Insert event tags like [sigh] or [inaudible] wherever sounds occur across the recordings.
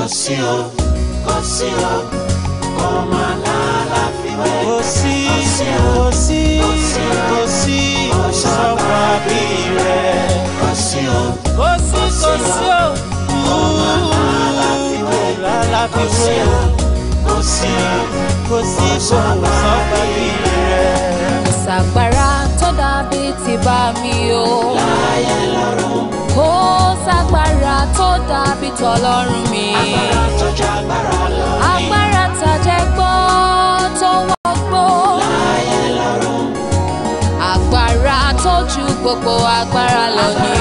kò sí o kò sí o kò má lálàfiwé kò sí kò sí kò sí sọ́pà bí rẹ̀ kò sí o kò sí kò sí o kò má lálàfiwé kò sí o kò sí kò sí sọ́pà bí rẹ̀. kò sàgbára tó dàbí ti bá mi o. tọlọ́run mi. agbára tó jẹ agbára lọ ni. agbára tàjẹ gbọ́ tó wọ́gbó. láàyè lọ́rùn. agbára tó ju gbogbo agbára lọ ni.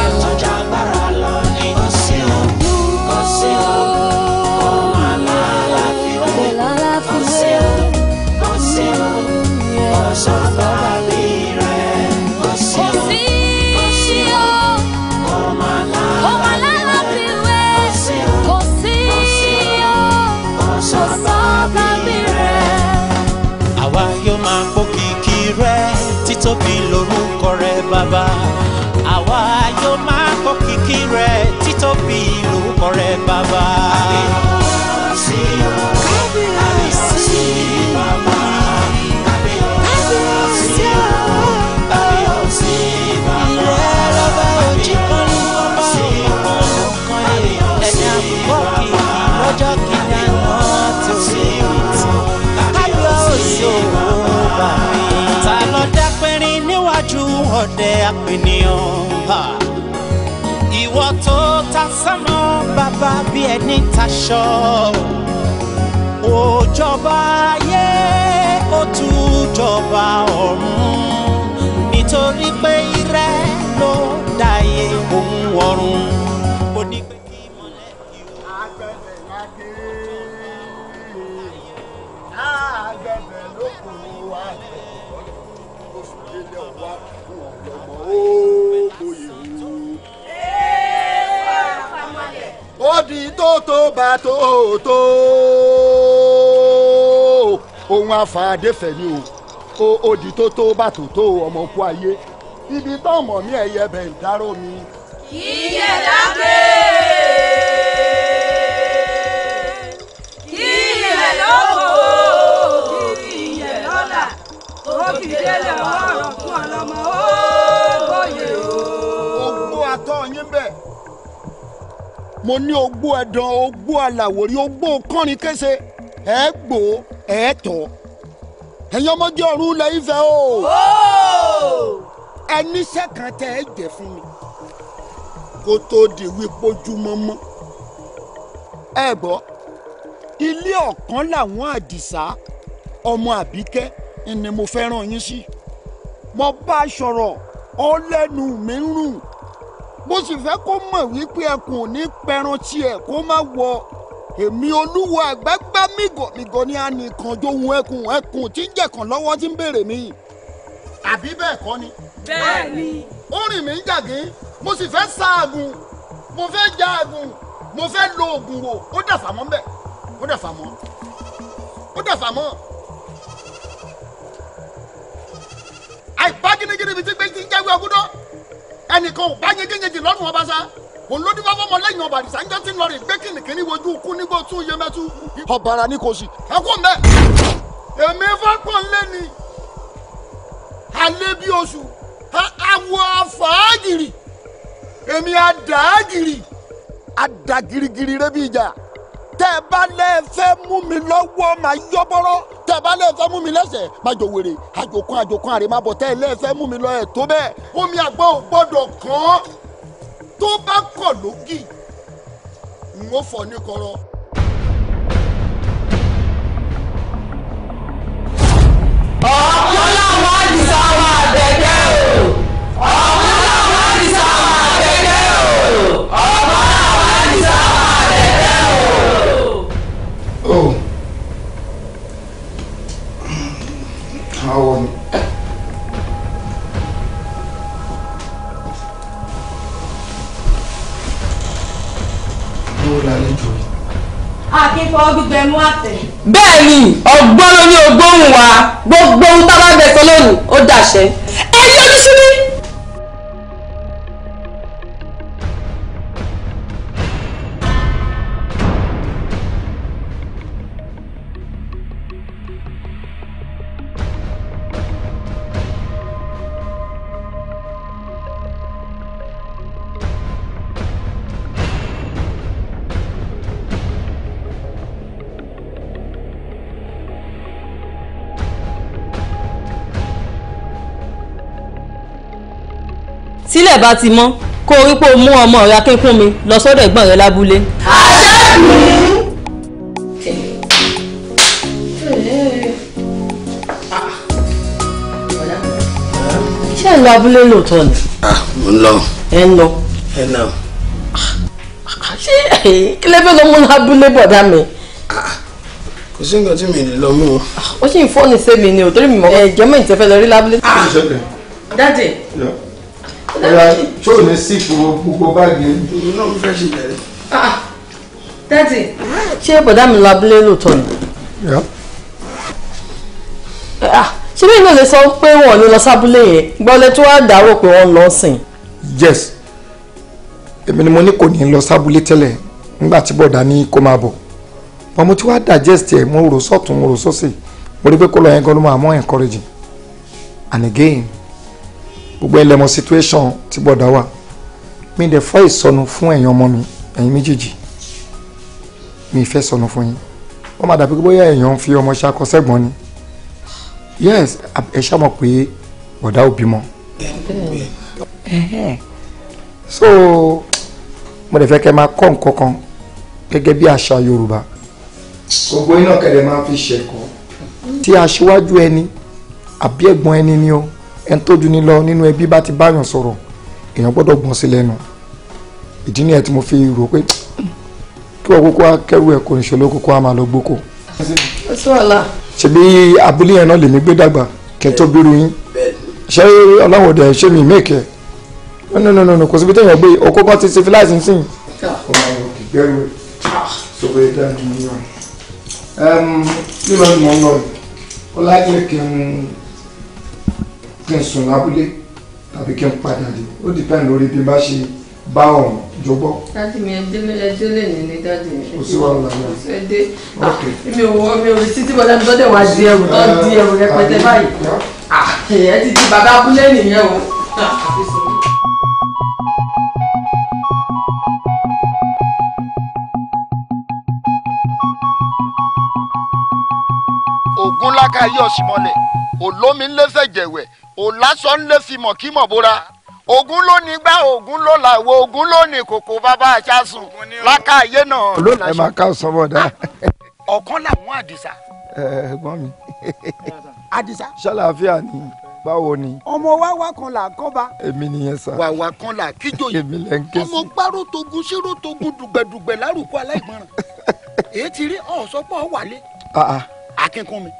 mi lórúkọ rẹ bàbá àwa yóò máa kọ kìkì rẹ títóbi lórúkọ rẹ bàbá. àbí ọ̀sìn ọ̀sìn bàbá. ọdẹ apènìyàn. ìwọ tó ta sánà bàbá bí ẹni taṣọ. òjọba ayé ó tún jọba ọ̀run nítorí pé irẹ́ ló dàyé òun ọ̀run. o. ó di tó tó bá tó tó ohun àfàdéfẹ̀ ni o ó di tó tó bá tó tó ọmọ kú ayé ibi tó mọ̀ mí ẹ̀yẹ bẹ̀ ń dárò mi. kì í yẹ lọ́wọ́ kì lọ́la ó fi délé wá. mo ní ogbó ẹdán ogbó aláwòrí ogbó kọrin kése ẹ gbò ẹ tọ̀ ẹ̀yin ọmọdé ọ̀run lẹ Ifẹ̀ o ẹníṣẹ́ kan tẹ ẹ jẹ fún mi kó tó di wípójúmọ́ mọ́ ẹ gbọ́ ilé ọ̀kan làwọn àdìsá ọmọ àbíkẹ́ ni mo fẹ́ràn yín sí mo bá a sọ̀rọ̀ ọ lẹ́nu mi ń rùn mo sì fẹ́ kó mọ̀ wípé ẹkùn ní pẹran tiẹ̀ kó má wọ èmi olúwo àgbágbá mígọ̀mígọ̀ ni a nìkan jóhun ẹkùn ẹkùn tí ń jẹ̀kàn lọ́wọ́ tí ń béèrè mi. àbí bẹ́ẹ̀ kọ́ ni. bẹ́ẹ̀ ni. ó rìn mí ń jàgé mo sì fẹ́ ṣaagùn mo fẹ́ jaagùn mo fẹ́ lo oògùn wò ó dàfà mọ́ bẹ́ẹ̀ ó dàfà mọ́ ó dàfà mọ́. àìpá gínígíní mi ti gbé ti ń jáwé ọgúndọ́ ẹnìkan ò bá yegeyege lọ́rùn ọba sá olódìbá fọmọ lẹ́yìn ọba àdìsá njẹ́ tí ń lọ rè gbé kìnìkìnì wojú kú nígbó tún yé mẹ́tú. ọ̀bàrà ni kò sí. ẹ kú mẹ́ èmi fọ́pọ̀n lẹ́ni alẹ́ bí oṣù àwọ̀ afáàgìrì èmi àdàgìrì àdàgìrìgìrì rẹ bí ìjà tẹ́ fẹ́ mú mi lọ́wọ́ máa yọ́ bọ́rọ́ tẹ́ fẹ́ mú mi lẹ́sẹ̀ máa jò wèrè àjòkún àjòkún àrè máa bọ̀ tẹ́ fẹ́ mú mi lọ ẹ̀ tó bẹ́ẹ̀ omi àgbọ̀ ò gbọ́dọ̀ kàn án tó bá kọ̀ lógì n ó fọ ní kọ̀rọ̀. ọ̀ọ́ ọ̀sán ọwọ́ ni. Akínfọ́ gbígbẹ mú àtẹ. Bẹ́ẹ̀ ni, ọgbọ́n ló ní ogbóhùn wa, gbogbo ohun tá a bá bẹ̀ sọ lónìí, ó dàṣẹ. Ẹ yọjú sí mi. ẹ̀ bá ti mọ́ kó o rí pé o mú ọmọ rẹ akínkúnmi lọ sọ́dọ̀ ẹ̀gbọ́n rẹ lábúlé. àṣẹ́kùn. ṣé ń lọ abúlé lóòótọ́ ni. Ah, mo ń lọ. ẹ ń lọ. ẹ ń lọ. ṣé kí lè fẹ́ lọ mú abúlé bọ̀dá mi. Ah, kò sí nǹkan tí mi lè lọ mú o. Ah, ó sì ń fọ́ni sẹ́mi ni ò torí mi mọ̀ ẹ̀ jẹ́mọ̀ ìtẹ́fẹ́ lọ rí lábúlé. dáàdì ọ̀yà ṣó ní sípò gbogbo báàgì ẹ̀. òun náà fẹ́ ṣe bẹ̀rẹ̀. Ah, dádì ṣé bọ̀dá mi lọ abúlé lóòótọ́ ni. Ah, ṣé bẹ́ẹ̀ náà lè sọ pé wọ́n ní lọ sábúlé yẹn gbọ́lẹ̀ tó wá dárò pé wọ́n lọ sìn. yes èmi ni mo ní kò ní lọ sábúlé tẹ́lẹ̀ nígbà tí bọ̀dá ní kó máa bọ̀ wọn mo ti wá digest ẹ̀ mo rò sọ́tún mo rò sọ́sì mo rí pé kó lọ yẹn gan ló máa mọ́ encouraging and again gbogbo ẹlẹ́mọ̀ situation ti bọ̀dá wà mi dẹ̀ fẹ́ ìsọnù fún ẹ̀yin ọmọ mi ẹ̀yin méjèèjì mi fẹ́ sọnù fún yín wọ́n máa dàbí bóyá èèyàn ń fi ọmọ ṣakọ sẹ́gbọ̀n ni yes ẹ ṣá mọ̀ pé bọ̀dá ò bímọ. so mo dẹ̀ fẹ́ kẹ́ máa kọ́ nǹkan kan gẹ́gẹ́ bí àṣà Yorùbá gbogbo iná kẹlẹ̀ máa fi ṣẹ̀kọ́ Ti aṣíwájú ẹni àbí ẹ̀gbọ́n ẹni ni o ẹni tó ni ní lọ nínú ẹbí bá ti báyàn sọ̀rọ̀ èèyàn gbọ́dọ̀ gbọ́n sí lẹ́nu ìdí nìyẹn tí mo fi rò pé kí wọ́n kókó akẹ́rù ẹ̀ kò ní ṣòló kókó a máa lọ gboko. ṣebí abúlé yẹn náà lèmi gbé dàgbà kí n tó bírú yín ṣé ọlọ́wọ́ dẹ̀ ṣé mi mèkẹ́ no no no no kò síbi téèyàn gbé okó kan ti ṣe fi láìsí sí. ọmọ ìgbẹ́rù kí lábúlé tàbí kí n padà ó dìpẹ́ǹd lórí bí n bá ṣe bá ọ̀hún jọgbọ́. láti mi ẹdínlẹ̀ ẹjọ́ lè ní ní dáàdì kò sí wàhálà náà ẹ ah, mi ò wọ mi ò sí tí bọ́dá mi tọ́ dẹ̀ wá di ẹrù tó di ẹrù rẹpẹtẹ báyìí ah, ẹ ti di bàbá abúlé nìyẹn o. múláka yí ọ̀sìmọ̀lẹ̀ òlómi ńlẹ́sẹ̀ jẹ̀wẹ̀ òlásọ ńlẹ́sìmọ̀ kí mọ̀ bóra ogun ló ní gbá ogun ló là wo ogun ló ní kòkó bàbá aṣáṣun lákàyé náà. ẹ máa ká ọsàn bọ̀ dá. Ah, ọ̀kan làwọn àdìsá. ẹ gbọ́n mi. [laughs] àdìsá. ṣàlàáfíà ni báwo ni. ọmọ wàwà kan là kọ́ba. èmi nìyẹn sá. wàwà kan là kíjọ yìí. èmi lẹ ń ké sí. ọmọ gbárò togun ṣírò togun dùgbẹ̀dùgbẹ̀ lárúkọ aláìgbọràn. [laughs] èyí ti rí ọ̀sọ́pọ̀ wálé. Ah, ah akínkún mi.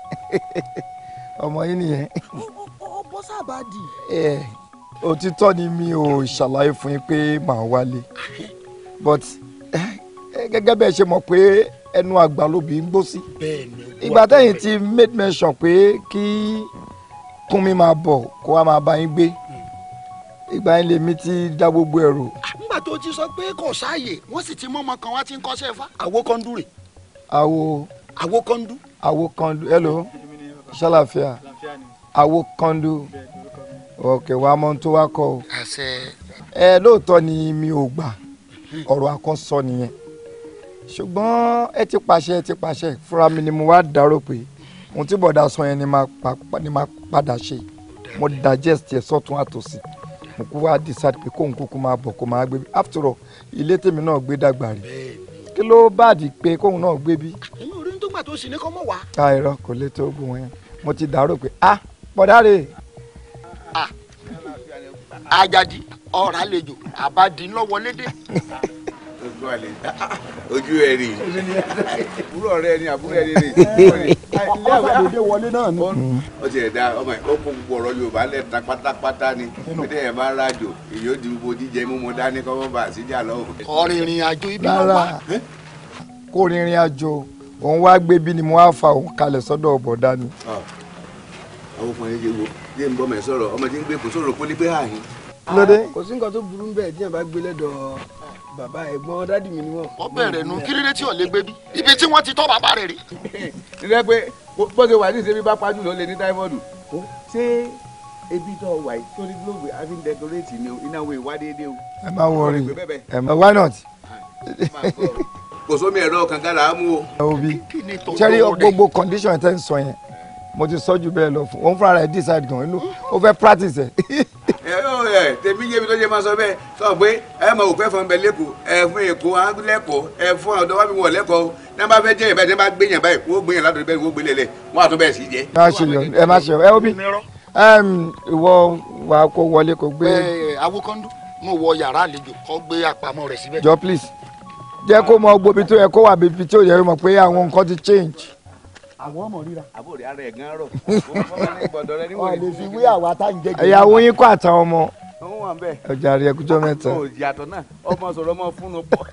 [laughs] ọmọ yín nìyẹn. ọbọ sábà dì. òtítọ́ ni mi ò ṣàlàyé fún yín pé màá wálé but gẹ́gẹ́ bẹ́ẹ̀ ṣe mọ̀ pé ẹnu àgbà lóbi ń gbó sí. ìgbà tẹ́yìn ti made mention pé kí kúnmi máa bọ̀ kó wá máa bá yín gbé hmm. ìgbà yín lèmi ti dá gbogbo ẹ̀rọ. Ah, nígbà tó ti sọ pé kò sáàyè wọ́n sì ti mọ́mọ kan wá ti ń kọ́ṣẹ́ fa àwo kọ́ńdú rè. àwo. àwo kọ́ńdú awokandu hello ṣàlàfíà awokandu ọkẹ wa mọ tó wá kọ o ẹ lóòótọ́ ni mi ò gbà ọ̀rọ̀ àkọ́sọ nìyẹn ṣùgbọ́n ẹ ti pàṣẹ ẹ ti pàṣẹ fúnra mi ni mo wá dárò pé ohun tí bọ̀dá sọ yẹn ni máa padà ṣe mo digest ẹ sọ́tún àtòsí mo kú wá decide pé kóun kúkú máa bọ̀ kó máa gbé bí after all ilé tèmi náà gbé dàgbà rí kí ló bá di pé kóun náà gbé bí nígbà tó sì ní kọ́ mọ̀ wá. àìrọ ah, kò lè tó ogun wọn mo ti dàrú pé a ah, pọ̀dáre. ajadi ah, ọ̀rá lejò àbádínlọ́wọlédè. ojú ẹ rí àbúrò rẹ ni àbúrò ẹ rí rí. ọ̀sán àdédé wọlé náà ni. ó ti ẹ̀dá ọmọ ẹ̀ ó kó gbogbo ọ̀rọ̀ yorùbá lẹ̀ ta ni pété ẹ̀ bá rájò èyí ó di gbogbo jíjẹ mímu dání kọ́ mọ́ bá àṣíjà lọ́wọ́. kọ́ rìnrìn àjò ibi wà. kó rìnrìn àjò òun wá gbé bí ni mo wá fa òun kalẹ̀ sọ́dọ̀ ọ̀bọ̀dá ni. àwọn ọkùnrin yìí wo yé ń bọ́ mẹ́ sọ̀rọ̀ ọmọ ń gbé kò sọ̀rọ̀ pólí pé àyìn. lóde. Ah, kò sí nǹkan tó burú ń bẹ̀ tí bá gbé lẹ́dọ̀ bàbá ẹ̀gbọ́n dádì mi ni wọ́n. wọ́n bẹ̀rẹ̀ nu kí lóde tí ò lè gbé bí ibi tí wọ́n ti tọ́ bàbá rẹ̀ rí. [laughs] ìrẹ́ pé bọ́sẹ̀ wà ní ìṣẹ́bí bá pàjù ló ní táífọ́ọ̀dù. ṣé ebi tó wà yìí tó ní gílóògbé a ń dẹkọrétì ni o ìwádìí dé o. ẹ má wọrí ẹ má wá náà ti kò sómi ẹ̀rọ kankan là á mú o. obi sẹ́rí gbogbo condition tẹ́ sọ yẹn mo ti sọ jù bẹ́ẹ̀ lọ fún òun fúnra rẹ̀ decide gan ó fẹ́ practice ẹ̀. ẹ yóò ẹ tèmi yé mi tó ṣe máa sọ bẹ́ẹ̀ sọ pé ẹ mọ òkú ẹ fọn bẹ ẹ fún èkó lẹ́kọ̀ọ́ ẹ fún ọ̀dọ́ wa mi wọ̀ lẹ́kọ̀ọ́ bá fẹ́ jẹ́ yẹn tí wọ́n bá gbé yẹn báyìí wọ́n gbé yẹn ládùúgbò bẹ́ẹ̀ wọ́n gbé lélẹ̀ wọ́n àtúbẹ̀ sí jẹ́. ẹ má ṣe yọ ẹ má ṣe yọ ẹ obi ìwọ wàá kó wọlé kó gbé. ẹ awokọ́ndú mo wọ yàrá àlejò kó gbé àpamọ́ rẹ̀ síbẹ̀. jọ please jẹ́ kó mọ gbogbo ibi tó yẹ kó wà bíbi tí ò yẹ mọ̀ pé àwọn nǹkan ti change. àwọn ọmọ ríra. àbúrò ara ẹ̀ gan rọ̀ [laughs] ọ̀ lè fi wí àwa tá à ń jẹ́ jẹ́. ìyàwó yín kọ́ àtàwọn ọmọ ọjà rẹ̀ kújọ́ mẹ́ta. ọmọ sọ̀rọ̀ ọmọ fún un pọ̀.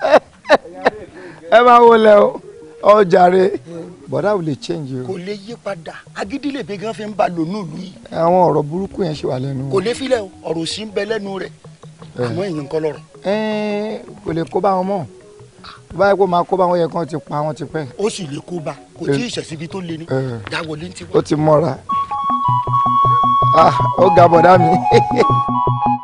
ẹ máa wọlé o ọjà rẹ bọ̀dá ò lè change o. kò lè yí padà agídí lè gbẹ̀gàn fi ń ba lónú ìlú yìí. àwọn ọ̀rọ̀ burúkú yẹn ṣì wà lẹ́nu. kò lè filẹ̀ o ọ̀rọ̀ sí ń bẹ lẹ́nu rẹ̀ àmọ́ ìyẹn ń kọ́ lọ́rọ̀. kò lè kó bá wọn mọ́ báyìí kó máa kó báwọn yẹn kan ti pa wọn ti pẹ́. ó sì lè kó bá kò eh, tí ì ṣẹ̀síbi tó lé ní eh, dáwọlé ti wá. ó ti mọ́ra ah, ó ga bọ̀dá mi. [laughs]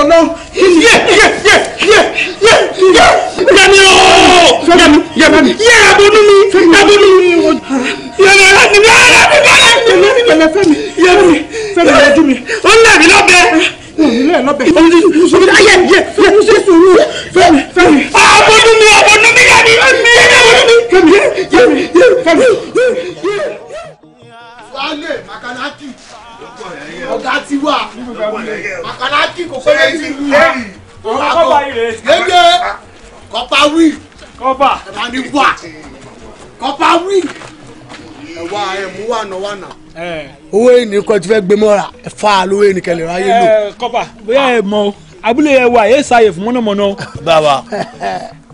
Ọlọ́run. yẹ yẹ yẹ yẹ yẹ yẹ yẹmi ooo yẹmi yẹmi yẹ abunu mi abunu mi yẹmi yẹmi yẹmi yẹmi yẹmi fẹmi yẹmi fẹmi yẹjú mi. ó ń lẹ̀ mí lọ́bẹ̀. ó ń lẹ̀ lọ́bẹ̀. ó ń lẹ̀ lọ́bẹ̀. lánàá. owó ẹni kọ́ ti fẹ́ gbé mọ́ra fa lówó ẹni kẹlẹ̀ ráyé lò. kọ́pà bóyá ẹ mọ o abúlé ẹ wà ẹ ṣàyè fún mọ́nàmọ́ná. bàbá.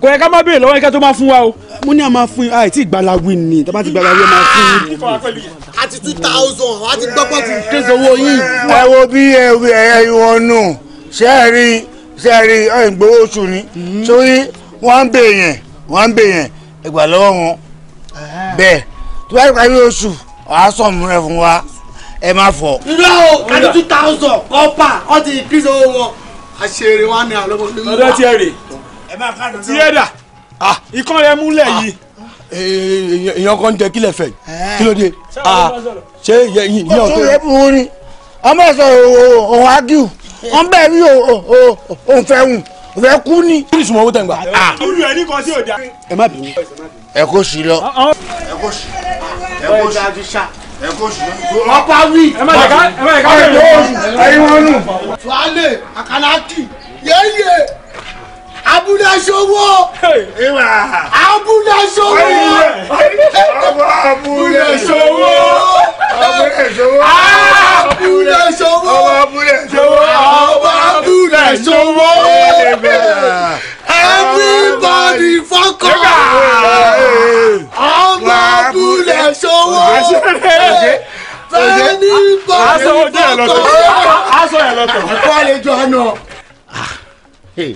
kò yẹ ká má béèrè lọ́wọ́ ẹ ká tó máa fún wa o. mo ní a máa fún yín tí ìgbàlawí ni tó bá ti gbàlawí máa fún yín. àti two thousand àti gbọ́pọ̀ tí kéde owó yín. ẹ wo bí ẹ ẹ wọn nù ṣe é rí oṣù ni mm-hmm. sórí wọ́n ń bè yẹn wọ́n ń bè yẹn ìgbàlọ́wọ́ wọn bẹ́ẹ̀ tó bá ti parí oṣù wàá sọ̀mù rẹ̀ fún wa ẹ má fọ. irọ́ o kàdí two thousand kọ́pà ọ ti increase owó wọn àṣèrè wa ni àlọ́ bọ́ọ̀lù. ọ̀dọ̀ tiẹ̀ rè tiẹ̀ dà ikán rẹ múlẹ̀ yìí. èèyàn ah. eh, eh, kan ń jẹ kílẹ̀ fẹ̀ eh. kí ló dé ṣé ah. ìyẹn tó. ọ̀tún rẹ̀ mú ni ọmọ ẹ̀sọ́ òun ágìw wọ́n bẹ̀ rí òun fẹ́ hùn òun fẹ́ kú ni. kí ni sùnmọ́ owó tẹ̀ ń gbà. olùyẹ̀ ah. ní kan sí òde. ẹ má bínú ẹ kó sí lọ ẹ kó sí ẹ kó sí ẹ kó sí ọ̀pá wí ọ̀pá wí ọ̀pá wí ẹ̀yin wọn nù. tuale akalaki yeye abúlẹ̀ṣọwọ́ abúlẹ̀ṣọwọ́ abúlẹ̀ṣọwọ́ abúlẹ̀ṣọwọ́ abúlẹ̀ṣọwọ́ abúlẹ̀ṣọwọ́ everybody fọkọ ọmọ abúlẹ̀ṣọwọ́ fẹ́ẹ́ ní bọ́ọ̀lù fọkọ. aṣọ ẹ̀ lọ́tọ̀. àkọ́ àlejò hey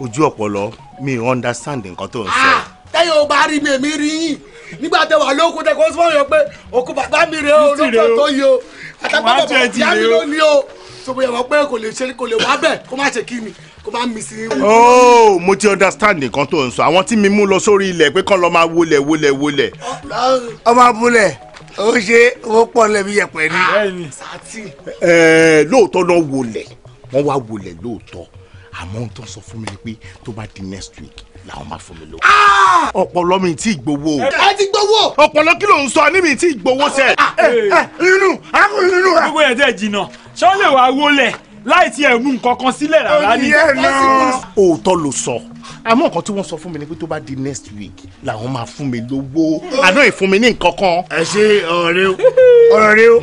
ojú ọpọlọ mi ò understand nǹkan tó ń sọ. Ah, tẹ́yìn ò bá rí mi èmi rí yín nígbà tẹ wà lóko tẹ kó sọ yọ pé òkú bàbá mi rè o lóko tó yẹ o àtàgbà bàbá ìyá mi ló ní o sọ̀bù yẹ̀wò pé kò lè ṣe kò lè wá bẹ̀ kó má ṣe kí mi kó má mi sí. ooo oh, mo ti understand nǹkan tó ń sọ àwọn tí mi mú lọ sórí ilẹ̀ pé kán lọ́ọ́ máa wọlé wọlé wọlé. ọmọ abúlé ó ṣe ó pọ̀ lẹ́bi yẹpẹ̀ ni. Ah, ẹẹ eh, lóòótọ́ náà wọlé wọ́n wá wọlé lóòótọ́ àmọ́ ohun tó ń sọ fún mi ni pé tó bá di next week làwọn máa fún mi lówó. Ah! ọ̀pọ̀lọ́ mi ti gbowó. ẹ ti gbowó. ọ̀pọ̀lọ́ kí ló ń sọ ní mi ti gbowó sẹ. inú ah, ah, eh, eh. eh, akun inú. gbogbo ẹ̀ dẹ́ jìnnà ṣọ́ lè wá wọlé láì tiẹ̀ mú nǹkan kan sílẹ̀ rárá ni. òótọ́ ló sọ àmọ́ nǹkan tí wọ́n sọ fún mi ni pé tó bá di next week làwọn máa fún mi lówó àná ìfún mi ní nǹkan kan. ẹ ṣe ọ̀rọ̀ rẹ o ọ̀rọ̀ rẹ o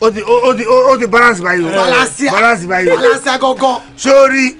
o ti o ti o ti balance báyìí o balance báyìí o balance gangan. sórí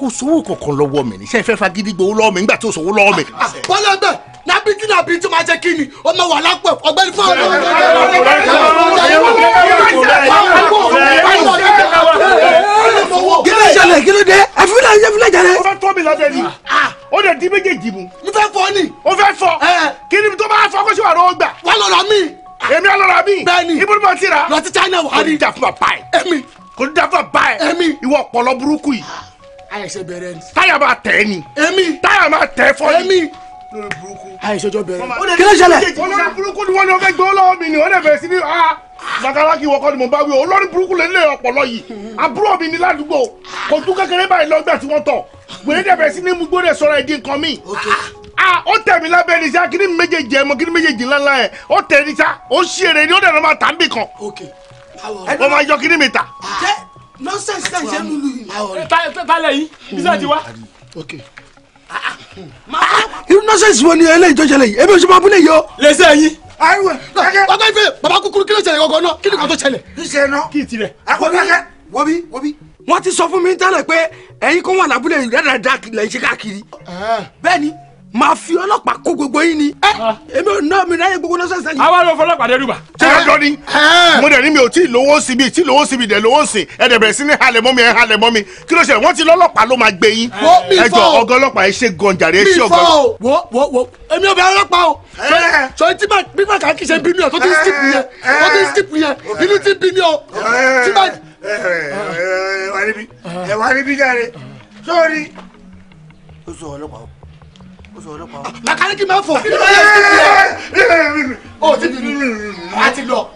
kò sówó kankan lọ́wọ́ mi níṣẹ́ ìfẹ́ fagídí gbowó lọ́wọ́ mi nígbà tí ò sówó lọ́wọ́ mi. Ah, bọ́lá bẹ́ẹ̀ nàbí kí nàbí tí máa jẹ́ kí ni ọmọ wà lápẹ̀ ọ̀gbẹ́ni fún ọmọ. kílódé jẹlẹ kílódé àfihàn àfihàn jẹlẹ. o fẹ́ tọ́ mi lọ́dẹ ni o ah. de di méjèèjì mu. n fẹ́ fọ ni. o fẹ́ fọ kí ni tó bá fọ kó sì wà lọ́wọ́ gbà. wà lọ́ra mi. èmi àlọ́ra mi. bẹ́ẹ̀ni ibùdó ma ti ra. lọ sí China wà á rí. kò ní dàfún bàbá ẹ. èmi. kò ní dàfún bàbá ẹ. èmi. ìwọ ọpọlọ burúkú yìí àìsè bẹ̀rẹ̀ ni. táyà máa tẹ̀ ẹ́ ni. èmi. táyà máa tẹ̀ ẹ́ fọ́ ni. èmi. lórí burúkú. àìsèjọ bẹ̀rẹ̀. kí ló ṣẹlẹ̀. olórí burúkú ni wọ́n ní wọ́n fẹ́ gbé olówó mi ni wọ́n dẹ̀ bẹ̀rẹ̀ sí ni ah, makaraki wọkọ ni mo bá wí o olórí burúkú lè lé ọpọlọ yìí àbúrò mi ní ládùúgbò kò tún kékeré báyìí lọ́gbà tí wọ́n tọ̀ wèrè dẹ̀ bẹ̀rẹ̀ sí ni mugbó dẹ̀ sọ̀rọ̀ ẹ̀dín kan mi ah ó tẹ̀ mí lábẹ́ ẹni sá kíní méjèèjì ẹ̀mọ kíní méjèèjì ńláńlá ẹ̀ ó tẹ̀ ẹni sá ó ṣí èrè ni ó dẹ̀ lọ́ máa tà ń bì kan ó máa yọ kíní mi Nonsense! tẹ̀ ṣe lulu yìí. tálẹ̀ yìí bísí àti wá. Ah, irú nọ́sẹ̀sì wo ni eléyìí tó ṣẹlẹ̀ yìí ebi oṣù máa bú léyìí o. lẹ́sẹ̀ yín. ayiwe kẹ́kẹ́. bàbá ife bàbá kúkúrú kí ló ṣẹlẹ̀ gangan náà kí to kò tó ṣẹlẹ̀. iṣẹ́ náà kí tirẹ̀. akọ́kẹ́ wọ́bí wọ́bí. wọ́n ti sọ fún mi tẹ́lẹ̀ pé ẹ̀yin kó wà lábúlé rẹ̀ dáadáa lẹ́yìn ṣe káàkiri. Ah. bẹ́ẹ̀ máa fi ọlọ́pàá kó gbogbo yín ni. ẹ ah. èmi ò ná mi ráyè gbogbo lọ́sọ̀ọ̀sẹ̀ yìí. àwa ló fọlọ́pàá dẹ́rùbà. ṣé ẹ jọ ni mo dẹ̀ ní mi ò tí ì lówó sí bi tí lówó sí bi dẹ̀ lówó sí ẹ dẹ̀ bẹ̀rẹ̀ sí ní halẹ̀ mọ́ mi ẹ halẹ̀ mọ́ mi kí ló ṣe wọ́n ti lọ́lọ́pàá ló máa gbé yín. ẹ jọ ọgọ́ ọlọ́pàá ẹ ṣe gànjàre ẹ ṣe ọgọ́. wo wo wo èmi ò bẹ ọlọ́pàá o. sọ ti bá bí bá kàá kì í ṣe bínú yẹn tó ti ń sípù yẹn tó ti ń sípù yẹn inú ti bínú o. ẹ wà níbí jáde sórí. ó sọ ọlọ́pàá o ó sọ ọlọ́pàá wa. màkàníkì máa fò. ó ti bínú a ti lọ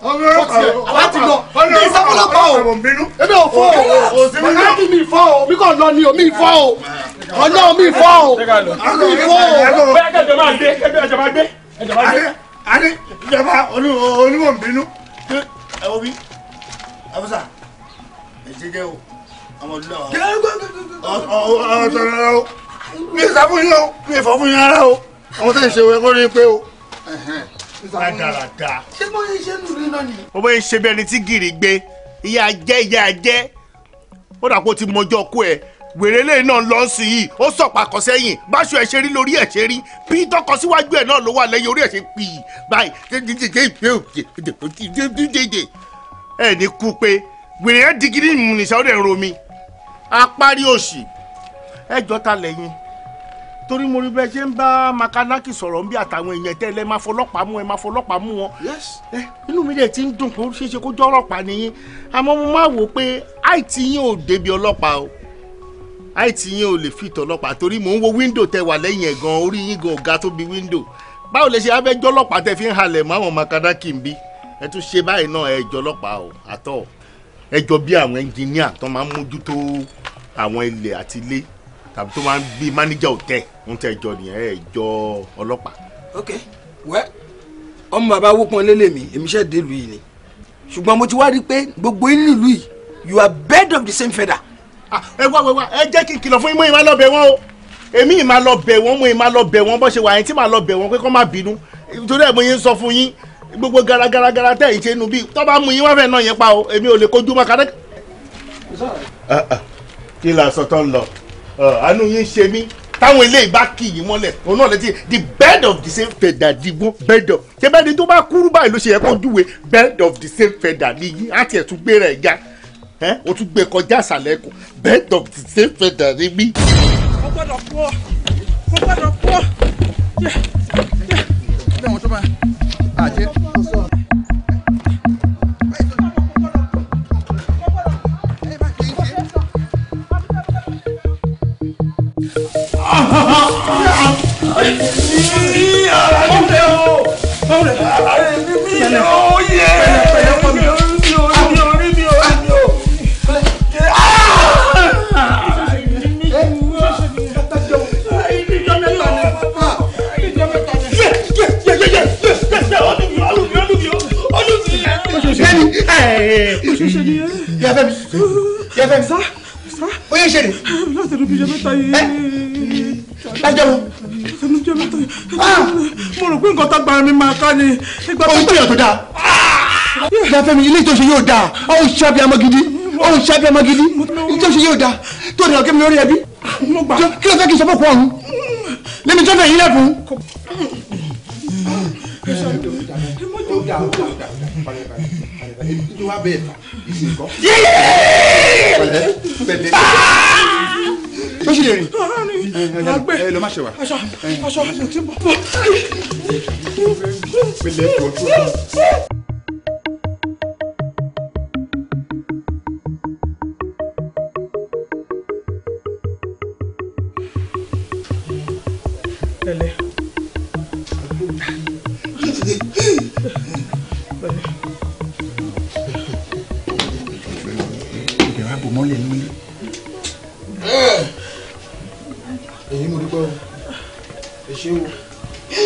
a ti lọ ní ìsọfúnlọpàá o ebi ò fọ o màkàníkì mi fọ o mi kàn lọ ni o mi fọ o ọlọ́run mi fọ o mi fọ o. bẹ́ẹ̀ kẹ́jọ máa gbé kẹ́jọ máa gbé ẹjọ máa gbé. adé ìjọba onímọ̀ ń bínú ẹ wo bí abusa ẹ jẹjẹ o ọmọdúnlá wa. ọ̀ọ́ ọ̀ọ́ tọ̀rọ̀ o mi ìsà yín o mi ìfọ̀ fún yín rárá o àwọn tó ń ṣe wẹ́ kó rí i pé o. dáradára. bẹ́ẹ̀ ṣe bí ẹni tí gìrì gbé ìyá jẹ́ ìyá jẹ́ ó dà ti mọjọ́ kú ẹ̀ wèrè lẹ́yìn náà lọ sí yìí ó sọ̀pà kọ́ sẹ́yìn báṣọ ẹ̀ ṣe rí lórí ẹ̀ ṣe rí bí tọkọ síwájú ẹ̀ náà ló wà lẹ́yìn orí ẹ̀ ṣe pì í báyìí ẹ̀ ní kú pé wèrè ẹ̀ digiri ìmúnisẹ́ ó dẹ̀ ń romi apárí òsì ẹ̀ jọ́ta lẹ́yìn torí mo rí bẹ́ẹ̀ ṣe ń bá makanaki sọ̀rọ̀ ń bí àtàwọn èèyàn tẹ́lẹ̀ máa fọlọ́pàá mú ẹ máa fọlọ́pàá mú wọn. inú mi dẹ̀ ti ń dùn kó ṣeéṣe kó jọ́ ọlọ́pàá nìyí àmọ́ mo máa wò pé àìtí yín ò débi ọlọ́pàá o àìtí yín ò lè fit ọlọ́pàá torí mò ń wo wíńdò tẹ wà lẹ́yìn ẹ̀ orí yín gan ọ̀gá tó bi wíńdò báwo lè ṣe abẹ́jọ́ ọlọ́pàá tẹ fi ń halẹ̀ tàbí tó máa ń bí mánéjà òtẹ́ ń tẹ́ jọ nìyẹn ẹ̀ jọ ọlọ́pàá. ok wẹ́ ọmọ bàbá owó pọn mi èmi ṣe dé yìí ni ṣùgbọ́n mo ti wá rí i pé gbogbo inú ìlú yìí you are bed of the same feather. Ah, ẹ wá wá wá ẹ jẹ́ kí n kìlọ̀ fún imú ìmá lọ bẹ̀ wọ́n o èmi ìmá lọ bẹ̀ wọ́n mo ìmá lọ bẹ̀ wọ́n bọ́ ṣe wà yẹn tí màá lọ bẹ̀ wọ́n pé kọ́ má bínú torí ẹ̀ mo yẹn ń sọ fún yín gbogbo garagaragara tẹ̀ yín ṣe nu bí tọ́ bá mú yín wá fẹ́ náà yẹn pa o èmi ò lè kojú mọ́ kádẹ́. Ah, ah, kí la sọ tó lọ àánú yín ṣe mí táwọn eléyìí bá kì í mọ́lẹ̀ òun náà létí the bed of the same feather digbó bed of ṣé bẹ́ẹ̀ ni tó bá kúrú báyìí ló ṣe yẹ kó júwe bed of the same feather ni yín á tiẹ̀ tún gbé rẹ̀ ga ó tún gbé kọjá àṣàlẹ̀ ẹ̀kọ́ bed of the same feather ni mí. ó gbọ́dọ̀ pọ̀ ó gbọ́dọ̀ pọ̀ yẹ yẹ ilé àwọn tó máa àjẹ ó sọ. Yafem, yafem sa, sa. Oye, chéri. Là, c'est depuis jamais ẹjẹ wo. ẹnujẹ mi tó yẹ mo rò pé nǹkan tó gbára mi máa ká ni. ohun tó yẹ tó dáa ah! ìyáfẹ́mi ilé ìtòsí yóò dáa ọ̀hún ṣábí amọ̀ gidi ọ̀hún ṣábí amọ̀ gidi ìtòsí yóò dáa tó dìrọ̀ kémi lórí ẹbí kí ló fẹ́ kí n sọ fún ọ̀hún lẹ́mi tó fẹ́ yín lẹ́kùn bó ṣe lè rìn ẹ lọ má ṣe wà. aṣọ aṣọ ti bọ̀. pẹ̀lẹ́ èyí mo dúpẹ́ o ẹ ṣé o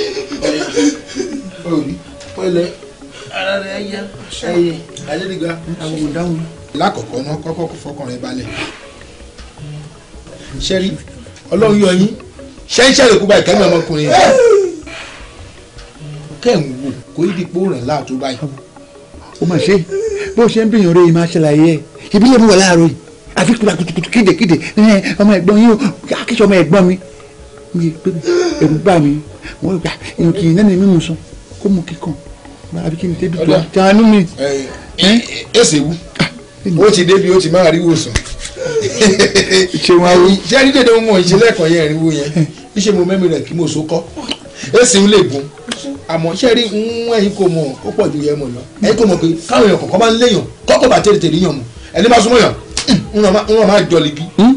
ẹ ò rí pẹ́lẹ́ ara rẹ̀ ẹ ẹyẹ ayélujára àwọn òdáhùn. lákọ̀ọ́kọ́ náà kọ́kọ́ fọkàn rẹ̀ balẹ̀ ṣẹ́rí ọlọ́run yọ yín ṣẹ́ńṣẹ́ rẹ̀ kú báyìí kẹ́mi ọmọkùnrin yẹn kẹ́hìn wò kó yí dìpọ̀ láàtó báyìí. ó mà ṣe bó ṣe ń bìyànjú rẹ̀ yìí máa ṣàlàyé ẹ̀ ìbílẹ̀ mi wà láàárọ̀ yìí àfi kura kutukutu kéde kéde ọmọ ẹ̀gbọ́n yìí o akéṣọ ọmọ ẹ̀gbọ́n mi mi pé ẹ̀rù bá mi wọ́n gbà èèyàn kì í nẹ́ni mímu sàn kó mu kíkan àbí kí n débi tó a tànú mi. ẹsẹ̀ wú ó ti débi ó ti máa [laughs] rí wòsàn ṣeun awo ṣé ní dédé mo ìṣẹ̀lẹ̀ kan yẹn ìrìnwó yẹn níṣẹ́ mo mẹ́mi rẹ̀ kí mo so kọ́ èsì ń lè gun àmọ́ ṣé rí ń ẹ̀yin kò mọ̀ ó pọ̀ ju yẹn mọ̀ lọ ẹ̀yin kò mọ̀ pé káwọn èèyàn kọ̀ọ̀kan bá ń léèyàn kọ́kọ̀ bá tèrè tèrè yàn mọ̀ ẹni bá súnmọ́ yàn n wọn máa jọ ligi. Hmm?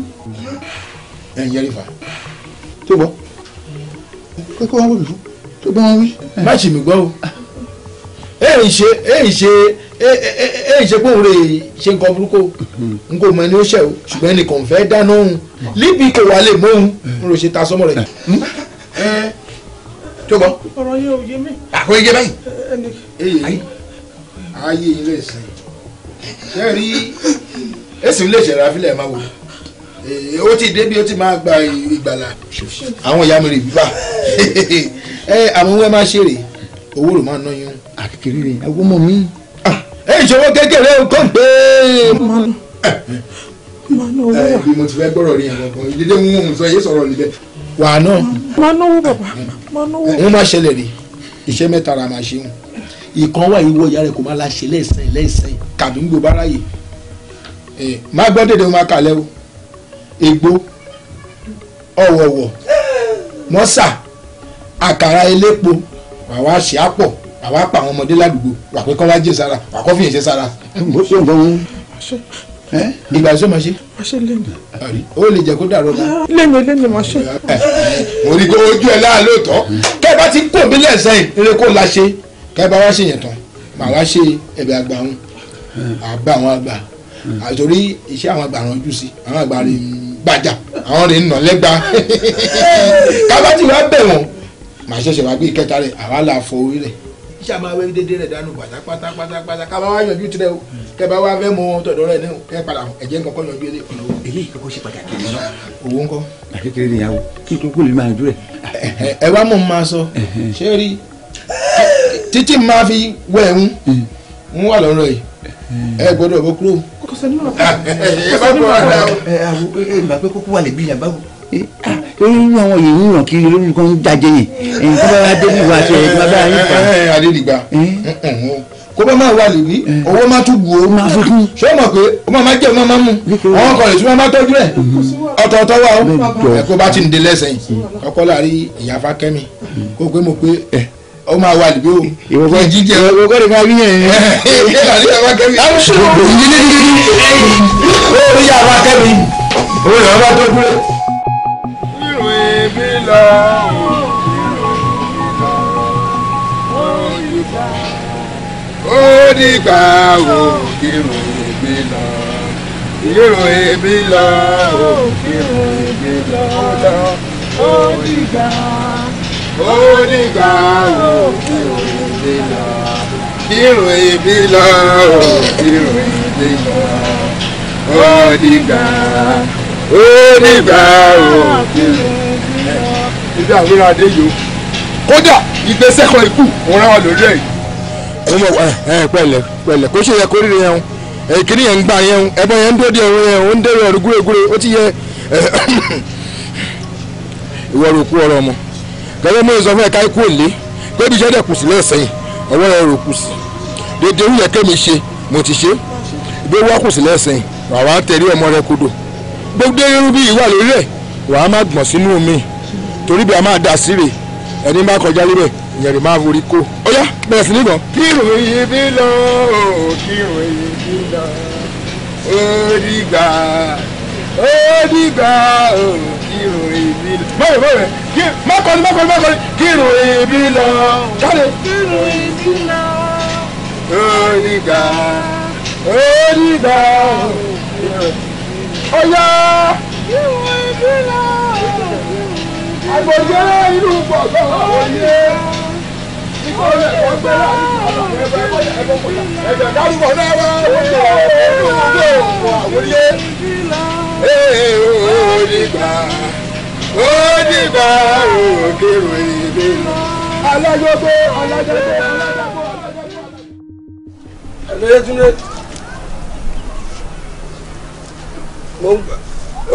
ẹ̀yin yẹri fa tó bọ kókó wa lòlù tó bá wọn wí. má ṣì mí gbọ́ o èyí ṣe èyí ṣe èyí ṣe pé òun rè ṣe nǹkan burúkú n kò mọ ẹni o ṣe o ṣùgbọ́n ẹnìkan fẹ́ dáná òun líbi kò wà lè mọ́hun n ló ṣe ta sọmọ rẹ̀ tó hmm? bọ. ọ̀rọ̀ yẹn ò yé mi. àkó yé báyìí. ayé ilé ìsìn ṣe rí èsì ilé ìṣẹ̀rẹ̀ àfilẹ̀ máa wò O ti débi o ti máa gba ìgbàlà àwọn ìyá mi rè bíbà àwọn ohun ẹ máa ṣeré owó ló máa ná yín àkékeré rẹ àwọn ọmọ mi. ẹ ìṣòro ah, kékeré o kàn pé. bí mo ti fẹ́ gbọ́rọ̀ rí yẹn kankan ìdílé mú òun sọ èyí sọ̀rọ̀ níbẹ̀. wà á náà. máa náwó bàbá hmm. máa náwó. òun máa ṣẹlẹ̀ rí iṣẹ́ mẹ́ta ra máa ṣe wọn. ìkan wà ìwọ ìyá rẹ̀ kò máa la ṣe lẹ́sẹ̀ lẹ́sẹ̀ kàdúgbò báráyè má gbọ́ dèdè wọn kalẹ̀ o egbò ọ̀wọ̀wọ̀ mọ́sà àkàrà elépo àwa ṣe á pọ̀ àwa pa àwọn ọmọdé ládùúgbò wà pé kọ́ wá jẹ sára wà kọ́ fìyẹn ṣe sára. mo ṣe nǹkan wọn. ìgbà ìṣó máa ṣe. máa ṣe lẹ́nu. ó lè jẹ́ kó dàrú la. lẹ́nu lẹ́nu máa ṣe. mo rí i pé ojú ẹ láàlóòtọ́ kẹ́ ẹ bá ti kó mi lẹ́sẹ̀ eré kó la ṣe kẹ́ wá ṣe yẹn tán màá wá ṣe ẹ̀bẹ̀ àgbà wọn àbá àwọn àgbà àtòrí iṣẹ́ àwọn àgbà ránjú sí àwọn àgbà rè ń bàjà àwọn rè ń nà lẹ́gbàá kábàtì wa bẹ̀ wọ́n màá ṣẹ̀ṣẹ̀ wá gbé ìkẹta rẹ̀ àwa là fọ orí rẹ̀ iṣẹ́ àwọn awẹ́ dédé rẹ̀ dànù bàtà pátápátápátá ká bá wá yanjú tirẹ̀ o kẹ bá wá fẹ́ mọ tọ̀dọ̀ rẹ̀ náà kẹ padà ẹ̀jẹ̀ ń kọ́kọ́ yanjú eléyìí ọ̀nà eléyìí kọ́kọ́ ṣe pàtàkì nínú owó ńkọ́. àkékeré ni ìyàwó kí kókó lè máa dúrẹ̀. ẹ wá mọ̀ máa sọ ṣé ẹ gbọ́dọ̀ bó kúrò. kò sẹ́ni máa fọ ẹ bá bọ àná. ẹ ẹ ìgbà pé kókó wà lè bí ìyàgbá wò. irú àwọn yìnyín ràn kiri lórí kan jáde yìí ẹ̀yìn tó bá wá dé bí wà á ṣe ẹ̀ bá bá yín fà. adédìgbà kó bá máa wà lè bí owó máa tún gbòó máa fi kún ṣé o mọ̀ pé o máa máa jẹ́ o máa máa mú àwọn kan lè tún máa máa tọ́jú rẹ̀ ọ̀tọ̀ọ̀tọ̀ wa o ẹ̀ kó bá ti ń de lẹ́sẹ̀ yìí ọkọ láàrin ìyá fákẹ́mi kó pé mo pé ó máa wà níbí o. ìwọ̀kọ́ ìjíjẹ ìwọ̀kọ́ ìfà wíyẹn ni. ó rí àwa kẹ́mi ó rí àwa tó gbé. ìròyìn mi lọ. ó dìgbà o ìròyìn mi lọ. ìròyìn mi lọ. ìròyìn mi lọ. ó dìgbà o ó dìgbà òkè òde lọ kírun ibi lọ kírun ibi lọ ó dìgbà ó dìgbà òkè òde lọ. ibi àwòrán adé yòó kódà ìgbésẹ̀ kan ikú òun rán wa lórí ẹ̀. ẹ pẹ̀lẹ́ pẹ̀lẹ́ kó ṣe yẹ kó ríre yẹn o èkìní yẹn ń gbà yẹn o ẹbọ yẹn ń dóde ẹrù yẹn o ń dẹrù ẹrù gúregúre ó ti yẹ ìwọ ló kú ọ̀rọ̀ ọmọ gẹ́gẹ́ mọ́ ìsọfún ẹ̀ka ikú òlé débi iṣẹ́ dẹ̀ kù sí náà sẹ́yìn ọwọ́ rẹ̀ rò kù sí dédé oúnjẹ kémi ṣe mo ti ṣe bí ó wá kù sí lẹ́sẹ̀ wàá tẹ̀lé ọmọ rẹ kodò gbogbo irú bí ìwà lórí rẹ̀ wàá má gbọ̀n sínú omi torí bí a máa dà sí rè ẹni má kọjá lórí ìyẹn rè má forí kó ó yá bẹ̀rẹ̀ sí nígbọ̀n. kírun iye bí lọ kírun iye bí lọ ó dìgbà ó dìgbà ó kírun báyìí báyìí kí mọ́kànlí mọ́kànlí mọ́kànlí kí ìròyìn ibi lọ jáde. kí ìròyìn ibi lọ. onígbà onígbà ọ̀yà. kí ìròyìn ibi lọ. àgbọ̀jẹ́ inú gbọ̀ngàn Oh ikọ̀ Oh kò Oh láti Oh ẹ̀fẹ̀ Oh dárúkọ Oh wá Oh ọ̀hún Oh ọ̀hún Oh ọ̀hún Oh onígbà ó dìgbà òkè ròyìn ìbéèrè. alájọgbé alájọgbé alájọgbé. àlọ́ yẹtúndé mo okay.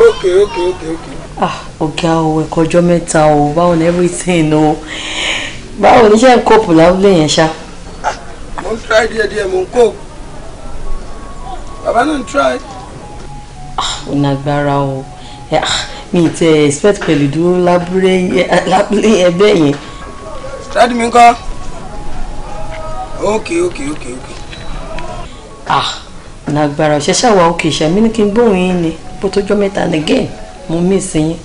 Okay, okay. ókè ah okay, o ẹ̀kọ́ ọjọ́ mẹ́ta o báwo ni everything o báwo ni iṣẹ́ ń kóòpù lábúlé yẹn ṣá. Ah, mo ń try díẹ̀ díẹ̀ mo ń kóòpù bàbá náà ń try. ah ò ní agbára o. Eh, ah, mi tẹ expect pẹ̀lú dúró lábúlé ẹbẹ̀ yẹn. dádì mi ńkọ́ ok ok ok ok. ah nagbara, ọ̀ṣẹ́ṣẹ́ wa òkè ìṣàmì ní kí n gbóhùn yín ni bó tó jọ́ mẹ́ta nìgẹ́ẹ̀ mo mí sí yín.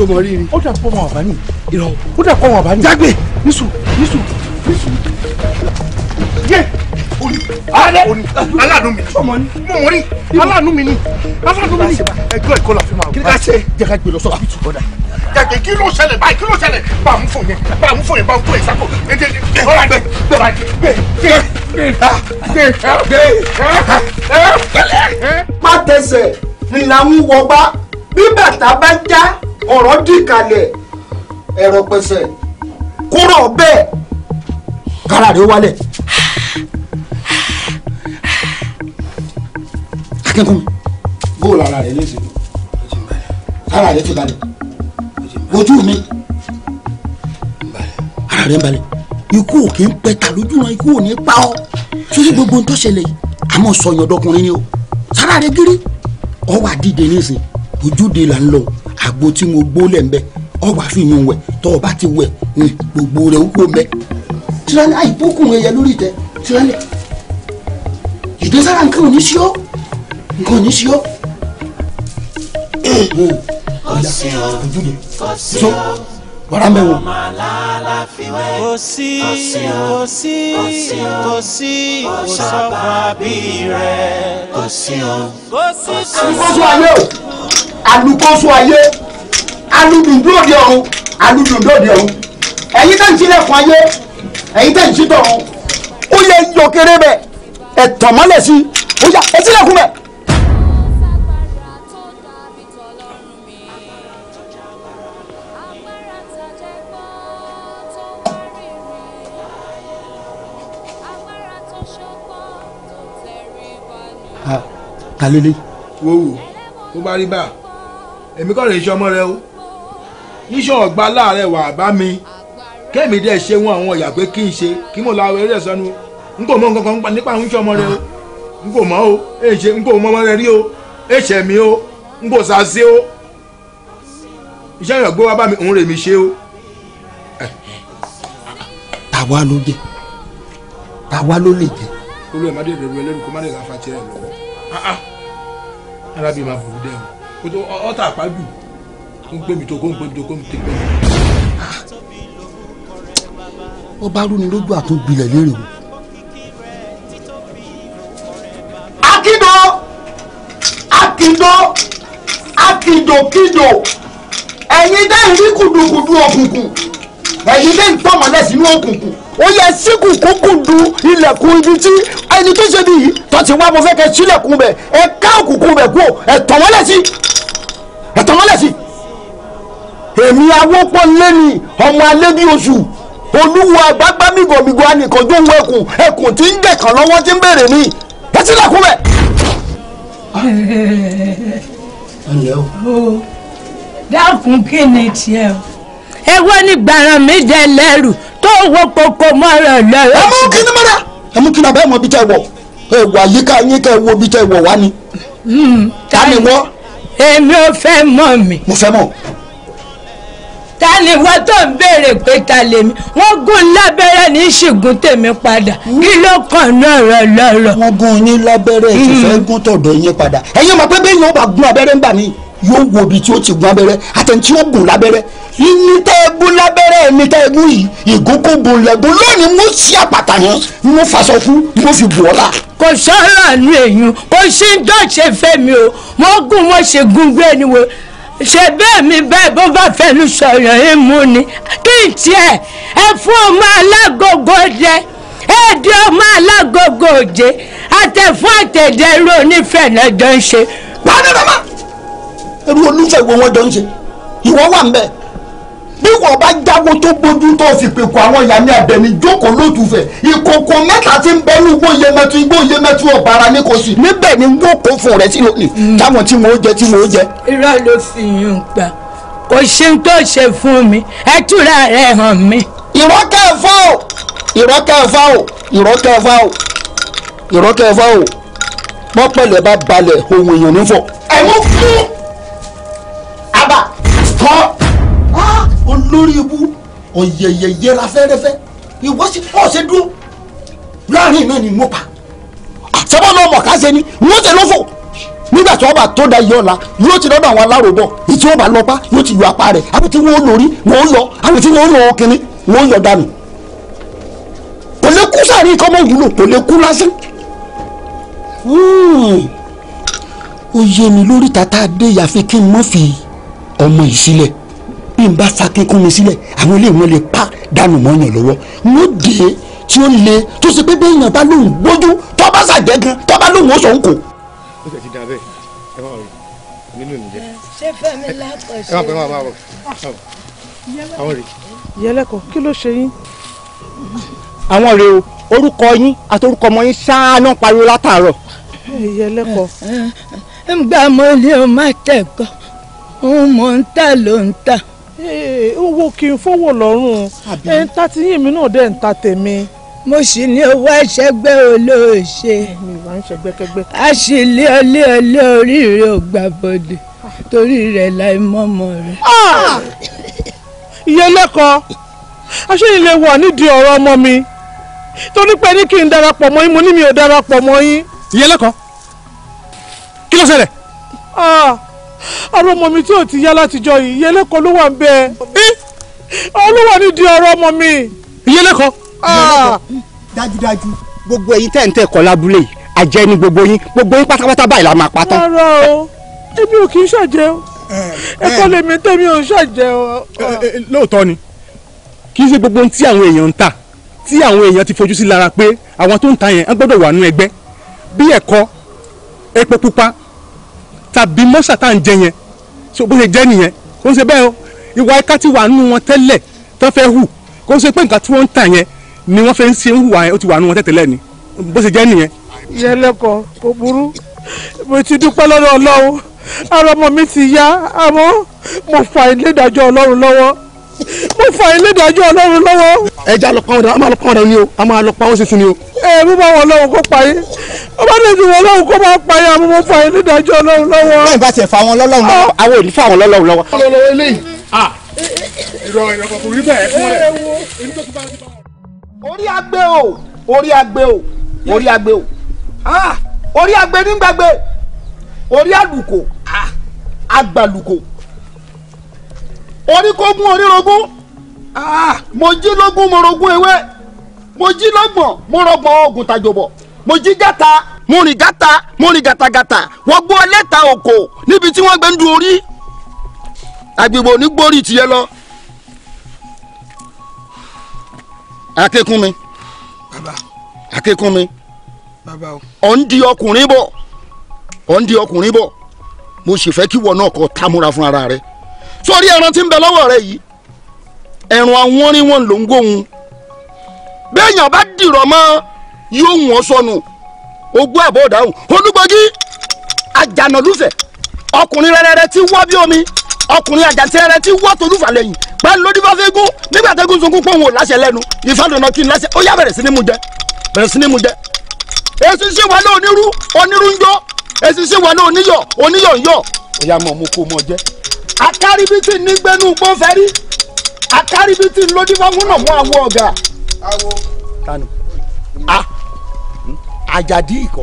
tó mọ rí ni. ó dà pọ̀ wọn àbá ní. irọ́ ó dà pọ̀ wọn àbá ní. jágbe nísù nísù nísù. yé olú alẹ́ aláàánú mi mo mọ̀ ní aláàánú mi ni aláàánú mi ni. ẹgbẹ́ ẹ̀kọ́ la fi máa wá. kí ni ká ṣe jẹ́ ká gbé lọ sọ́la bìtú kọ́dà. jàgbé kí ló ṣẹlẹ̀ báyìí kí ló ṣẹlẹ̀ bá mú fún yẹn bá mú fún yẹn bá kó ìsako ẹ̀jẹ̀ ọ̀rọ̀ àgbẹ̀ ọ̀rọ̀ àgbẹ̀ gbẹ̀ gbẹ̀ gbẹ̀ ọ̀rọ̀ dìkalẹ̀ ẹ̀rọ pẹ̀sẹ̀ kúrò bẹ́ẹ̀ kára rẹ̀ wálẹ̀. akẹ́kọ̀ọ́ bóòlù ara rẹ̀ léṣe ara rẹ̀ ti balẹ̀ ojú mi ara rẹ̀ ń balẹ̀ ikú ò kí ń pẹ́ ta lójú wọn ikú ò ní pa ọ́ sórí gbogbo ń tó ṣẹlẹ̀ yìí àmọ́ sọyàn ọ̀dọ́kùnrin ni o sára rẹ̀ gírí ọwọ́ àdìde nísìn ojúde là ń lọ àgbo tí mo gbólẹ̀ ń bẹ ọwà fi yún wẹ̀ tọ́ ọ bá ti wẹ̀ gbogbo rẹ̀ ń kó mẹ́ tiralẹ̀ àìpókùn ẹ̀yẹ lórí ìtẹ́ tiralẹ̀ ìdẹ́sára nǹkan ò ní sí ọ́ nǹkan ò ní sí ọ́. so wàrà mẹ́wọ̀n. kò sí kò sí kò sí òṣàbàbí rẹ̀ kò sí o. kò sí kò sí alukóso ayé aludundun òde ọ̀run aludundun òde ọ̀run ẹ̀yin tẹ̀ ń sílẹ̀kùn ayé ẹ̀yin tẹ̀ ń sí tọ̀run ó yẹ yọ kéré bẹ̀ ẹ̀ sí i ó yà ẹ sílẹ̀kùn bẹ̀. Ah, ta wo wo bá rí báà èmi kọ́ lè ṣe ọmọ rẹ o yíṣọ́ ọ̀gbá láàárẹ̀ wà bá mi kémi dẹ̀ ṣe wọn àwọn ọ̀yà pé kí n ṣe kí mo la eré ẹ̀sọ́nu n kò mọ nǹkan kan nípa ń ṣe ọmọ rẹ o n kò mọ o èyí ṣe n kò mọ ọmọ rẹ rí o èyí mi o n kò sá sí o iṣẹ́ yàn gbé wá bá mi òun rè mi ṣe o. tàwa ló jẹ tàwa ló lè jẹ. olú ẹ̀ má dé ìrẹ̀lú ẹlẹ́rù kó má lè ra fa tiẹ̀ lọ́wọ́ ah, ah. arábìnrin máa burú dẹ́ o kótó ọ̀tá àpájù ń pè mí tó kó ń pè mí tó kó ń pè mí. ọba rúni lójú àtúnbilẹ̀ lérè o. akíndo akíndo akíndokíndo ẹ̀yin dẹ́yìn rí kùdùkùdù òkùnkùn ẹ̀yin dẹ́yìn pọ̀ mọ́lẹ̀ òkùnkùn ó yẹ síkùn kúnkùn du ilẹ̀kùn ibi tí ẹni tó ṣe bíi tó ti wá mo fẹ́ kẹ́ sílẹ̀kùn bẹ̀ ẹ ká òkùnkùn bẹ̀ kú ẹ tọ̀ wọ́n lẹ̀ sí ẹ tọ̀ wọ́n lẹ̀ sí. èmi awọ́pọ̀ lẹ́ni ọmọ alẹ́ bí oṣù olúwo àgbàgbà mìgòmìgò anìkànjú òun ẹkùn ẹkùn tí ń dẹ̀kàn lọ́wọ́ tí ń bèrè mi ẹ sílẹ̀kùn bẹ̀. dákun kí ni tiẹ̀ ẹ wọ́n ní gbàràn mi jẹ́ lẹ́rù tó wọ kókó mọ́ra lẹ́yìn. ẹ mú kí ni mọ́ra ẹ mú kí ni abẹ́ mọ́ bí tẹ́ wọ̀ ẹ wà yíká yín kẹ́ wo bí tẹ́ wọ̀ wá hmm, ni. ta ni wọ́. èmi ò fẹ́ mọ̀ mi. mo fẹ́ mọ̀. ta ni wọ́n tó ń béèrè pé ta lèmi wọ́n gún lábẹ́rẹ́ ní ṣìgún tèmi padà kí ló kàn náà rẹ̀ lọ́rọ̀. wọ́n gún yín lábẹ́rẹ́ ìfẹ́ hmm. gún tọ̀dọ̀ yín padà ẹ̀yin mọ̀ pé bẹ́ẹ̀ yóò bá gún abẹ́rẹ́ ń bà mí yóò wo ibi tí ó ti gun abẹ́rẹ́ àtẹni tí ó gùn lábẹ́rẹ́ ní tẹ́ ẹ gún lábẹ́rẹ́ ní tẹ́ ẹ gún yìí ìgúnkún gùn lẹ́gùn lónìí mú sí àpàtà yẹn ni mo fàṣọ fún ni mo fi bù ọ́ la. kò sọ́lànù èèyàn kò sí dọ́ọ̀ṣe fẹ́mi o wọ́n gún wọ́n ṣe gúngbé ni wo ṣe bẹ́ẹ̀ mi bẹ́ẹ̀ bó bá fẹ́nu sọ̀rọ̀ ẹ̀ mú ni kí n tiẹ̀ ẹ fún ọmọ alágogo jẹ èdè ọmọ alágogo jẹ àtẹ̀fún àtẹ̀dẹ̀rù onífẹ̀ẹ́ náà jọ ń ṣe. wàá ní bàbá irú oníṣẹ́ ìwé wọn jọ ń ṣe ìwọ wà ń bẹ̀ bí wọn bá jáwó tó gbójú tó fi pèkó àwọn ìyá ní abẹni jókòó lótùfẹ ìkòkò mẹ́ta ti ń bẹnu igbó yemẹtu igbó yemẹtu ọbara ní kò sí. níbẹ̀ ni wọ́n kó fún rẹ sí lónìí mm. táwọn tí wọ́n jẹ tí wọ́n jẹ. irọ́ ló fi yún gbà kò ṣe ń tó ṣe fún mi ẹ túra rẹ hàn mi. irọ́ kẹfà o irọ́ kẹfà o irọ́ kẹfà o irọ́ kẹfà o mọ́pẹ́lẹ́ bá balẹ̀ ohun èèyàn nífọ̀. ẹ̀wọ̀n fún abba stop olórí ibú ọ̀yẹ̀yẹ̀yẹra fẹ́rẹ́fẹ́ ìwọ sí ọ̀ ṣe dúró láàrin náà ni mo pa àtẹ́wọ́ náà mọ̀ ká ṣe ni wọ́n ṣe lọ́fọ̀ nígbà tí wọ́n bá tó da iye ọ̀la yóò ti lọ́dọ̀ àwọn aláròbọ̀ ìtí wọ́n bá lọ pa yóò ti yọ apá rẹ̀ àbí tí wọ́n lórí wọ́n lọ àbí tí wọ́n lọ kínní wọ́n yọ dànù kò lè kú sáré kọ́ mọ́ wúlò kò lè kú lásán hmm. ó yé mi lórí tata adé yàfi kí n mọ́ fi ọmọ yìí sílẹ̀ bí n bá fa kíkún mi sílẹ̀ àwọn ilé ìwọ̀n lè pa dànù mọ́yàn lọ́wọ́ mo dé tí ó le tó ṣe pé bẹ́ẹ̀ yàn bá lóun gbójú tó bá ṣàjẹ́ gan tó bá lóun ó sọ̀ ń kò. ó sì ti dà bẹ́ẹ̀ ẹ máa rò nínú ìjẹ. ṣé fẹ́mi lápò ṣe. ẹ máa bẹ máa máa bọ àwọn rè. yẹlẹkọ kí ló ṣe yín. àwọn rè o orúkọ yín àti orúkọ ọmọ yín ṣáá náà pariwo látàárọ̀. yẹlẹkọ. ń gbà mọ́ ilé o má òun mò ń tà ló ń tà. owó kì í fowó lọ́rùn ẹ̀ ń ta ti yín mi náà dẹ̀ ń ta tèmi. mo sì ní owó ẹ̀ṣẹ̀gbẹ́ olóòṣe. mi ìwà ń ṣẹgbẹ́kẹ́gbẹ́. a sì lé ọlé ọlé oríire ògbà bòde torí rẹ̀ láì mọ́mọ́ rẹ̀. iye lẹ́kọ̀ọ́ aṣẹ́yìn lè wà nídìí ọ̀rọ̀ ọmọ mi torí pé ní kí n darapọ̀ mọ́ yín mo ní mi ò darapọ̀ mọ́ yín. iye lẹ́kọ̀ọ́ kí ló ṣẹlẹ̀ àrùn ọmọ mi tí ò ti yá látijọ́ yìí iyẹlẹ́kọ ló wà ń bẹ olúwa nídìí ọ̀rọ̀ ọmọ mi. iyẹlẹ́kọ. Ah. dájúdájú gbogbo ẹ̀yin tẹ̀ ń tẹ̀ kọ́ lábúlé àjẹ́ ni gbogbo yín gbogbo yín pátápátá báyìí la máa pa rárá o èmi ò kì í ṣàjẹ́ o eh, eh. ẹ̀kọ́ lèmi tẹ̀mí ò ń ṣàjẹ́ o. Eh, lóòótọ́ ni kì í ṣe gbogbo ohun tí àwọn èèyàn ń tà tí àwọn èèyàn ti fojú sí lára pé àwọn tó ń ta yẹn gbọ́dọ̀ wà nú ẹgbẹ́ bí ẹ̀kọ́ epo pupa tàbí mọ́sà tá à ń jẹ yẹn so bó ṣe jẹ́ nìyẹn kò ń ṣe bẹ́ẹ̀ o ìwà ẹ̀ka ti wà nínú wọn tẹ́lẹ̀ tó fẹ́ hù kò ń ṣe pé nǹkan tí wọ́n ń tà yẹn ni wọ́n fẹ́ ń ṣe ń hùwà yẹn ó ti wà nínú wọn tẹ́tẹ́lẹ̀ ni bó ṣe jẹ́ nìyẹn. ìyẹn lẹ́kọ̀ọ́ kò burú mo ti dúpẹ́ lọ́dọ̀ Ọlọ́run ara ọmọ mi ti yá àmọ́ mo fà ilé ìdájọ́ Ọlọ́run lọ́wọ́ mo fà ilédàájọ́ ọlọ́run lọ́wọ́. ẹja lọ pa ọ̀dà a máa lọ pa ọ̀dà ni o a máa lọ pa ó ṣiṣun ni o. ẹ mo bá wọn lọ́wọ́ kó parí ó bá lè ju wọn lọ́wọ́ kó máa parí àmọ́ mo fà ilédàájọ́ ọlọ́run lọ́wọ́. bẹ́ẹ̀ bá tiẹ̀ fà wọn lọ́lọ́run lọ́wọ́ ah. àwọn ò ní fà wọn lọ́lọ́run lọ́wọ́. ọlọ́lọ́ eléyìí ìrọ̀ ah. ìrọ̀kọ̀ kò rí bẹ́ẹ̀ fún rẹ̀. orí agbe o orí agbe o orí agbe o ah, orí agbe nígbàgbé orí àlùkò àgbàlùkò oríkógún orírogún ah, mo jí lógún mo rogún ewé mo jí lọ́gbọ̀n mo rọgbọ̀n oògùn tàjọ̀bọ̀ mo jí játa mo rìn gàtà mo rìn gàtàgàtà wọ́n gbọ́ lẹ́ta òkò níbi tí wọ́n gbé ń du orí agbègbè onígbórí tìyẹ lọ. akékun mi akékun mi ọ̀ ń di ọkùnrin bọ̀ ọ̀ ń di ọkùnrin bọ̀ mo sì fẹ́ kí wọ́n náà kọ́ tamúra fún ara rẹ̀ sórí ẹran tí ń bẹ lọ́wọ́ rẹ yìí ẹ̀rùn àwọn rí wọn ló ń góhun béèyàn bá dìrọ̀ mọ́ yóò wọ́n sọnù ogún àbọ̀ ọ̀dáhùn olúgbọ́gí àjànàlúfẹ̀ ọkùnrin rẹ̀rẹ̀rẹ̀ tí wọ́ bí omi ọkùnrin àjàntẹ́rẹ̀ tí wọ́ tolúfàlẹ́yìn pẹ̀lú lódìbáfẹ́gún nígbà tẹ́gùn sunkún pé òun ò láṣẹ lẹ́nu ìfàdùnà kí n láṣẹ ó yá bẹ̀rẹ̀ sí ní mu jẹ bẹ̀rẹ̀ sí ní mu jẹ èsì ṣe wà ló onírú onírú ń yọ èsì ṣe wà ló oníyọ oníyọ ń yọ ó yá mọ̀ mú kó mọ̀ jẹ́ akáribítì nígbẹ́nu gbọ́nfẹ́rí akáribítì lódìfáwọ́nà mú àwọ̀ ọ̀gá. tanu a ajadi hmm, ikọ.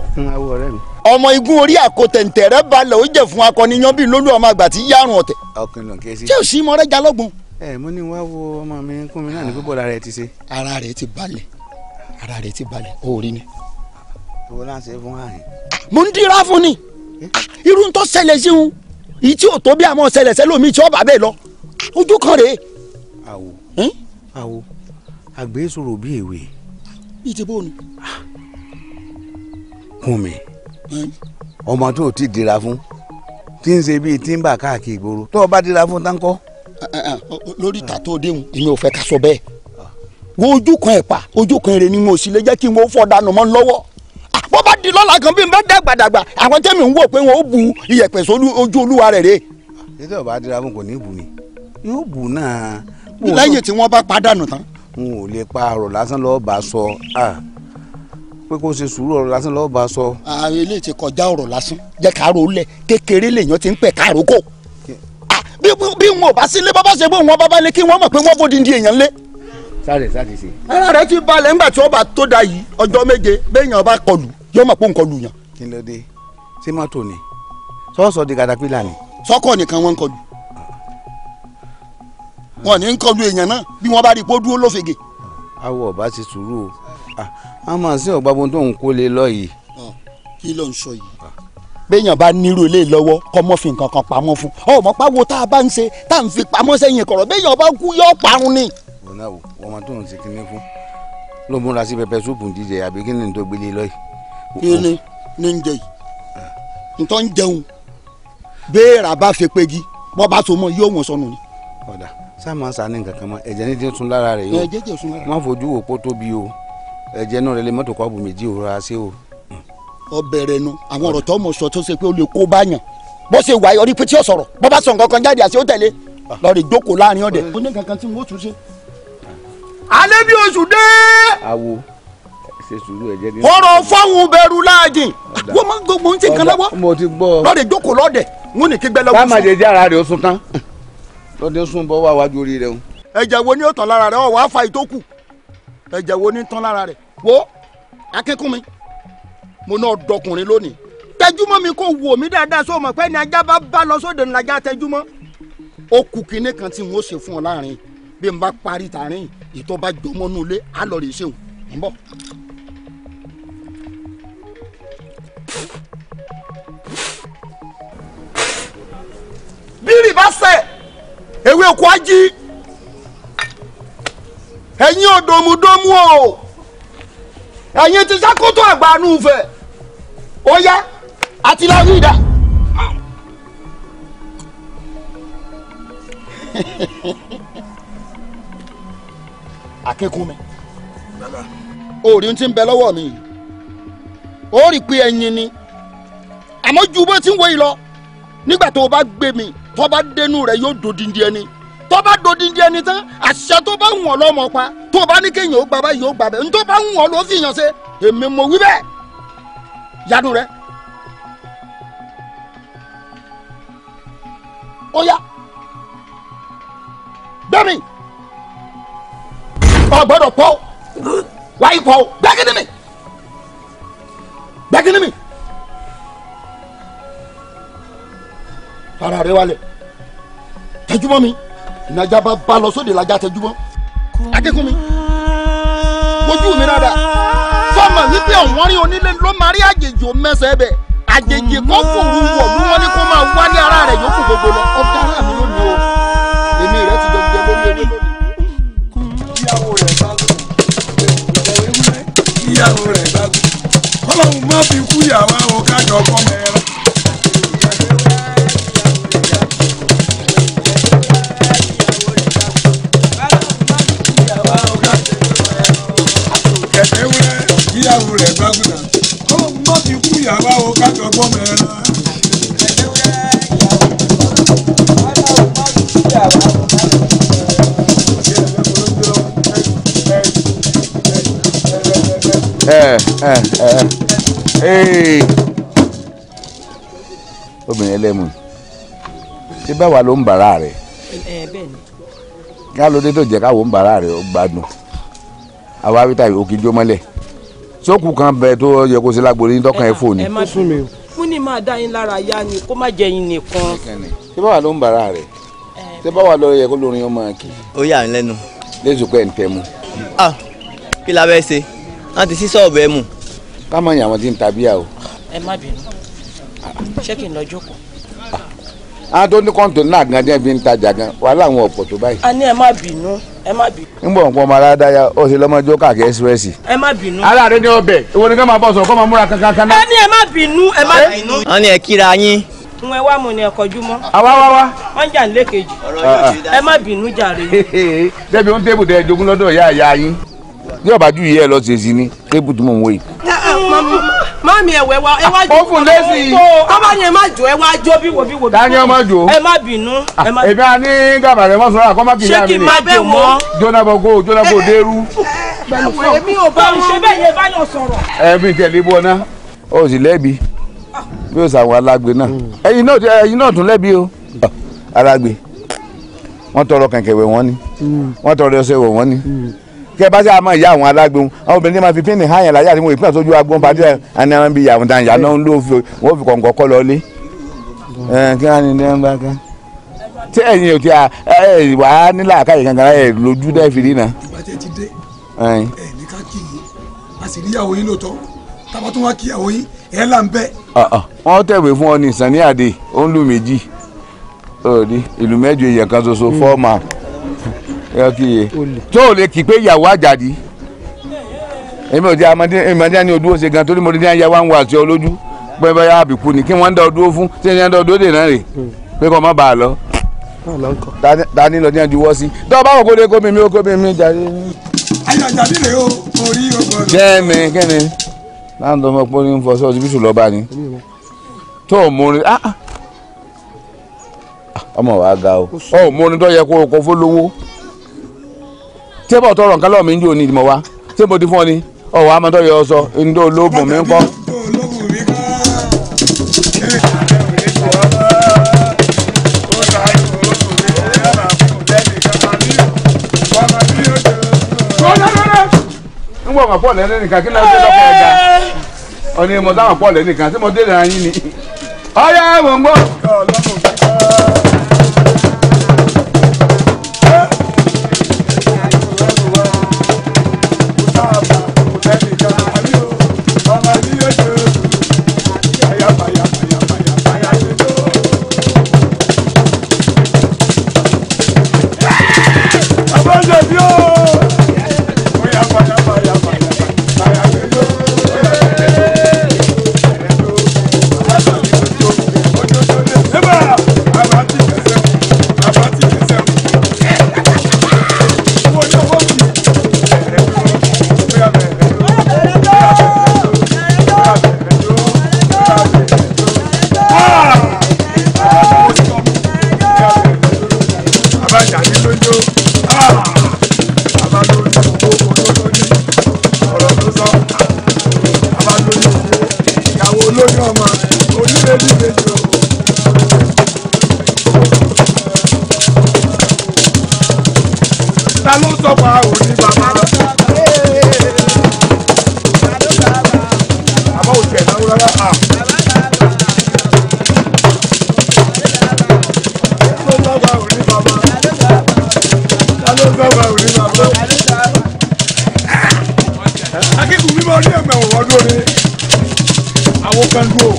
ọmọ igun orí àkótẹ̀ǹtẹ̀rẹ́ balẹ̀ ó jẹ́ fún akọniyan bíi lólu ọmọ àgbà tí yárùn ọ̀tẹ̀. ọkùnrin kẹsí. tí o sì mọ rẹ́jà lọ́gbọ̀n. ẹ mo ní wá wo ọmọ mi kún mi náà ní gbogbo ara rẹ ti ṣe. ara rẹ ti balẹ̀ ara rẹ ti balẹ̀ o rí ni. owó láǹṣẹ́ fún ààyè. mo ń dira fún ni eh? irú tó ṣẹlẹ̀ sí un èyí tí ò tó bí àmọ́ ṣẹlẹ̀ sẹ́lómi tí ọba bẹ́ẹ̀ lọ ojú kan rèé. àwo àwo àgbésòrò bí èwe. bíi ti bóun. hun mi ọmọ tó o ti dira fún tí ń ṣe bíi tí ń bà káàkiri ìgboro tó o bá dira fún táǹkọ́. lórí ìta tó déhùn èmi ò fẹ́ ká sọ bẹ́ẹ̀ wo ojú kan ẹ̀ pa ojú kan èrè ni mo sì lè jẹ́ kí n wo fọ́ dànù mọ́ lọ́wọ́ bó bá di lọ́la kan bí n bá dàgbàdàgbà àwọn tẹ́mi ń wò pé wọn ó bu iyẹ̀pẹ̀ sójú olúwa rẹ̀ rè. títí ọba adira fún kò ní bù ni yóò bù náà. lẹ́yìn tí wọ́n bá pàdánù tán. n ò lè pa ọ̀rọ̀ lásán lọ́ọ́ bá sọ pé kó ṣe sùúrù ọ̀rọ̀ lásán lọ́ọ́ bá sọ. àwọn eléyìí ti kọjá ọ̀rọ̀ lásán jẹ́ káàró lẹ̀ kékeré lèèyàn ti ń pẹ̀ káàró kò bí wọn ò bá sílé bábá ṣe bó wọn bábá lé kí wọ́n mọ̀ pé wọ́n bó di èèyàn lé sáré sáré sí. ara rẹ ti balẹ̀ ńgbà tí wọ́n bá tó da yìí ọjọ́ méje béèyàn bá kọlù yóò mọ̀ pé nǹkan lu yàn. kí ló dé ṣé mọ́tò ni sọ́ọ̀sọ̀ di katapila ni. sọ́kọ̀ nìkan wọ́n ń kọlu wọn ní ń kọlu èèyàn náà bí wọ́n bá rí i pé ó dúró lófege. awọ ọba ti sùúrù o a máa ṣe ọgbà bó tó ń kó lé lọ yìí. kí ló ń sọ yìí. béèyàn bá nírú ilé lọ́wọ́ kọ́ mọ́ fi nǹkan kan pamọ́ fún ọ mọ̀ páwo tá a bá ń ṣe tá à ń fi pamọ́ sẹ́yìn kọ̀rọ̀ béèyàn bá kú yóò parun ni. wọn náà wọ́n tó ń ṣe kinní fún ló múra sí pẹpẹ súpù jíjẹ àbí kí ni tó gbélé lọ́yìí kíni ní ń jẹ yìí eh. ntọ́ ń jẹun béèrà bá fi pegi bọ́ bá so mọ́ yóò wọ́n sọnù ni. ọ̀dà sáà máa ń sàánì kankan mọ́ ẹ̀jẹ̀ ní ti tún lára rẹ̀ yìí ẹ̀jẹ̀ jẹ̀ sun lára. má fojú wò tóbi o ẹ̀jẹ̀ náà rẹ̀ lè mọ́tò kọ́ọ̀bù méjì ò rà sí o. ọbẹ̀ rẹ̀ nu àwọn ọ̀rọ̀ tó mọ̀ sọ tó ṣe pé ó lè kó bá yàn bó ṣe wà orí pété ọ̀sọ̀rọ̀ bó bá sọ ọ̀rọ̀ fáwọn bẹ̀rù láàjìn wọ́n máa ń gbogbo ń ti nǹkan lọ́wọ́ lọ́dẹ̀ jókòó lọ́dẹ̀ wọ́n ní kígbẹ́ lọ́wọ́ sùn. bámàdé jára rẹ̀ ó sun tán lọ́dẹ̀ sùn bọ́ wá wájú orí rẹ̀ o. ẹ̀jẹ̀ wo ni o tán lára rẹ̀ ọ̀ wá fa ìtókù ẹ̀jẹ̀ wo ni tán lára rẹ̀ wo akẹ́kùn mi mo náà dọkùnrin lónìí tẹjúmọ́ mi kò wò mí dáadáa sọ ma pé ni ajá bá bá lọ sóde ńlájà tẹjúmọ́ ó kù kinní kan tí n ó ṣe fún ọ láàrin bí n bá parí tààrin ìtọ́ bá jọmọ́nú ilé á lọ rè ṣeun ń bọ̀ bírì bá sẹ̀ ewé oko ají ẹ̀yin domu o ẹ̀yin ti sákòtò àgbàánu fẹ̀ ó yá àti láwí ìdá. [laughs] akẹ́kùn mi. bàbá. orí ń ti ń bẹ lọ́wọ́ mi yìí ó rí pé ẹyin ni àmọ́ ju bó ti ń wo yìí lọ nígbà tó o bá gbé mi tó bá dénú rẹ yóò dòdìndí ẹni tó bá dòdìndí ẹni tán àṣà tó bá wùn ọ lọ́mọ pa tó bá ní kéèyàn ó gba báyìí ó gba bẹ́ẹ̀ ní tó bá wùn ọ ló fi yàn èmi mo wí bẹ́ẹ̀ yanu rẹ. ó yá gbẹ́mi ọ̀gbọ́dọ̀ pọ̀ wáyé pọ̀ gbẹ́gídé gbẹ́gínní mi ara rẹ wálẹ̀ tẹjúmọ́ mi ìnajà bá ba lọ sóde lajà tẹjúmọ́ akẹ́kọ̀ọ́ mi ojú mi rárá fọmọ wípé ọ̀wọ́n rí onílé ló máa rí àjèjì ò mẹ́sẹ̀ bẹ̀ àjèjì kan fòrú wọ̀ ló wọ́n ní máa wálé ara rẹ̀ yókù gbogbo lọ ọ̀gá rẹ̀ mi ló ní o. bí àwa ò kájọ kọ́ mẹ́rin. kẹ̀kẹ́wúrẹ́ ìyàwó rẹ̀ gbàgùdà kó má fi kú ìyàwó ò kájọ kọ́ mẹ́rin. Eh, eh, eh. eh obìnrin ẹlẹ́mu ṣé báwa ló ń bàrà rẹ̀ kí á ló dé tó jẹ́ káwọ́ ń bàrà rẹ̀ ó gbádùn àwa wíta òkìjọ́ mọ́lẹ̀ sókù kan bẹ tó yẹ kó ṣe lágbórí ní tọkàn ẹ fò ní. fún ni máa dá yín lára yá ni kó má jẹ yín nìkan. ṣé báwa ló ń bàrà rẹ̀ ṣé báwa ló yẹ kó lórin ọmọ kì. ó yà ń lẹ́nu. lẹ́sùn pé ń tẹ́ mu. Ah, kí la bẹ́ẹ̀ ṣe láti sísọ ọ̀bẹ mu. ká mọ̀ ní àwọn tí ń ta bíà o. ẹ má bínú ṣé kí n lọ jókòó. àwọn tó ní kọ́ńtò náà gan jẹ́ fi àwọn ọ̀pọ̀ tó báyìí. a ní ẹ má bínú ẹ má bínú. bọ̀ ọmọ ó lọ́mọdé ó káàkiri ẹ má bínú. ara rẹ ni ọbẹ̀ ìwọ ni ká máa bọ̀ sọ̀ kọ́ máa múra kankan kan náà. ní ẹ má bínú ẹ má bínú. ní ẹ kíra yín n wá ni ẹ kọjú mọ. àwa wa wá. jà ń ẹ má bínú [laughs] mami ẹwẹ wa ẹ wá jó kófù lẹsì tọ́ba yẹn má jó ẹ wá jó bí wo bí wo bí. dání ọmọ jó ẹ má bínú. Ah, èmi à ní gàbà rẹ mọ sọ̀rọ̀ àkọ́mọ́ kìí yá mi ni. ṣé kí n máa bẹ̀ wọ́n. jónàbọ̀gò jónàbọ̀ dẹ́rú. èmi ò bá wọn ṣe bẹ́ẹ̀ yẹn bá yàn sọ̀rọ̀. ẹ̀mí tẹ̀lé bọ́ ná o sì lẹ́bi bí o sàwọn alágbe náà ẹ̀yin náà ẹ̀yin náà tún lẹ́bi o alágbe wọ́n tọrọ kẹ̀kẹ́ wẹ̀ wọ́n ni hmm. wọ́n tọrọ ọṣẹ wẹ̀ wọ́n ni hmm kẹ bá sí àmọ́ ìyá àwọn alágbèhùn àwọn obìnrin máa fi pínì háyàn láyà tí mo ìpínlẹ̀ sójú agbóhùn padì àni àwọn bíi ìyàwó tàn yàrá náà ló fi wọ́n fi kọ̀ǹkọ̀ kọ́ lọ lé. kí wọ́n á ní dẹ́n bá kan. tí ẹ̀yin ò ti à ẹ̀ wà á ní làákàyè kankan ẹ̀ lójú dẹ́ fi rí na. ìbàjẹ́ ti dé ẹ̀ ní ká kì í a sì rí ìyàwó yín lóòótọ́ tábà tó wá kí ìyàwó yín ẹ̀ là ń bẹ́. wọ́n tẹ̀wé fún ọ ní ìsànníyàdé ó tó o lè kí pé ìyàwó àjàdí èmi ò jẹ́ amadé ìmọ̀dé ni odúró ṣe gan torí mo ní ìyá wa ń wà sí ọ lójú pé báyà àbíkú ni kí wọ́n ń dá ọ dúró fún tí ẹni ń dá ọ dúró dènà rè hmm. pé kọ́ ọ má bàa lọ. ta ni lọ ní ẹjú wọ́ sí tó o bá wọ̀ kó lè kó mi mi ó kó mi mi jáde. ayọ̀ àjàdí rèé o orí ogun. kẹ́ni kẹ́ni náà ń dọ́mọ pé ó ń fọ sọ́ọ́sì bíṣù lọ́ba ni tó o mú rí ah, ah. ah, ọmọ wa ga o ọ̀ mú rí tó yẹ kó o kó fó lówó tẹ́bọ̀ tọrọ nǹkan lọ́wọ́ mi ń jò ní ìdìmọ̀ wa ṣé mo ti fún ọ ni ọ̀wọ́ amọ̀tọ́ sọ ndó olóògùn mi ń kọ́. ń gbọ́ wọn pọ̀ nìkan kí lóò dé lọ́kọ̀ ẹ̀dá ọ̀nà ìmọ̀ táwọn pọ̀ lẹ́nu nìkan tí mo dé lẹ́nu ayín ni ọ̀yá ẹ̀wọ̀n gbọ́. akẹ́kọ̀ọ́ mi máa rí ẹ̀mẹ̀ ọ̀wọ́ lórí àwọn kan dúró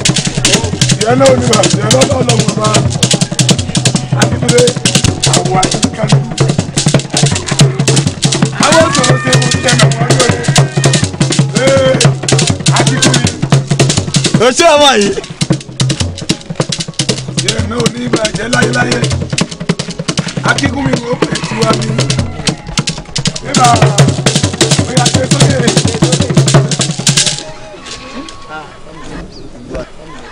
ìyá náà ní bàbá ìyá náà lọ́wọ́ lọ́wọ́ bá akíndúré àwọn akíkan dúró. àwọn sọ̀rọ̀ ṣe mo jẹ́ ẹ̀mẹ̀ ọ̀wọ́ lórí ee akíkúri. o ṣé ọmọ yìí. ìyá náà ní bàjẹ́ láyéláyé akíkúnmi wo ètò àbí nígbà oyà tó sókè.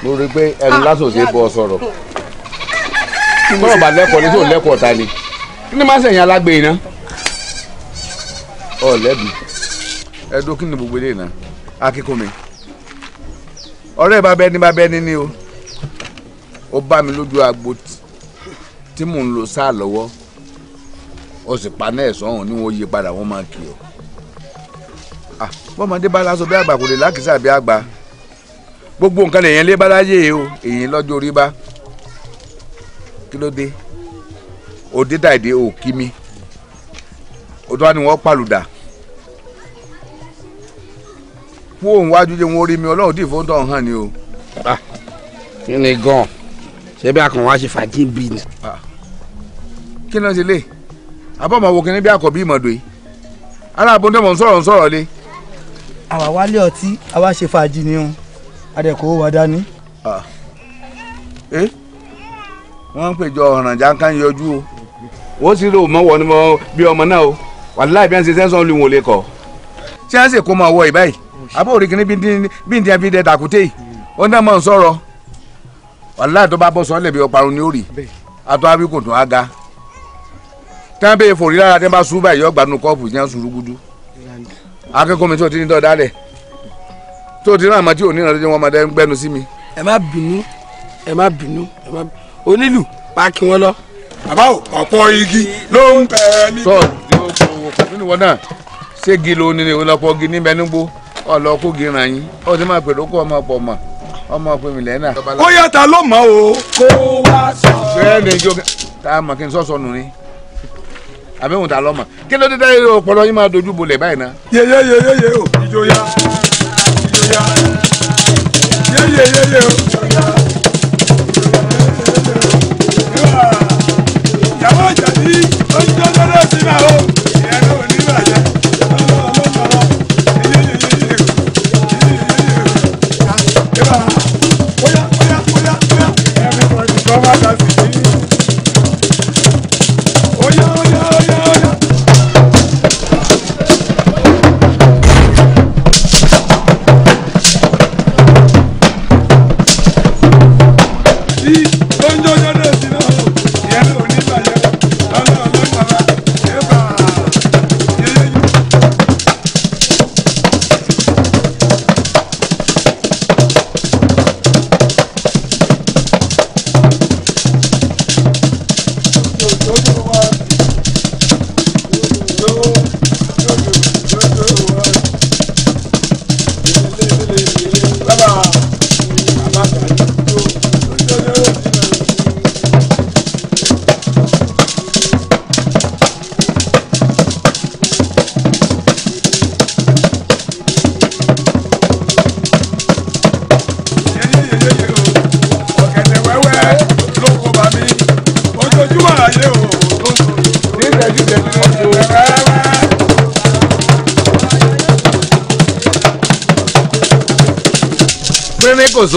mo rí i pé ẹnu lásán ti bọ́ sọ̀rọ̀ tọ́lọ̀ bá lẹ́kọ̀ọ́ ní tí ò lẹ́kọ̀ọ́ ta ni kí ni máa ń sẹ̀yìn alágbe iná ọ̀lẹ́bi ẹ̀dùn kí ni gbogbo eléyìí náà akíkúnmi ọ̀rẹ́ bá bẹ́ni bá bẹ́ni ni o ó bá mi lójú agbo tí mò ń lo sáà lọ́wọ́ ó sì paná ẹ̀sán ọ̀hún ni wọ́n yí padà wọ́n máa kì ọ́. Ah, bọ́mọdé bá láṣọ bí àgbà kò lè lákìsà bí àgbà gbogbo nǹkan lèyìn lé bá láyé e o èyí lọ́jọ́ orí bá kí ló dé òde dàìdé ò kí mi òtún wá ni wọ́n pàlùdà fún òun wájú jẹ́ wọn orí mi ọlọ́run tí ìfowópamọ́ tọ̀hún hàn ni o. Ah, kí ni gan-an ṣé bí a kàn wá ṣe fàájì bíi ni. Ah kí ló ń ṣe lé àbọ̀ ọmọ wo kí ni bí àkọ́bí ìmọ̀dọ̀ yìí ara àbọ̀ ndé mọ̀ ń sọ̀rọ̀ ń sọ̀rọ̀ lé. àwa wálé ọtí àwa ṣe fàájì ni o adẹ̀kọ̀ wa dání. wọ́n ń pèjọ ọ̀ràn jankan yọjú o wọ́n sì rò mọ́ wọ́n bí ọmọ náà o wàláì bí wọ́n ṣe sẹ́sán lu wọn lè kọ́ ṣé wọ́n sì kó máa wọ ìbáyìí àbọ̀ òrìkìní bí ndín fi dẹ dàkúté yìí ó ń mọ̀ ń sọ̀rọ̀ tán bẹ́ẹ̀ fòrí lára tẹ́ bá báyìí yọ gbanú kọ́ọ̀pù yẹn sùn rúgudu akẹ́kọ̀ọ́ mi tí o ti ní dọ̀ dálẹ̀ tó o ti rán àmọ́ tí o ní ìrànlọ́jọ́ wọn máa dẹ́ ń gbẹ́nu sí mi. ẹ má bínú ẹ má bínú ẹ má onílù páàkì wọn lọ. bàbá o ọ̀pọ̀ igi ló ń bẹ ní. sọ yóò kó o kò nínú wọn náà ségi ló ní ìlọpọ igi ní mẹnugbó ọlọkó gi ràn yín ó ti máa pèrò kó ọmọ pọ̀ mọ́ ọmọ pé mi lẹ́nà. ó ló mọ̀ o. kó wá sọ. bẹ́ẹ̀ ni ìjọ tá a mọ̀ kí n sọ́sọ nù ni àbẹ̀wò ta lọ́mọ kí ló dé dá yóò pọlọ yín máa dojú bolẹ̀ báyìí ná. yeye yeye ye o ìjó ya ìjó ya yeye yeye o. ìyàwó ìjàdí ó ń jẹ́ lọ́dọ̀ sí náà o.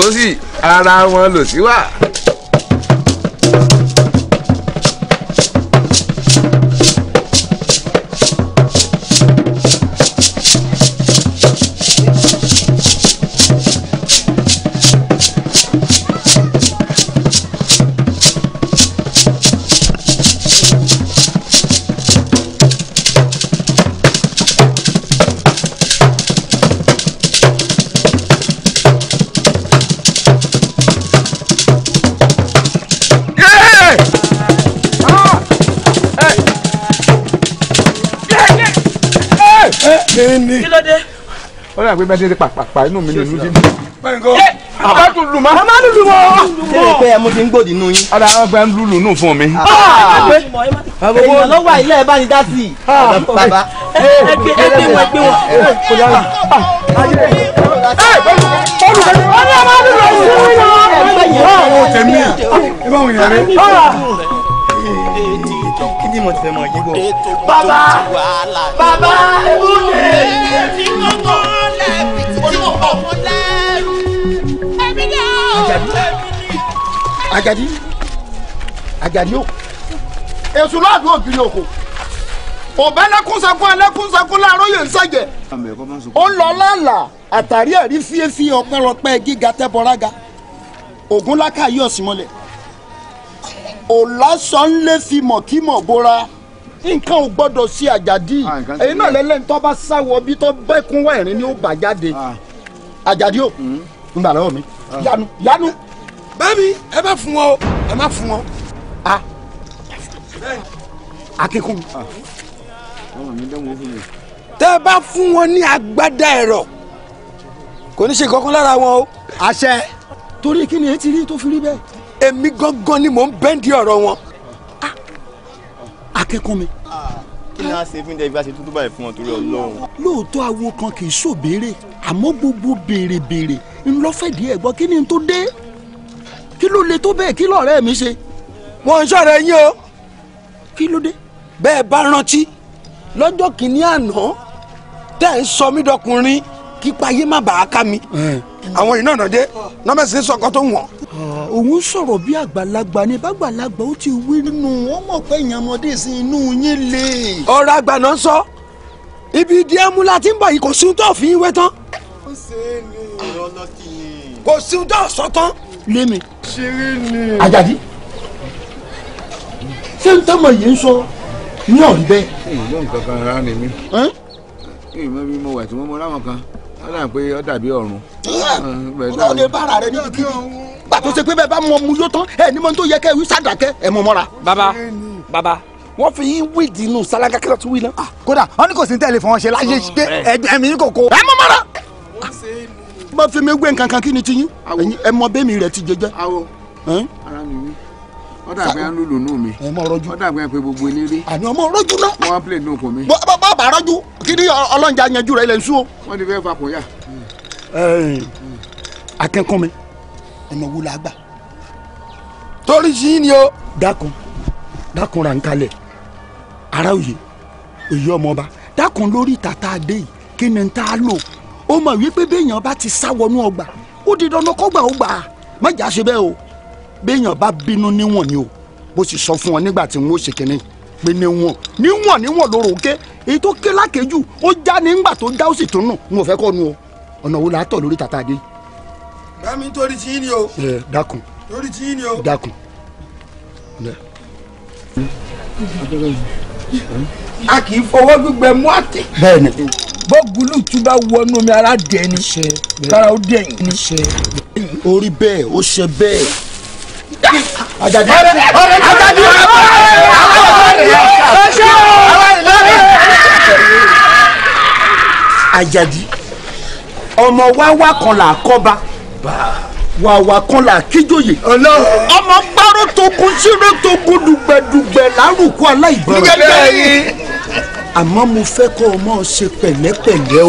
sósì ara wọn lòsí wà. kíni. kílódé. ó dàgbé bẹ́ẹ̀ tètè pàpàpà inú mi nìlú dídì. bẹ́ẹ̀ni a tún lù mọ́. a máa lùlù mọ́. ṣé o pé ẹ mo ti ń gbòdì nù yín. ọ̀dà àwọn ọgbà ń lùlù nù fún mi. èèyàn ló wà ilé ẹ̀ bá ní dá sí i. bàbá ẹ gbé wọn gbé wọn. ọ̀dà máa lùlù ọ̀hún. ìbáwọn yẹn rẹ kíndìn mo ti fẹ́ mọ yín bò. bàbá bàbá ìbúlẹ̀. èmi kò mọ̀ lẹ́bi títí mo kọ̀ mọ́ lẹ́rù. èmi náà. Àjàdí Àjàdí o èso láàdúrà ògiri òkò ọbẹ̀ lẹ́kúnṣakún alẹ́kúnṣakún láàárọ̀ yẹn ń ṣàjẹ́ ó lọ lálà àtàrí ẹ̀rí fíefi ọpẹ́lọpẹ́ gíga tẹ́bọ̀rága ògúnlákà yóò sì mọ́lẹ̀ ọ̀làsánlé fi mọ̀kímọ̀ bora nǹkan ò gbọ́dọ̀ sí àjàdí ah, èyí náà lẹ́lẹ́ni tó bá sáwọ bí tó bẹ́kún wá ni ó bà jáde ah. àjàdí o hmm. ń bà lọ́wọ́ mi ah. yanu yanu. bẹ́ẹ̀ni ẹ bá fún wọn o ẹ má fún wọn. a akíkún. tẹ́ bá fún wọn ní agbádá ẹ̀rọ kò ní ṣe kankan lára wọn o. àṣẹ. torí kí ni etí rí tó fi rí bẹ́ẹ̀ èmi gangan ni mò ń bẹ́ǹdì ọ̀rọ̀ wọn. Ah, akẹ́kọ̀ọ́ mi. Ah, kí ni a ṣe fún ìdẹ́gbẹ́ àti tuntun báyìí fún wọn torí ọlọ́run. lóòótọ́ awo kan kì í ṣòbéèrè àmọ́ gbogbo béèrèbéèrè ńlọ́fẹ̀dí ẹ̀ gbọ́ kí ni n tó dé kí ló le tó bẹ́ẹ̀ kí lọ́ọ̀rẹ́ mi ṣe. wọn ń ṣọ̀rọ̀ yín o. kí ló dé. bẹ́ẹ̀ bá rántí lọ́jọ́ kìíní àná tẹ́ ń sọ mí dọkùnrin kípa yé má bàa ká mi. àwọn ìnáwó dé nọ́mẹ̀sì ń tó wọ̀n. Eh, òun sọ̀rọ̀ bí àgbàlagbà ni bàgbàlagbà ó ti wí nù wọ́n mọ̀ pé èèyàn ọmọdé sí inú yín le. ọ̀rọ̀ àgbà náà sọ ibi ìdí ẹmu la ti ń bọ̀ yìí kò sún tó fi ń wé tán. ó ṣe é ní ìrọ̀lọ́ kì í. kò sún tó sọ tán. lémi. ṣeré ni. Àjàdí ṣé n tẹ́mọ̀ yìí ń sọ ní ọ̀rí bẹ́ẹ̀. ìmọ̀ nǹkan kan rárá ni mí. ìmọ̀ bí mo wà tí mo mọ láwọn kan ó dà pé ó dàbí ọ̀run. ọlọ́run lè bára rẹ níbi kíbi gbàtó ṣe pé bẹ́ẹ̀ bá mọ mu yó tán ẹ ní mọ tó yẹ kẹ́ wí sàdàkẹ́ ẹ mọ mọ́ra. bàbá bàbá wọ́n fi yín wí dínú sálágà kí wí náà. Ah, kódà wọn ní kò sí tẹ́lẹ̀ fún wọn ṣe láyé pé ẹ̀mí kò kó. ẹ mọ mọ́ra. bá fi mi gbé nǹkan kan kí ni ti yín ẹ mọ bẹ́ẹ̀ mi rẹ̀ ti jẹjẹ. ara mi wí ó dàgbẹ́ ń lùlù nù mí ó dàgbẹ́ pé gbogbo eléré. àní ọmọ rọ́jú náà. wọ́n á play nùkùn mi. bọ́ bá rọ́jú kí ni ọlọ́njà yanjú rẹ̀ ilẹ̀ ń sú o. wọ́n ti fẹ́ fapò yà. akẹ́kọ̀ọ́ mi ọ̀nà wo la gbà. torí sí ni o. dákun dákun ra ń kalẹ̀ ara òye òye ọmọọba dákun lórí tata adé yìí kí ni ta lò ó mọ̀ wípé béèyàn bá ti sá wọnú ọgbà ó di dandan kọ́gbà ó gbà á má jà ṣe bẹ́ẹ̀ o béèyàn bá bínú níwọ̀n ni o bó sì sọ fún ọ nígbà tí n ó ṣe kínní pé níwọ̀n níwọ̀n níwọ̀n lóró ké èyí tó ké lákèjú ó já nígbà tó já ó sì tún nù n ò fẹ́ kọ́ nu o ọ̀nà wo la tọ̀ lórí tata dé. bámi torí tí yín ni o. ẹ dákun torí tí yín ni o. dákun. a kì í fọwọ́ gbígbẹ mú àtẹ. bẹ́ẹ̀ni. bọ́gùlù túbà wọnú mi ara dẹ̀ ni. kára ó dẹ̀ yín. orí bẹ́ẹ̀ ó ṣe bẹ́ẹ̀. Àjàdí Àjàdí Àjàdí ọmọ wáwá kan là kọ́ba wàwà kan là kíjòyè ọmọ gbárò tó kún sírò tó kún dùgbẹ̀dùgbẹ̀ lárùkú aláìgbọràn àmọ́ mo fẹ́ kọ́ ọmọ ṣe pẹ̀lẹ́pẹ̀lẹ́ o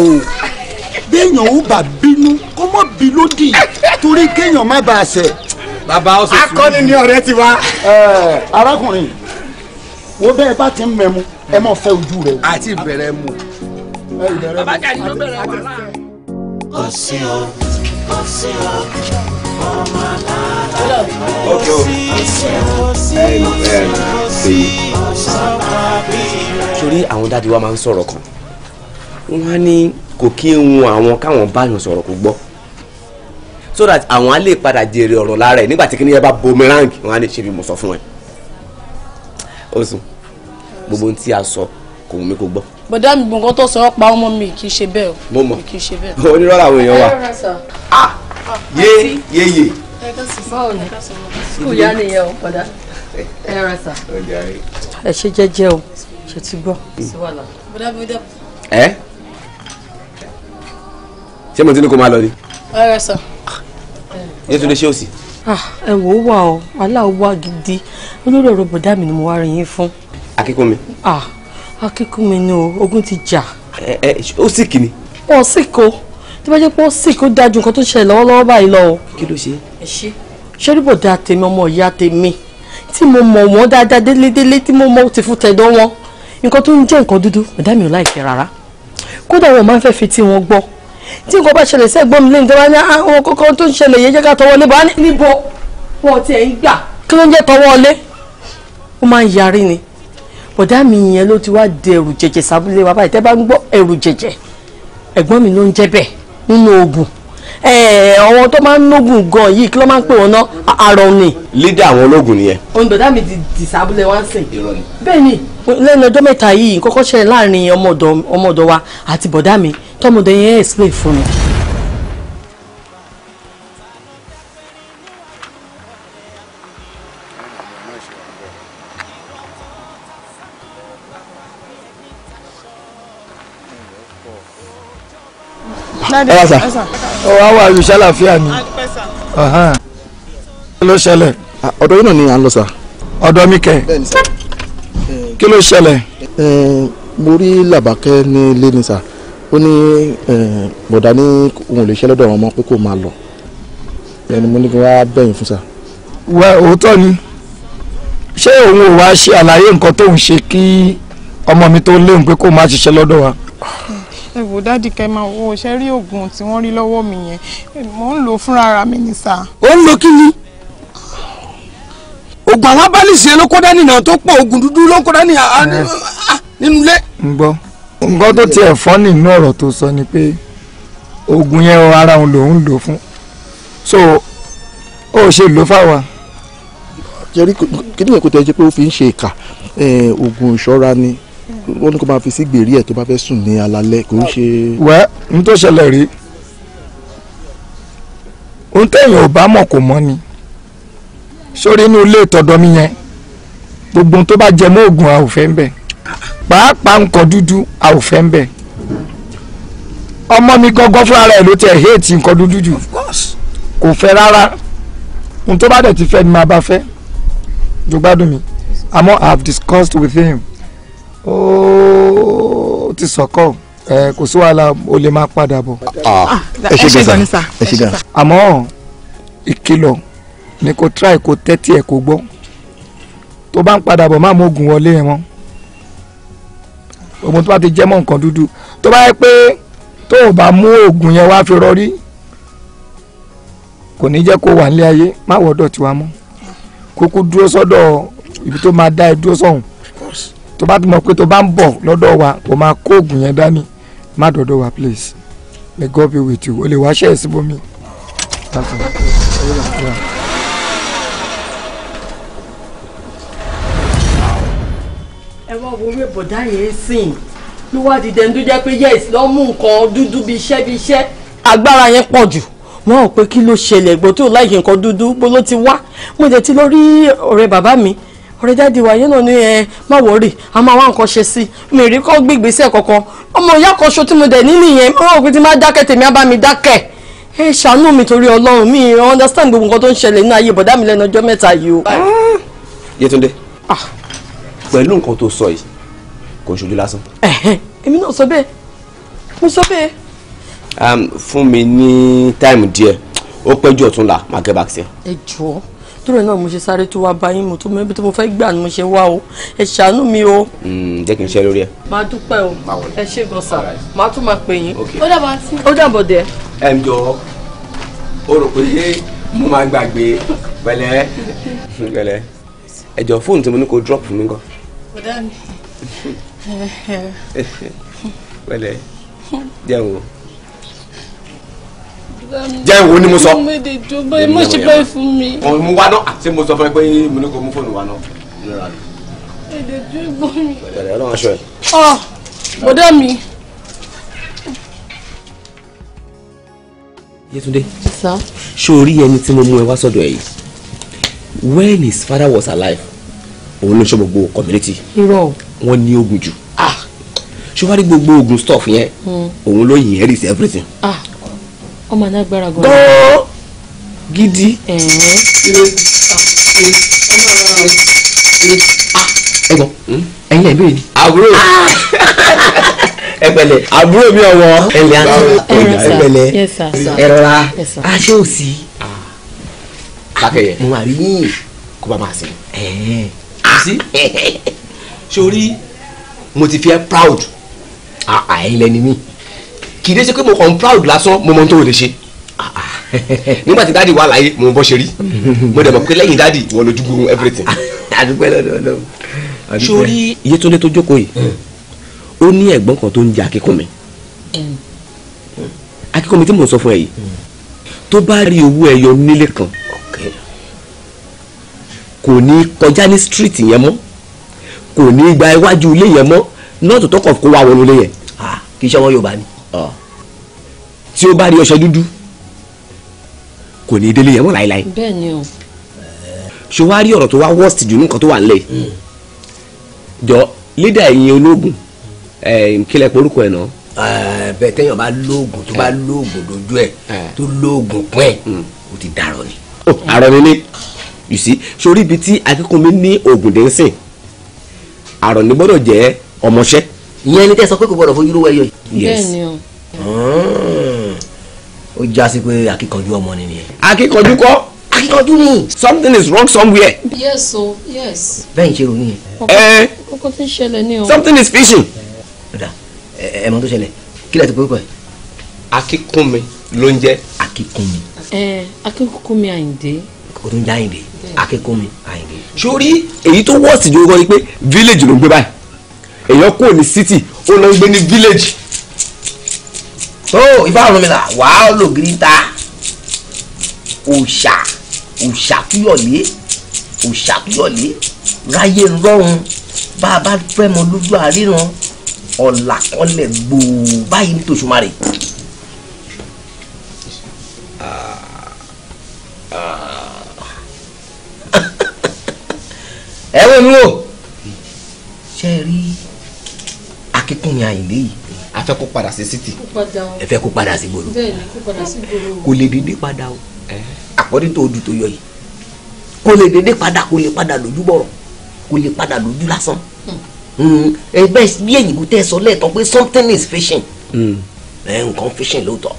béèyàn ó bà bínú kó mọ̀ bí lódì torí kéèyàn má bàa ṣẹ̀ bàbá ó ṣe sùúrù. akọni ni ọ̀rẹ́ ti wá. Eh, arákùnrin wo bẹ́ẹ̀ bá ti ń mẹ́mu ẹ mọ̀ fẹ́ ojú rẹ. àti ìbẹ̀rẹ̀ mu. bàbá jàdí ló bẹ̀rẹ̀ wàhálà. kò sí o kò sí o ọmọ aláàlá kò sí kò sí kò sí sọ́kà bí rẹ̀. torí àwọn dáàdi wa máa ń sọ̀rọ̀ kan wọ́n á ní kò kí ń hun àwọn káwọn báyọ̀ sọ̀rọ̀ kó gbọ́ so that àwọn á lè padà jèrè ọ̀rọ̀ lára ẹ̀ nígbà tí kíní yẹn bá Bomerang, wọn á lè ṣe bí mo sọ fún ẹ. ó sùn gbogbo ohun tí a sọ kò wù mí kó gbọ́. bọ̀dá mi gbọ̀ngàn tó sọ ọ́ pa ọmọ mi kì í ṣe bẹ́ẹ̀ o. mo mọ̀ onírọ́lá àwọn èèyàn wa. Ah! yé yé yé. kò yá nìyẹn o padà ẹ ṣe jẹ́jẹ́ o ṣe ti gbọ́. ẹ ṣé mo ti ní kó máa lọ ni. ẹ rẹ sọ. Yétúndé ṣé o sì. Ah, ẹ wò ó wà ọ wàhálà ó wà gidi olórí ọ̀rọ̀ bọ̀dá mi ni mo wá rìn yín fún. akíkúnmi. akíkúnmi ah, ni o ogun ti jà. ẹ ẹ ó sì kì ni. ó sì kó tí wọ́n jẹ́ pé ó sì kó dájú nǹkan tó ṣẹlẹ̀ lọ́wọ́lọ́wọ́ báyìí lọ o. kí ló ṣe. ẹ ṣe. ṣé rí bọ̀dá tèmi ọmọ ìyá tèmi tí mo mọ̀ wọ́n dáadáa délédélé tí mo mọ̀ ti fún tẹ̀dọ̀ wọn nǹkan tó ń jẹ́ nǹkan dúdú bọ̀dá mi ò láìpẹ́ rárá kódà wọn máa ń fẹ́ fi tí wọn gbọ́ tí nǹkan bá ṣẹlẹ̀ sẹ́gbọ́n mi lẹ́yìn tó bá ní àwọn ah, kọ́kọ́ tó ń ṣẹlẹ̀ yẹn jẹ́ tọwọ́ lé bá níbo wọn ti ẹ̀ ń gbà kí ló ń jẹ́ tọwọ́ lé ó máa ń yarí ni bọ̀dá mi yẹn ló ti wá di ẹ̀rù jẹ̀jẹ̀ sábúlé wa báyìí tẹ́ bá ń gbọ́ ẹ̀rù jẹ̀jẹ̀ ẹ̀gbọ́n mi ló ń jẹ́ bẹ́ẹ̀ nínú oògùn àwọn tó máa ń nógùn gan yìí kí ló máa ń pè wọn ná àrọ ni. lídà àwọn ológun nìyẹn. òun bọ̀dá mi ti di sábúlé wá ń sìn. bẹ́ẹ̀ ni lẹ́nu ọjọ́ mẹ́ta yìí kọ́kọ́ ṣẹlẹ̀ láàrin ọmọ wa àti bọ̀dá mi tọmọdé yẹn explain fún mi. ẹ wá sà ọ wá wá àyùṣẹ́ àlàáfíà ni kí ló ṣẹlẹ̀. ọ̀dọ̀ yìí náà ni à ń lọ sà. ọ̀dọ̀ mi kẹ̀ kí ló ṣẹlẹ̀. mo rí làbákẹ́ ní ilé ni sà ó ní bọ̀dá ní òun lè ṣe lọ́dọ̀ àwọn ọmọ pé kó máa lọ ẹni mo ní kí wọ́n á bẹ̀yìn fún sa. wẹ òótọ́ ni ṣé òun ò wá ṣe àlàyé nǹkan tóun ṣe kí ọmọ mi tó léwu pé kó máa ṣiṣẹ́ lọ́dọ̀ wa. ẹ wò dáàdì kẹ máa wo ṣe rí oògùn tí wọ́n rí lọ́wọ́ mi yẹn mò ń lò fúnra ara mi ní sà. ó ń lo kí oògùn àwọn abánisìn ló kó dání náà tó pọ̀ oògùn dúdú ló kó dání nínú ilé. ń gbọ́ nǹkan tó tiẹ̀ fọ́ nínú ọ̀rọ̀ tó sọ ni pé oògùn yẹn ara òun lòún lò fún so ó ṣe lò fáwa. jẹ́rí kíni èkó tẹ́ ṣe pé ó fi ń ṣe ìkà oògùn ìṣọ́ra ni wọ́n ní kó máa fi sí gbèrí ẹ̀ tó bá fẹ́ sùn ní alalẹ́ kò ń ṣe. wẹ́ n tó ṣẹlẹ̀ rí ohun téèyàn ò bá mọ̀ kò mọ̀ ni sórí inú ilé ìtọ́dọ̀ mi yẹn gbogbo tó bá jẹ mọ́ oògùn a ò fẹ́ ń bẹ̀ pàápàá nǹkan dúdú a ò fẹ́ ń bẹ̀ ọmọ mi gangan fúnra rẹ̀ ló tiẹ̀ hate nǹkan dúdú jù kò fẹ́ rárá ohun tó bá dẹ̀ ti fẹ́ ni màá bá fẹ́ jọ gbádùn mi àmọ́ I have discussed with him ó ti sọ̀kọ̀ ẹ kò sí wàhálà o lè máa padà bọ̀. Ah, ah, ẹ ṣe gan sa ẹ ṣe gan. àmọ́ ìkìlọ̀ ni kò try kò tẹ́tí ẹ̀ kò gbọ́ tó bá ń padà bọ̀ má mú oògùn wọlé ẹ mọ́ ògùn tó bá ti jẹ́ mọ́ nǹkan dúdú tó bá yẹ pé tó o bá mú ògùn yẹn wá fi rọrí kò ní jẹ́ kó wà nílé ayé má wọ́dọ̀ tiwa mọ́ kúkú dúró sọ́dọ̀ ibi tó máa dá ẹ dúró sọ́hùn tó bá ti mọ̀ pé tó bá ń bọ̀ lọ́dọ̀ wa kò máa kó ògùn yẹn dání má dọ̀dọ̀ wa please may God be with you o lè wá ṣe é síbòmí. Thank you. orí ìbọ̀dá yẹn sìn ló wá di dẹni jẹ́ pé yes lọ́ mú nǹkan dúdú bí iṣẹ́ bí iṣẹ́. agbára yẹn pọ̀ jù wọn ò pé kí ló ṣẹlẹ̀ gbọ́ tó láìkí nǹkan dúdú bó ló ti wá mo jẹ́ ti lọ ọ̀rẹ́ bàbá mi ọ̀rẹ́ dáàdi wa yẹn náà ní ẹ má wọ̀ọ́rì a máa wá nǹkan ṣe sí mi rí kọ́ gbé ìgbésẹ̀ kankan ọmọ ìyá kan ṣo tí mo dẹ̀ ní nìyẹn mo rò pé tí má dákẹ́ tèmi á bá mi dákẹ́ ẹ ṣàánú mi torí ọlọ́run mi understand gbogbo nǹkan tó ń ṣẹlẹ̀ nínú ayé bọ̀dá mi lẹ́nu ọjọ́ mẹ́ta yìí o. Yétúndé. ah pẹ̀lú nǹkan tó sọ yìí kò ń ṣojú lásán. èmi náà sọ bẹ́ẹ̀ mo sọ bẹ́ẹ̀. fún mi ní táìmù díẹ̀ ó pẹ́ jù ọ̀tún la máa gẹ́ bá ti ẹ. ẹ jọ̀ọ́ torí náà mo ṣe sáré tó wá báyìí mo tó mẹ́bí tó mo fẹ́ gbà ni mo ṣe wá o ẹ ṣàánú mi o. Mm, jẹ́ kí n ṣe lórí ẹ. máa dúpẹ́ o ẹ ṣe gọ̀sà máa tún máa pè yín. ó dàbọ̀ dẹ̀. ẹ jọ̀ọ́ o rò pé mo máa gbàgbé pẹ̀lẹ́ pẹ̀lẹ́ ẹ jọ̀ọ́ fóònù tí mo ní kó drop fún mi gan ọ̀dà mi. [laughs] wẹ́lẹ̀ jẹun jẹun ni mo sọ. mo de jo bẹ́ẹ̀ mo ṣe bẹ́ẹ̀ fún mi. òun mú wa náà ṣé mo sọ fún pé mo ní kó mú fóònù wa náà. èdè ju igbó mi. bẹ̀rẹ̀ ọlọ́run aṣọ ẹ̀. ọ ọ̀dà mi. Yetunde. Sir. Ṣé o rí ẹni tí mo mú ẹ wá sọ́dọ̀ ẹ̀ yìí? When his father was alive, òun ló ń gbogbo community. irọ́ wọn ní oògùn jù ah ṣùgbọ́n gbogbo oògùn stuff yẹn hmm. òun ló inherit everything. ah ọmọ anágbára gan. gan gidi. ẹ̀gbọ́n ah, ah! hmm? ẹ̀yin ẹ bẹ̀rẹ̀ ni. àbúrò ah! ẹgbẹlẹ àbúrò mi ọwọ ẹlẹ ẹgbẹlẹ ẹrọra aṣọ òsì. mo máa rí yín kó bá máa sìn sí sórí mo ti fi ẹ́ proud ẹ̀yin lẹni mi kì í dé ṣe pé mo kàn ń proud lásán mo mọ ohun tó lè ṣe nígbà tí dáàdi wà láyé mo mọ ṣe rí mo dẹ̀ mọ̀ pé lẹ́yìn dáàdi wọ́n lójú gbóhùn everything. àdúgbò lọ́dọọdọ. sórí Yétúndé tó jókòó yìí hmm. ó ní ẹ̀gbọ́n kan tó ń jẹ́ akíkúnmi hmm. akíkúnmi tí mò ń sọ fún ẹ yìí hmm. tó bá rí owó ẹyọ nílé kan kò ní kọjá ní street yẹn mọ́ kò ní gba iwájú ilé yẹn mọ́ nọ́ọ̀tù tó kàn kó wa wọnú ilé yẹn. kì í ṣe wọn Yorùbá ni. tí ó bá rí ọṣẹ dúdú kò ní délé yẹn mọ́ láéláé. bẹ́ẹ̀ o. ṣé wàá rí ọ̀rọ̀ tó wá worst jù nǹkan tó wà nílẹ̀ yìí. jọ leader ẹ̀yin ológun kílẹ̀ porúkọ ẹ̀ náà. bẹ́ẹ̀ téèyàn bá lóògùn tó bá lóògùn dojú ẹ̀ tó lóògùn pín ẹ̀ ó ti dàrọ̀ ni. Oh, àrọ̀ mi ni you see sórí ibi tí akínkùnmí ní oògùn dé ń sìn àrọ̀ ní gbọ́dọ̀ jẹ́ ọmọṣẹ́. ìyẹn ni tẹ́ sọ pé kò gbọ́dọ̀ fojú lówó ẹyọ yìí. bẹ́ẹ̀ ni o. Ah. ó já sí pé akíkanjú ọmọ ni nìyẹn. akíkanjú kọ́ akíkanjú ni. something is wrong somewhere. yes o yes. bẹ́ẹ̀ ń ṣe ronú yẹn. ẹ ọkọ eh. tí ń ṣẹlẹ̀ ni o. something is fishing. ọ̀dà ẹ ẹ mọ tó ṣẹlẹ̀ kí lẹ́ẹ̀ tó pé pẹ́. akíkúnmi ló ń jẹ́. akíkúnmi. ẹ eh, akíkúnmi àyìndé o tún já àyìnbí akẹ́kọ̀ọ́ mi àyìnbí. sórí èyí tó wọ́ọ̀sì ju ọkọ ni pé village ló ń gbé báyìí èyàn kò ní city ó lọ gbé ní village. tó ifá ọ̀run mi là wàá ològiri ta òòṣà òòṣà kúyọ̀lé òòṣà kúyọ̀lé ráyé rọrùn bá a bá fẹ́ mọ lójú àríran ọ̀làkọlẹ̀ gbòó báyìí nítòsùmarè. ẹ wò mí wò ṣe é rí akíkùnrin àyìnlé yìí a fẹ́ kó padà sí city ẹ fẹ́ kó padà sí gbòòrò kò lè dédé padà o àkọ́dé tó ojú tó yọ yìí kò lè dédé padà kò lè padà lójú bọ̀rọ̀ kò lè padà lójú lásán hmm. Hmm. ẹ bẹ́ẹ̀ bí èyìnbó tẹ́ sọ lẹ́ẹ̀tọ́ pé something is fishing hmm. ẹ nǹkan fishing lóòótọ́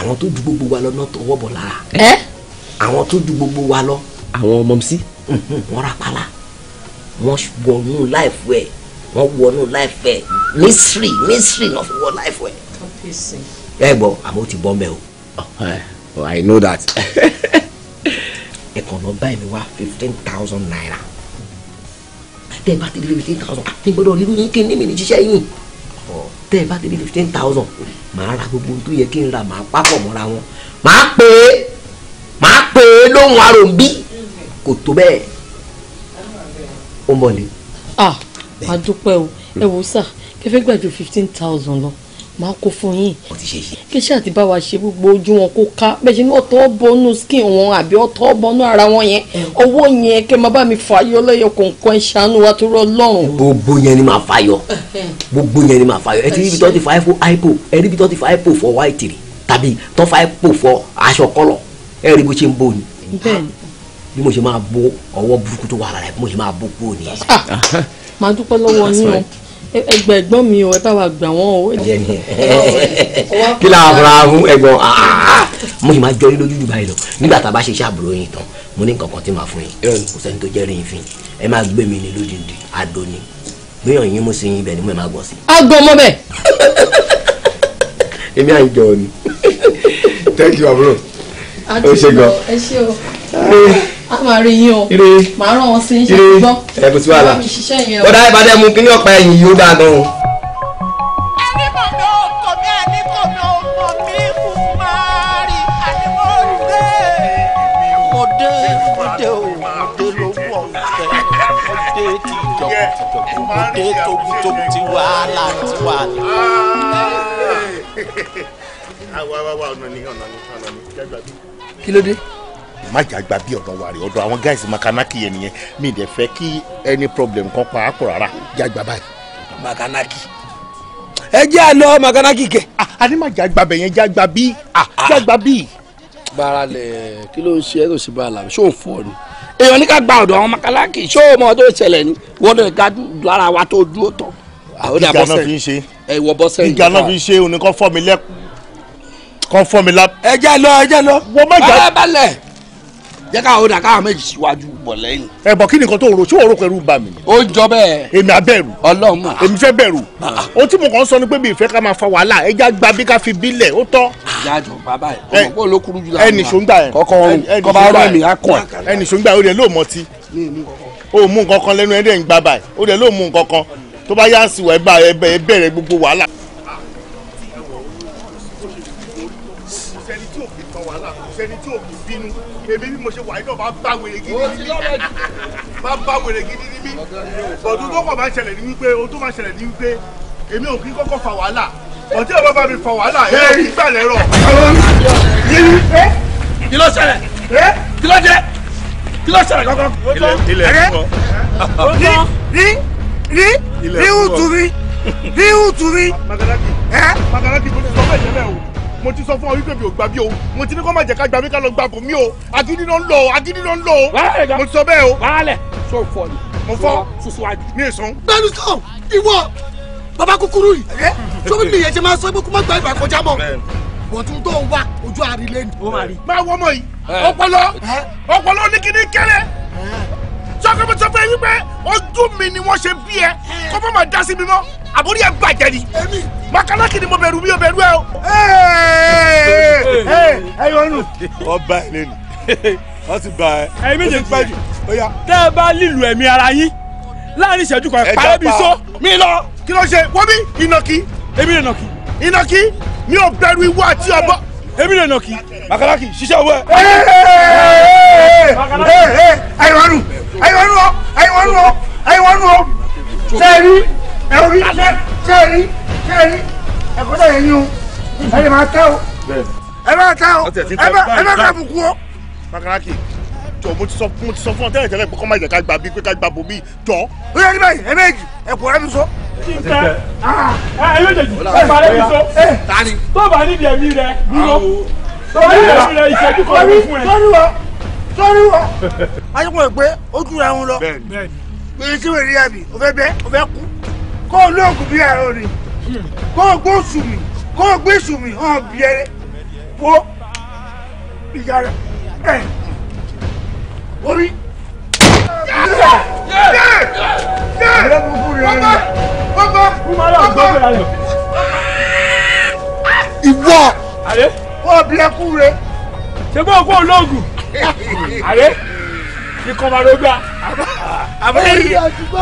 àwọn tó ju gbogbo wa lọ́nà tó wọ́ bọ̀ lára àwọn tó ju gbogbo wa lọ. àwọn ọmọ mi sí. wọ́n rapala wọ́n wọnú láìfù ẹ̀ wọ́n wọnú láìfù ẹ̀ mísírì mísírì náà fi wọ láìfù ẹ̀. ẹ gbọ́ àmọ́ ó ti bọ́ mẹ́ o. Oh, I know that. [laughs] ẹ̀kan lọ báyìí mi wá fifteen thousand naira tẹ́ ẹ bá ti di fifteen thousand ní gbọ́dọ̀ rírú yín kí n ní mi ní ṣiṣẹ́ yín tẹ́ bá ti di fifteen thousand màá ra gbogbo ohun tó yẹ kí n ra màá pápọ̀ mọ́ra wọn màá pè é màá pè é lóhùn aròǹbí kò tó bẹ́ẹ̀ ó ń bọ̀ lé. ah àdúpẹ́ o ẹ wò sà kẹfẹ́ gbàjọ fifteen thousand lọ máa kó fún yín kí ṣáà ti bá wa ṣe gbogbo ojú wọn kó ká bẹ́ẹ̀ ní ọ̀tọ̀ bọ́nú skin wọn àbí ọ̀tọ̀ bọ́nú ara wọn yẹn owó yẹn kẹ́ máa bá mi fàyọ lẹ́yọ kọ̀ọ̀kan ṣàánú wa tó rọ lọ́rùn. gbogbo yẹn ni màá fàyọ gbogbo yẹn ni màá fàyọ ẹ ti rí ibi tó ti fa ipo ẹ rí ibi tó ti fa ipo fọ white tàbí tó fa ipo fọ aṣọ kọlọ ẹ rí bó ṣe ń bò ní bí mo ṣe máa bó ọwọ́ burúkú tó wà lára ẹ̀ bí mo ṣe máa bó kúrò nìyẹn. màá dúpẹ́ lọ́wọ́ yín o ẹgbẹ́ ẹ̀gbọ́n mi o ẹ bá wa gbà wọ́n o. kí la fara fún ẹ̀gbọ́n ah, ah, ah. mo ṣe máa jọ yín lójú jù báyìí lọ nígbà tá a bá ṣe iṣẹ́ àbúrò yín tán mo ní kankan tí màá fún yín kò sẹ́ni tó jẹ́rìí yín fún ẹ máa gbé mi ní lódìndín àdó ni gbéyàn yín mo ṣe yín ibẹ̀ ni mo máa gbọ́ sí. a gbọ́ ọmọ bẹ́ẹ̀. èmi àìjọ ni thank you àbúrò ó ṣe gan. ẹ ṣe o a máa rí yín o màá rán wọn sí iṣẹ́ gbọ́ ẹ kò sí wàhálà bọ́dà ìbàdàn mú kí ní ọ̀pá ẹ̀yìn yìí ó dáa gan o. ọmọdé togutogu ti wàhálà ti wà. àwa àwa ọ̀nà ni ọ̀nà ni ọ̀nà ni jágbàdo kí ló dé. má jà gba bí ọ̀dọ̀ wa rè ọ̀dọ̀ àwọn guys makanaki yẹn nìyẹn mi dẹ̀ fẹ́ kí any problem kan pa á pọ̀ rárá. jà gba báyìí makanaki ẹ jẹ́ àlọ́ makanaki kẹ. àní ah, má jà gba bẹ̀ yẹn jà gba bí ah, ah, jà gba bí. bàrà lẹ kí ló ń ṣe ẹ tó ṣe bá a la ṣó ń fọ ni èèyàn ní ká gba ọ̀dọ̀ àwọn makanaki ṣó o mọ tó ṣẹlẹ̀ ni wọ́n lè ga lára wa tó dúró tán. gíga náà fi ń ṣe gíga náà fi ń ṣe oníkan fọ́ mi lẹ́kùn kan fọ́ mi lá. ẹ jẹ́ lọ ẹ jẹ́ lọ. wọ́n má jà. balẹ̀ jẹ́ ká o dà ká àwọn méjì síwájú bọ̀ lẹ́yìn. ẹ bọ̀ kí ni nǹkan tó rò ṣé òórùn pẹ̀lú bá mi. ó jọ bẹ́ẹ̀. èmi abẹ́rù. ọlọ́mọ. èmi fẹ́ bẹ̀rù. Ah, ah. ohun tí mo kàn sọ ni pé mi ìfẹ́ ká máa fa wàhálà ẹja gba bí ká fi bílẹ̀ ó tọ́. ìyá àjọ bàbá ẹ ọmọ ló kúrú jù lọ. ẹnì sóńgbà ẹ kọkọ ọrùn kọba ọrùn mi á kàn ẹnì sóńgbà ó dẹ ló mọ ti. ó mú bínú èmi bí mo ṣe wà náà máa bá wèrè gidi ní mí máa bá wèrè gidi ní mí ọdún tó kàn máa ṣẹlẹ̀ ní wípé ohun tó máa ṣẹlẹ̀ ní wípé èmi ò kí kọ́kọ́ fa wàhálà ọtí ọba bá mi fa wàhálà ẹ ò kí gbà lẹ́rọ̀. kí ló ṣẹlẹ̀ kí ló jẹ́ kí ló ṣẹlẹ̀ kọ́kọ́. ilẹ̀ ilẹ̀ fún ọ. rí rí rí rí ùtù mi rí ùtù mi. magalaki magalaki mo ti sọ bẹ́ẹ̀ yẹn bẹ́ẹ̀ o mo ti sọ fún ọ wípé mi ò gbà bí o mo ti ní kó má jẹ́ ká gbà mí ká lọ gbà bò mí o agídí ló ń lò o agídí ló ń lò o mo ti sọ bẹ́ẹ̀ o. wàhálẹ̀ sọ fọ ni. mo fọ ní èso. bẹ́ẹ̀ni sọ ìwọ baba kúkúrú yìí sọ mi yẹn ti máa sọ pé kó má gba ìgbà kọjá mọ́ bọ̀tún tó ń wá ojú àrílẹ̀ ni. máa wọ́n mọ̀ yìí ọpọlọ ọpọlọ ní kíní kẹ́lẹ́ sọ́kẹ́ mo sọ fún ẹ wípé ojú mi ni wọ́n ṣe bí ẹ kó má máa dá mi mọ́ àbórí ẹ bàjẹ́ ni makalaki ni mo bẹ̀rù mi ò bẹ̀rù ẹ o. ẹ yọ nù. ọba ẹ lẹnu wọn ti ba ẹ. ẹyin méjèèjì tẹ ẹ bá lílu ẹ̀mí ara yín láàrin ìṣẹ́jú kan ẹ parẹ́ bí so. mi lọ kí ló ṣe wọ́n mi ìnàkí. èmi ìnàkí. ìnàkí mi ò bẹ̀rù ìwọ àti ọ̀bọ èmi lè nàkì makalaki ṣiṣẹ́ owó ẹ. àyíwọ́nù àyíwọ́nù ọ àyíwọ́nù ọ àyíwọ́nù ọ sẹ́ẹ̀rí ẹ̀rí sẹ́ẹ̀rí sẹ́ẹ̀rí ẹ̀kọ́ sẹ́yìn yín o ẹ̀rí máa tẹ́ o ẹ máa tẹ́ o ẹ máa kábùkù o makalaki jọ mo ti sọ mo ti sọ fún ọ tẹ́lẹ̀ tẹ́lẹ̀ pé kọ́ máa jẹ́ ká gba bí pé ká gba bò bí jọ. ó yẹ níbẹ̀ yìí ẹ̀mẹ́jì ẹ̀kọ́ rẹ̀ mi sọ. kí n tẹ ah, ẹ méjèèjì ẹ bá rẹ mi sọ tó bá nídìí ẹ̀mí rẹ dúró tó bá nídìí ẹ̀mí rẹ ìṣẹ́jú kan ló fún ẹ. sọ́rí wa sọ́rí wa. a ti mọ̀ pé ó dúra wọn lọ bẹ́ẹ̀ sí wèrè yàbí o fẹ́ bẹ́ o fẹ́ kú kó o lóògùn bí àárọ̀ ni kó o gbó sùnmí kó o gbé sùnmí hàn bí ẹrẹ wo ìyá ẹ orí. ìrẹ́ burúkú rẹ̀ rẹ̀ bàbá bàbá ìwọ wọ́n bí ẹkú rẹ̀. ṣé bó o kó olóògùn àrẹ ikọ̀ máa ló gbà. àbẹ̀yẹ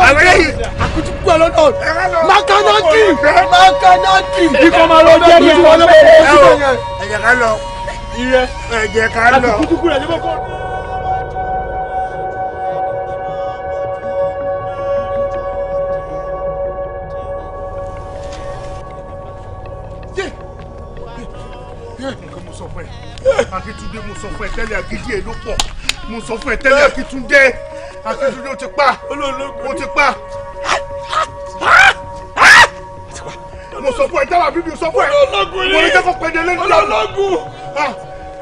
àbẹ̀yẹ àkútúkú ọlọ́dọ̀ makanaki makanaki. ikọ̀ máa ló jẹ́ kí wọ́n lọ́wọ́ ẹ̀ ẹ̀ jẹ́ ká lọ. ẹ̀ jẹ́ ká lọ. àkútúkú rẹ̀ ṣé bó o kó. Akíntúndé mo sọ fún ẹ tẹ́lẹ̀ agídí ẹ ló pọ̀ mo sọ fún ẹ tẹ́lẹ̀ Akíntúndé Akíntúndé ó ti pa ó ti pa mo sọ fún ẹ tẹ́lẹ̀ àbíbí sọ fún ẹ mo ní kẹ́kọ̀ọ́ pẹ̀lú ẹlẹ́ni lọ́gùn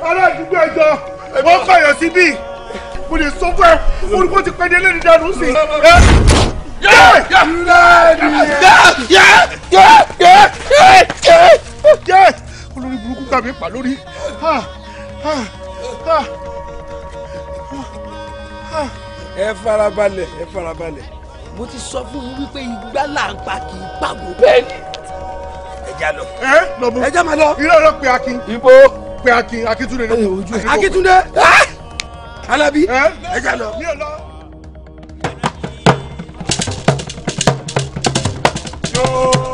aládùúgbò ah, ẹjọ́ wọ́n fàyàn sí bí mo lè sọ fún ẹ mo ti pẹ̀lú ẹlẹ́ni dànù sí olórí burúkú kàmí pa lórí. Ah, ẹ farabalẹ̀ ẹ farabalẹ̀. mo ti sọ fún yín wípé igbá là ń pa kì í pàgò. bẹ́ẹ̀ni ẹja lọ. ẹ lọ bó ẹja máa lọ. ilé ọ̀rọ̀ pe akin. ibo pe akin akitunde ló kù. akitunde alabi ẹja lọ. mi lọ. yóò.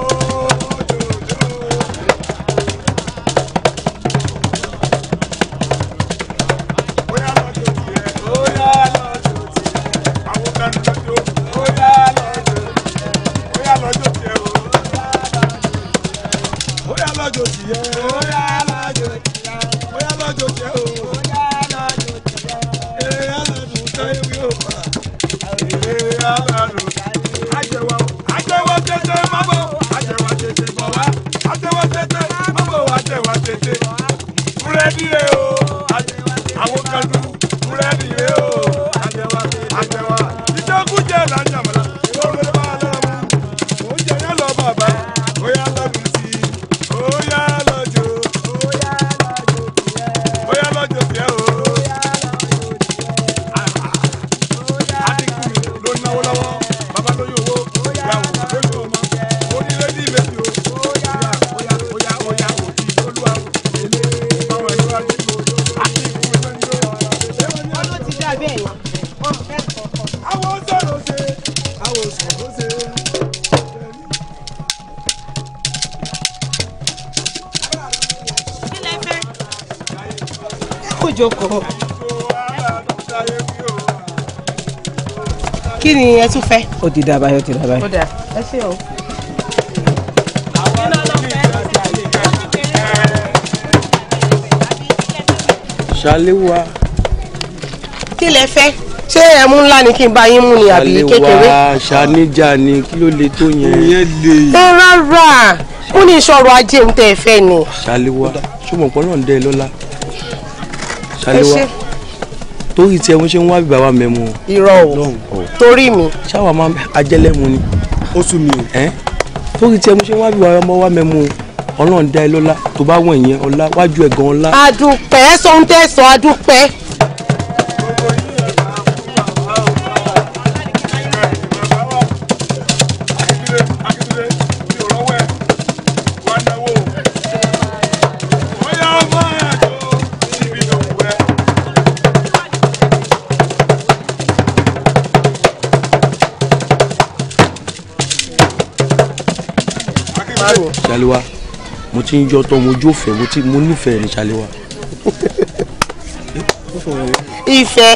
lẹ tún fẹ́. ó ti dà báyìí ó ti dà báyìí. ó dà ẹ ṣé o. ṣàléwá. kí lẹ fẹ́ ṣé ẹmu ńlá ni kí n bá yín mú ni àbí kékeré. àlewà ṣàníjà ni kí ló le tó yẹn. ìyẹn le. ẹ rárá mú ní ìṣòro ajé ń tẹ ẹ fẹ́ ni. ṣàléwà ṣùgbọ́n pọ́n náà ń dẹ́ ẹ lọ́la. ṣàléwà torí tí ẹmu ṣe ń wá bíbá wa mẹ́mu. irọ́ o torí mi. ṣáwa máa ajẹlẹmu ni. ó sún mi o. torí tí ẹ ṣe wá bí wàá ọmọ wa mẹ́mu ọlọ́run dá ẹ lọ́lá tó bá wọ̀nyẹn ọlá wájú ẹ̀gàn ọlá. àdùpẹ́ sóńtẹ́sọ àdùpẹ́. ṣàlẹ́wà mo ti ń yọ tán mo jó fẹ́ mo ti mo nífẹ̀ẹ́ ní ṣàlẹ́wà. ìfẹ́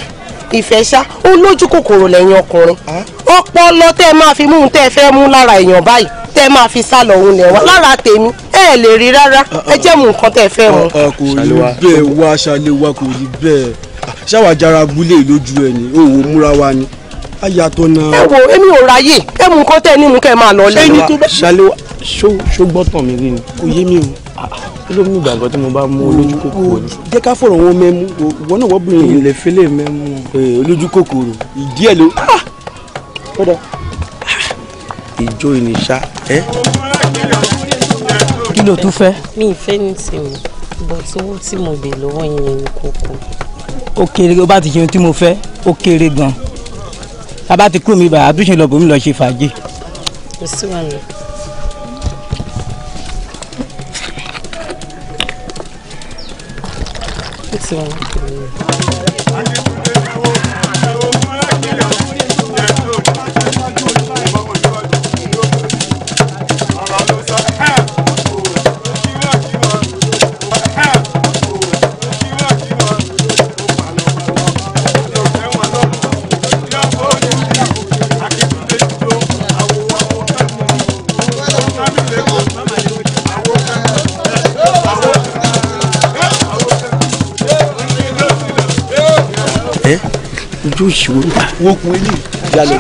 ìfẹ́ ṣá ó kòkòrò lẹ́yìn ọkùnrin ọpọlọ tẹ́ máa fi mú un tẹ́ ẹ mú lára èèyàn báyìí tẹ́ máa fi sá lọ òun lẹ́wọ̀n lára tèmi ẹ ẹ lè rí rárá ẹ jẹ́ mu nǹkan tẹ́ ẹ fẹ́ kò rí bẹ́ẹ̀ wá ṣàlẹ́wà kò rí bẹ́ẹ̀ ṣáwàjára abúlé lójú ẹ ní òun múra wa ni ayatọ ẹ wo èmi ò ráyè ẹ mú nǹkan tẹ ẹ nímú kẹ máa lọ lẹ́nu. ṣàlẹ́ ṣó gbọ́tàn mi rí ni. kò yé mi o. Ah, ah, kí ló mú ìgbàgbọ́ tí mo bá mú olójú kòkòrò ni. jẹ́ ká fọ̀rọ̀ wọn mẹ́mú wọn náà wọ́n bìnrin ilẹ̀ fẹ́lẹ̀ mẹ́mú. olójú kòkòrò ìdí ẹ̀ ló. kódà ah! ìjó ìnìṣà ẹ. kí ló tún fẹ́. mi ìfẹ́ ní tèmi bọ̀ tí owó tí mo bè lọ́wọ́ yẹn ni kókó. ó kéré bó bá ti ṣe ohun tí mo fẹ́ ó kéré gan-an tá a bá ti kú mi bàá àtúnṣe lọ bòmí lọ ṣe fàájì. kò sí wàhálà. максимум. tó ṣòro. wọ́n kun eléyìí yálẹ̀.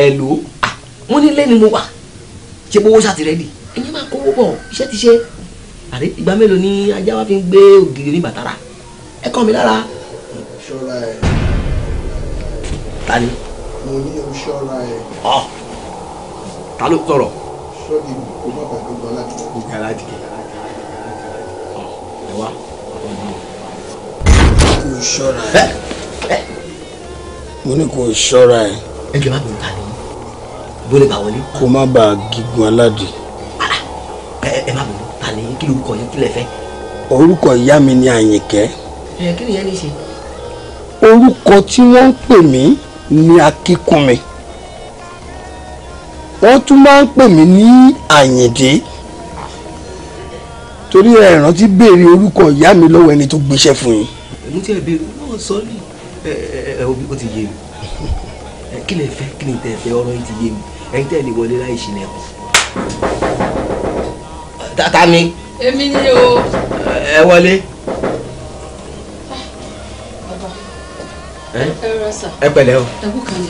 ẹ lò ó wọn ní lẹ́ni mo wà ṣe bówó ṣàtìrẹ́dì ẹ̀yin máa kówó bọ̀ iṣẹ́ ti ṣe àrí ìgbà mélòó ni ajá wa fi ń gbé ògiri ní bàtàrà ẹ kàn mí lára. ṣọ́ra ẹ̀. ta ni. mo ní o ṣọ́ra ẹ̀. ọ ta ló sọ̀rọ̀. sọ́ọ̀dì kò má bàa gbogbo aládìgẹ. gbogbo aládìgẹ. ẹ wá kò ṣọ́ra ẹ̀. mo ní kò ṣọ́ra ẹ̀. ẹ jẹ́ bá mi ta ni ló lè gbà wọlé. kó má bàa gígùn aládì. Ah, ah. ẹ má bínú ta ni kí lorúkọ yẹn kí lẹ fẹ́. orúkọ ìyá mi ni àyìnkẹ́. ẹ kí nìyẹn ní í ṣe. orúkọ tí wọ́n ń pè mí ni akíkúnmi wọ́n tún máa ń pè mí ní àyìndé torí ẹ rántí béèrè orúkọ ìyá mi lọ́wọ́ ẹni tó gbéṣẹ́ fún yín. èmi tí ẹ béèrè náà sọ́ọ́lì ẹ ẹ òbí ó ti yé mi [laughs] kí lè fẹ́ kí lè tẹ̀ fẹ́ ọ̀rọ̀ yìí ti yé mi ẹ̀yin tẹ́ lè wọlé láì ṣílẹ̀kùn. tata mi. èmi ni o. ẹ wọlé. ẹ pẹ̀lẹ́ o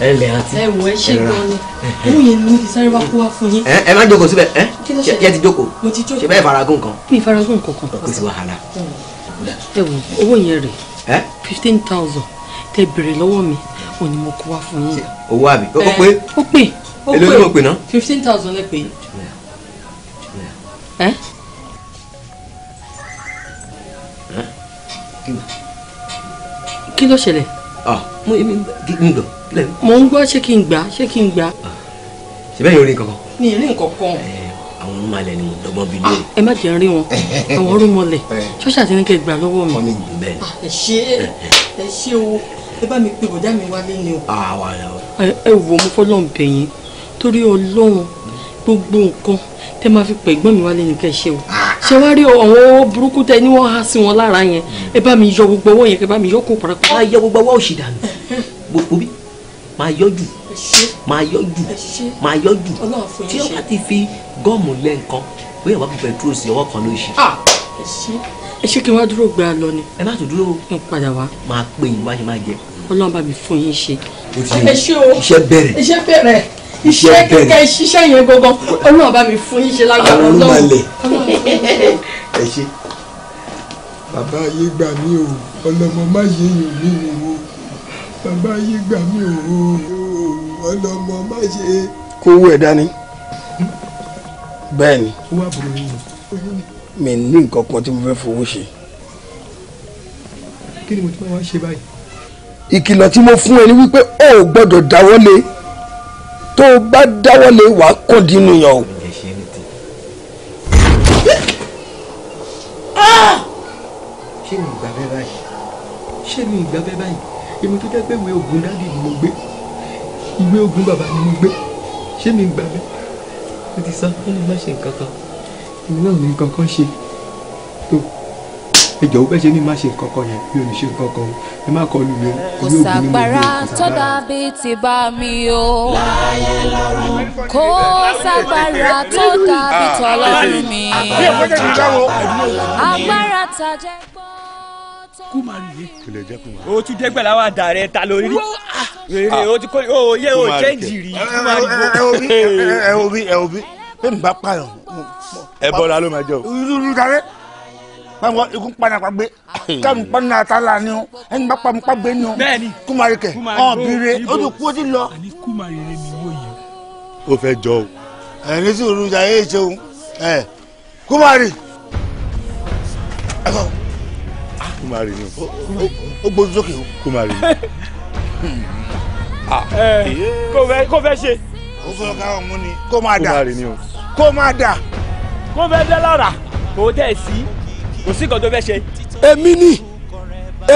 ẹ lẹ àti ẹ wọ ẹ ṣe gan ni ohun yẹn ni mo ti sáré wá kó wá fún yín. ẹ má jókòó síbẹ̀ ẹ ṣe ti jókòó mo ti jókòó ṣe bẹ́ẹ̀ faragún kan. mi faragún kankan. kò sí wàhálà. ẹ wo owó yẹn rè fifteen thousand tẹ bèrè lọ́wọ́ mi òní mo kó wá fún yín. owó àbí ó pé. ó pé èlò ni mo pè ná. fifteen thousand lè pè é. kí ló ṣẹlẹ̀. Ah, mo ń gbọ́ mo ń gbọ́ ṣé kí n gbà ṣé kí n gbà. Ah, ṣe bẹ́ẹ̀ yóò rí nǹkan kan. mi ì rí nǹkan kan. àwọn ọmọ alẹ ni mo dọ́gbọ́n bí lóore. Ah, ẹ má jẹ́ rí wọn [laughs] àwọn orúmọlẹ̀ ṣọ́ọ̀ṣì àti nìkẹ́ gbà lọ́wọ́ mi. ọ̀nì bẹ́ẹ̀ ẹ ṣe ẹ ṣe o ẹ bá mi pe bọ̀dá mi wálé ni o. ẹ wò mo fọlọ́ọ̀ bẹ̀yìn torí ọlọ́run gbogbo nǹkan tẹ máa fi pẹ̀gbọ́n mi wálé nìkan ṣe o ṣe wá rí àwọn owó burúkú tẹ ní wọ́n há sí wọn lára yẹn ẹ bá mi yọ gbogbo owó yẹn kẹ bá mi yọ kó parapọ̀. máa yọ gbogbo owó òsì dànù gbogbo bí máa yọ jù máa yọ jù máa yọ jù tí ó bá ti fi gọ́ọ̀mù lẹ́ nǹkan bóyá wàá bẹ̀rẹ̀ dúró sí ọwọ́ kan ló ṣe. Ah! ẹ ṣé kí n wá dúró gbé a lọ ni. ẹ má tún dúró. n padà wá. máa pè yín wá ṣe máa jẹ. ọlọ́run bá mi fún yín ṣe. ẹ ṣé o iṣẹ́ bẹ̀rẹ̀. bẹ̀rẹ̀ iṣẹ́ kẹkẹ ṣiṣẹ́ yẹn gangan Ọlọ́run bá mi fún yín ṣe lágbára Ọlọ́run. àwọn olùmọ̀lẹ̀ [laughs] ẹ ṣe bàbá ayé gbà mí o ọlọmọ má ṣe yùn mí ni o bàbá ayé gbà mí o ọlọmọ má ṣe. kówó ẹ̀ dání bẹ́ẹ̀ ni mi ní nǹkan kan tí mo fẹ́ fowó ṣe. kí ni mo ti máa wá ṣe báyìí. ìkìlọ̀ tí mo fún ẹ ni wípé o ò gbọ́dọ̀ dáwọ́lé tó o bá dáwọ́ lé wàá kàn dínú yàn o. ṣé mi ìgbà bẹ́ẹ̀ báyìí ṣé mi ìgbà bẹ́ẹ̀ báyìí èmi tó jẹ́ pé ìwé ogun dáàdì ni mo gbé ìwé ogun bàbá ni mo gbé ṣé mi ìgbà bẹ́ẹ̀ mo ti sọ fún mi má ṣe nǹkan kan ìwé náà ní nǹkan ṣe ẹ jọ̀wọ́ bẹ́ẹ̀ ṣe ní má ṣe nǹkan kan yẹn mi ò ní ṣe nǹkan kan o ẹ má kọ lù mí o kò sàgbára tó dàbí ti bá mi o kò sàgbára tó dàbí tọ́lọ́run mi agbára tàjẹ́ gbọ́ kumari ye. o tún dẹgbẹ la wa da rẹ ta lórí. rere o ti ko o ye o jẹ jiri kumari. ẹ o bi ẹ o bi ẹ o bi bẹ́ẹ̀ ni bá pààyàn. ẹ bọ́ra ló ma jẹ o pàmò ikun pa náà pàgbé kẹmu pa náà ta la ni o ẹni bá pàmò pàgbé ni o kumari kẹ ọ bire o ti kú o ti lọ. àní kumari rẹ mi wò yìí. o fẹ́ jọ o. ẹ ní sùúrù ja yé ṣeun ẹ kumari. kumari ni o o gbójú sókè o. kumari ni. [laughs] Ah, eh, kò fẹ́ ṣe. o fọlọ ká ọ̀hún ni kó máa dà kó máa dà. kó fẹ́ dẹ́ lára kò tẹ̀ sí kò sí nǹkan tó fẹ́ ṣe. èmi ni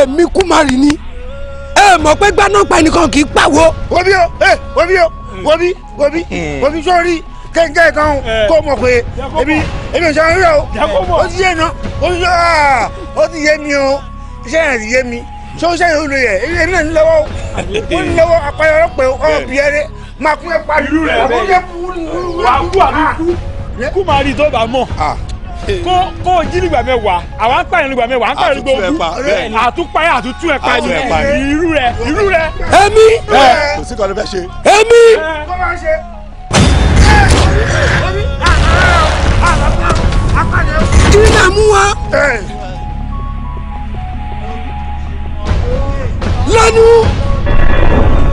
èmi Kúmarì ni ẹ mọ̀ pé gbanápa ẹnìkan kì í pàwọ́. wọ́n bí o wọ́n bí o wọ́n bí eh. wọ́n bí wọ́n bí sọ́ọ́rí kẹ́ńkẹ́ kan eh. kó mọ̀ pé èmi èmi ò sọ ọ́n o ó ti yé iná ó ti yọ ah, ó ti yé mi o iṣẹ́ yẹn ti yé mi sọ́ọ́sẹ́ yẹn ò lè yẹ èmi náà ń lọ́wọ́ ó ń lọ́wọ́ apáyọ̀ ọlọ́pẹ̀ ọ̀ọ́ bí ẹrẹ́ máa kún ẹ̀ pa ìlú rẹ̀ wà á kú àlùkù ah. Kúmarì tó bá mọ̀. Ah kó kó jí nígbà mẹ́wàá àwọn apá yẹn nígbà mẹ́wàá apá yẹn nígbà ogún àtúpá yẹn àtútú ẹ̀ pa ni irú rẹ irú rẹ. èmi kò sí kan ló fẹ́ ṣe. èmi. kó máa ṣe. kí ni àmú wa. lẹ́nu.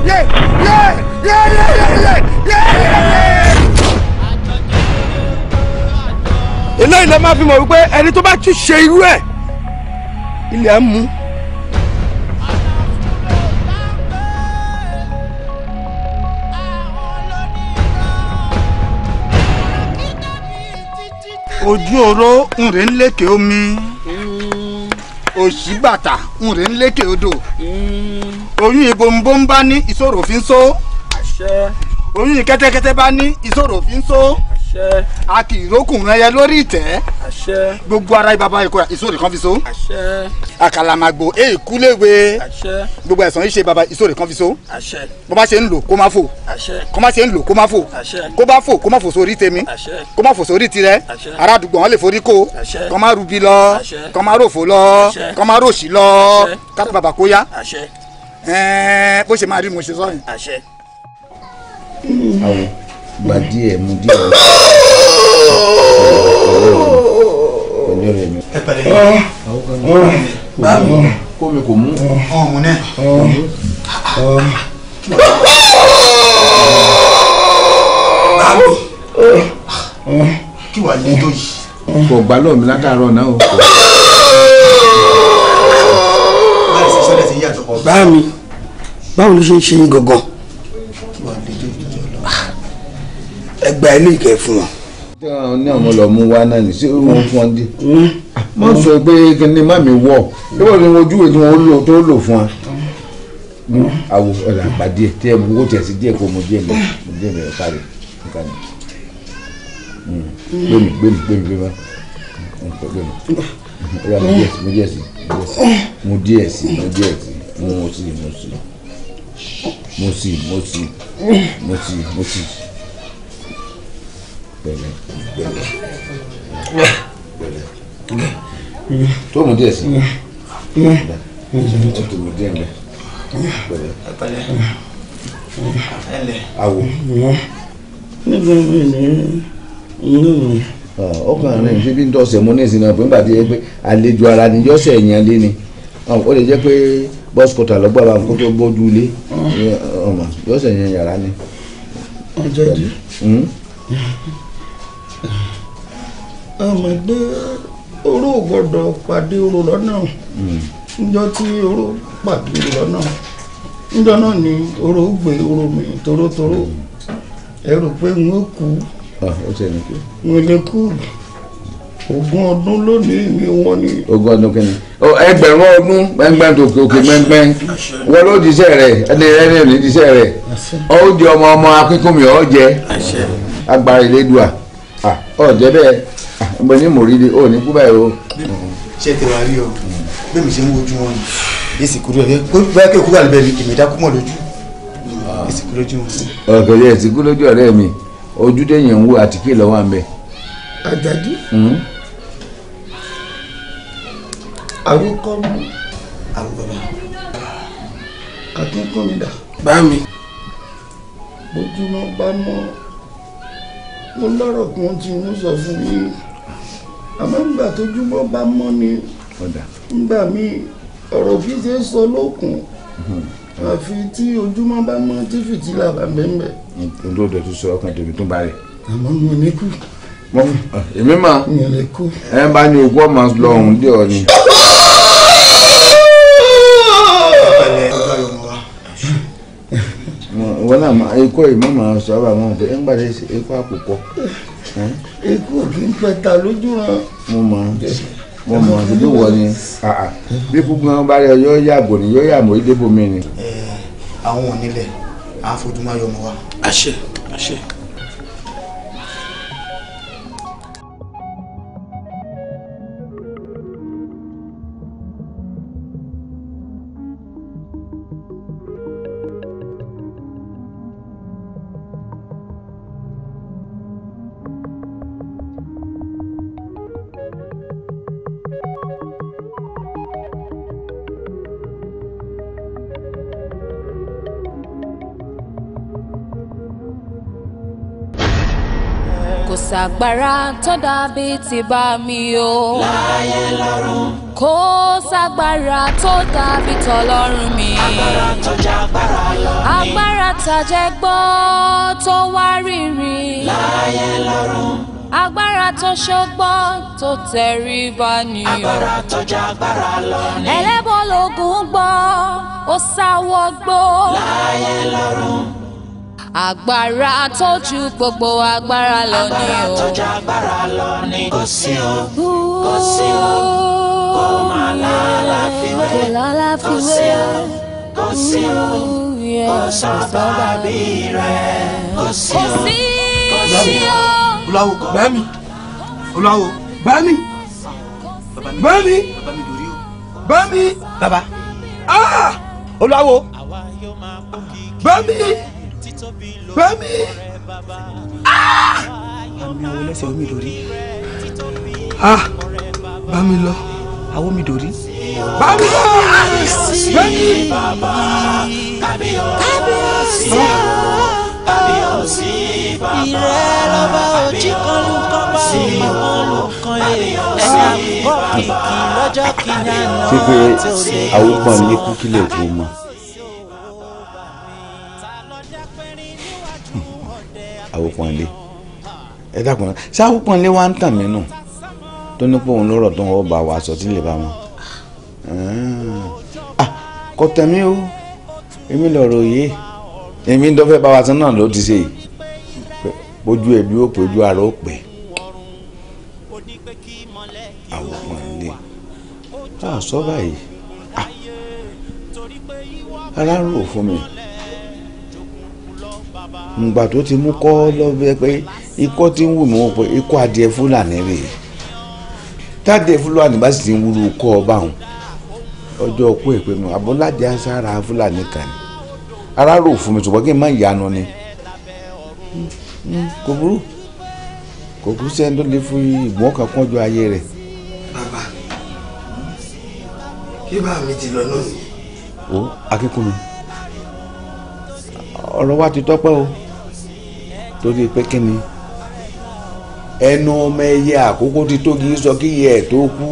yé yé yé yé yé yé yé. eléyìí lè máa fi mọ̀ wípé ẹni tó bá ti ṣe irú ẹ̀ ilẹ̀ á mú. ojú oró ń rè ń lékè omi òṣì bàtà ń rè ń lékè odò oyún ìbombom bá ní ìṣòro fi ń so oyún ìkẹ́tẹ́kẹ́tẹ́ bá ní ìṣòro fi ń so àṣẹ. a kì í rókùnrin ẹyẹ lórí ìtẹ́. gbogbo ara ibaba ikọ ìsòrè kan fi so. àṣẹ. àkàlàmàgbò èèkú e léwe. àṣẹ. gbogbo ẹ̀sán ìṣe baba ìsòrè kan fi so. àṣẹ. bó bá ṣe ń lò kó má fò. àṣẹ. kó má ṣe ń lò kó má fò. àṣẹ. kó bá fò kó má fò sórí tèmi. àṣẹ. kó má fò sórí tirẹ̀. àṣẹ. ará àdúgbò wọn lè forí kó. kó má rubi lọ. kó má ròfò lọ. kó má ròṣì lọ. àṣẹ. kára kó yá. bó ṣe máa rí mo ṣe sọ yẹn gba díẹ̀ mu díẹ̀ pẹ̀lú rẹ̀ mi. ẹ pẹ̀lẹ́ yìí báàmì kó mi kò mú. ọmọ náà. báàmì kí wàá lé tó kò gbá lọ́ọ̀ mi látàárọ̀ náà o. báàmì báwo ló ṣe ń ṣe yín gangan. ẹ gba ilé ìkẹ́ fún wọn. ní àwọn lọ mú wa náà ní sí wọn fún wọn dé má sọ pé kíni má mi wọ ìwọ ni ojú ìwé tí wọn lò tó lò fún wa awo ọ̀là àgbàdìẹ tí ẹ mú owó tiẹ̀ sí díẹ̀ kó mo díẹ̀ lọ mo díẹ̀ lọ kárí nǹkanì hmm, gbẹmí gbẹmí gbẹmí gbẹmí nǹkan gbẹmí ọ̀là mo díẹ̀ sí mo díẹ̀ sí mo díẹ̀ sí mo díẹ̀ sí mo sí mo sí mo sí mo sí mo sí mo sí pẹ̀lẹ́ pẹ̀lẹ́ pẹ̀lẹ́ tó mú díẹ̀ sí tó mú díẹ̀ mẹ pẹ̀lẹ́ awo. nígbà mi ni inú mi. ọkàn rẹ̀ ṣe bí ń dọ̀sẹ̀ mú ní ìsinmi àpò nígbà tí àlejò ara ni yọ̀ọ̀sẹ̀ yẹn lé ni ó lè jẹ́ pé bọ́ọ̀sì kọ̀tà lọ́gbà bá kó tó gbójú ilé ọmọ yọ̀ọ̀sẹ̀ yẹn yàrá ni. ọjọ́ ìdí. Hmm? ọmọ gbé oró gbọ́dọ̀ pàdé oró lọ́nà hmm. níjọ́ tí oró pàdé oró lọ́nà níjọ́ náà ni oró gbé oró mi torótoró ẹ rò pé n ó kú n ò lè kú ogún ọdún lónìí ni wọ́n ní. ogún ọdún kìíní ẹgbẹ̀rún ọdún gbẹ́ngbẹ́ng tòkè òkè gbẹ́ngbẹ́ng wọ́n ló diṣẹ́ rẹ̀ ẹni ẹni ò ní diṣẹ́ rẹ̀ ó di ọmọ ọmọ akínkùnmí ọ̀ jẹ́ agbára ìlédùá ọ̀ jẹ́ bẹ́ẹ̀ mo ní mò ń rí de ó ní kú báyìí o. ṣé tẹ wàá rí o mm. bẹ́ẹ̀ mi ṣe ń wojú wọn ni èsì kúrò ẹ̀ bóyá kí òkúrò àlùbẹ̀ mi èmi dákú mọ̀ lójú èsì ah. kúrò lójú wọn. ọ̀gẹ̀dẹ̀ èsì kúrò lójú ọ̀rẹ́ mi ojú dẹ̀yìn ń wo àtìkè lọ́wọ́ à ń bẹ̀. àjàdí hmm? àwíkọ́ mú àwọn akẹ́kọ̀ọ́ mi dà. bá mi. bójúmọ́ bá mọ́ mo lọ́rọ̀ kan tí mo sọ fún yín àmọ́ ńgbà tójúmọ́ bá mọ́ ni ńgbà mi ọ̀rọ̀ kì ṣe é sọ lókun hmm. àfi tí ojúmọ́ bá mọ́ tí fìtílà bá bẹ́ẹ̀ olóòdò tó sọ ọkàn tèmi tó bá rẹ̀. àmọ́ mo ní kú. mo èmi mà ẹ bá ní ogún ọmọ lọ ọ̀hún dé ọ ni. wọn náà ikọ́ ìmọ̀ màá sọ ọ́ pé ẹ ń gbàdé ikọ́ àpòpọ̀ ikú kì í pẹta lójú ràn. mo mọ mo mọ ṣojú wọ ni bí gbogbo wọn bá rẹ yọ yàgò ni yọ yàmọ ìdìbò mi ni. àwọn onílẹ̀ àfojúmọ́ ayọ̀mọ́ wa. àṣẹ àṣẹ. sàgbára tó dàbí ti bá mi o. láyé lọ́run. kò sàgbára tó dàbí tọlọ́run mi. agbára tó jẹ́ agbára lọ ni. agbára tàjẹ́ gbọ́ tó wá rírì. láyé lọ́run agbára tó ṣọgbọ́n tó tẹ̀rí bá ni o. agbára tó jẹ agbára lọ ni. ẹlẹ́bọ̀ lògùn gbọ́ ó sáwọ́ gbó. láyé lọ́rùn agbára tó ju gbogbo agbára lọ ni o. agbára tó ju agbára lọ ni kò sí o kò sí o kò má lálá fiwé kò sí o kò sí o kò sọ̀bà bí rẹ̀ kò sí o kò sí o. Olawo gbẹ́mi Olawo gbẹ́mi gbẹ́mi gbẹ́mi baba ah! Olawo gbẹ́mi. Fẹ́mi. àmì ah! àwọn ẹlẹ́sẹ̀ omi ìdòrí. Ah! bá mi lọ. àwọn omi ìdòrí. bá mi lọ. Fẹ́mi. kábíyèsí kábíyèsí ìrẹ́ lọ́ba ojú kan ló kọ́ bá òun kan èèyàn ẹ̀yà kọ́ kìkì lọ́jọ́ kìíní àná. ṣé pé àwọn kan ní kúkílẹ̀ kò mọ̀. awopọ̀nlé ẹ dákun náà ṣé awopọ̀nlé wa ń tàn mí nù tó ní pé òun lọ́rọ̀ tó ń wọ́ bá wa sọ tí lè bá wọn. Ah, kò tẹ̀mí o èmi lọ̀rọ̀ òye èmi ń dọ́fẹ́ bá wa sọ náà ló ti ṣe ojú ẹbí ó pè ojú ara ó pè awopọ̀nlé a sọ báyìí ah, ara ń fún mi ngbà tó ti mú kọ́ lọ́bẹ̀ pé ikọ́ ti ń wù mí wọ́n pé ikọ́ adìẹ fúlàní rè é tádìẹ fúlàní bá sì ti ń wúru kọ́ ọ bá wọn ọjọ́ ọkọ èpè mi àbọ̀ládìẹ aṣáára fúlàní kan ni ara rò fún mi ṣùgbọ́n kí n má yanu ni kò burú kò kú sẹ́ni tó lè fún ìgbọ́n kan kọ́jọ́ ayé rẹ̀. bàbá kí bá mi ti lọ náà o akíkúnmi ọ̀rọ̀ wa ti tọ́pẹ́ o torí pé kí ni ẹnu ọmọ ẹyẹ àkókò ti tó kì í sọ kí iye ẹ tó kú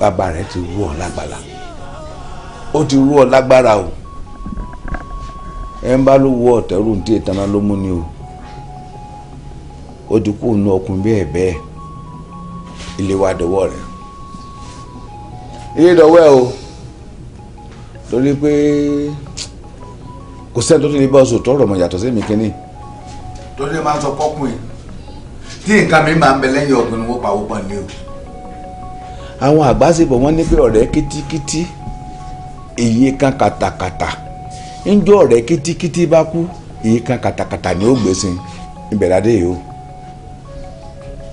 bàbá rẹ ti rú ọ lágbára ó ti rú ọ lágbára o ẹ ń bá ló wọ ọtẹrù ní ìtaná ló mú ni o ó ti kú nu ọkùnrin bẹ́ẹ̀ bẹ́ẹ̀ ilé wa dọwọ́ rẹ ilé dọwọ́ ẹ o torí pé. Pe kò sẹ́ni tó tún lè bá oṣù tọrọ mọ̀ yàtọ̀ sí mi kínní. torí ẹ máa ń sọ pọ́kùnrin tí nǹkan mi máa ń bẹ lẹ́yìn ọ̀gbìn wọ́n pa owó pọ̀ ní o. àwọn àgbàsíbọ̀ wọ́n ní pé ọ̀rẹ́ kítíkítí èyí kan kàtàkàtà ńjọ́ ọ̀rẹ́ kítíkítí bá kú èyí kan kàtàkàtà ni ó gbèsè ìbẹ̀rẹ̀ adé yìí o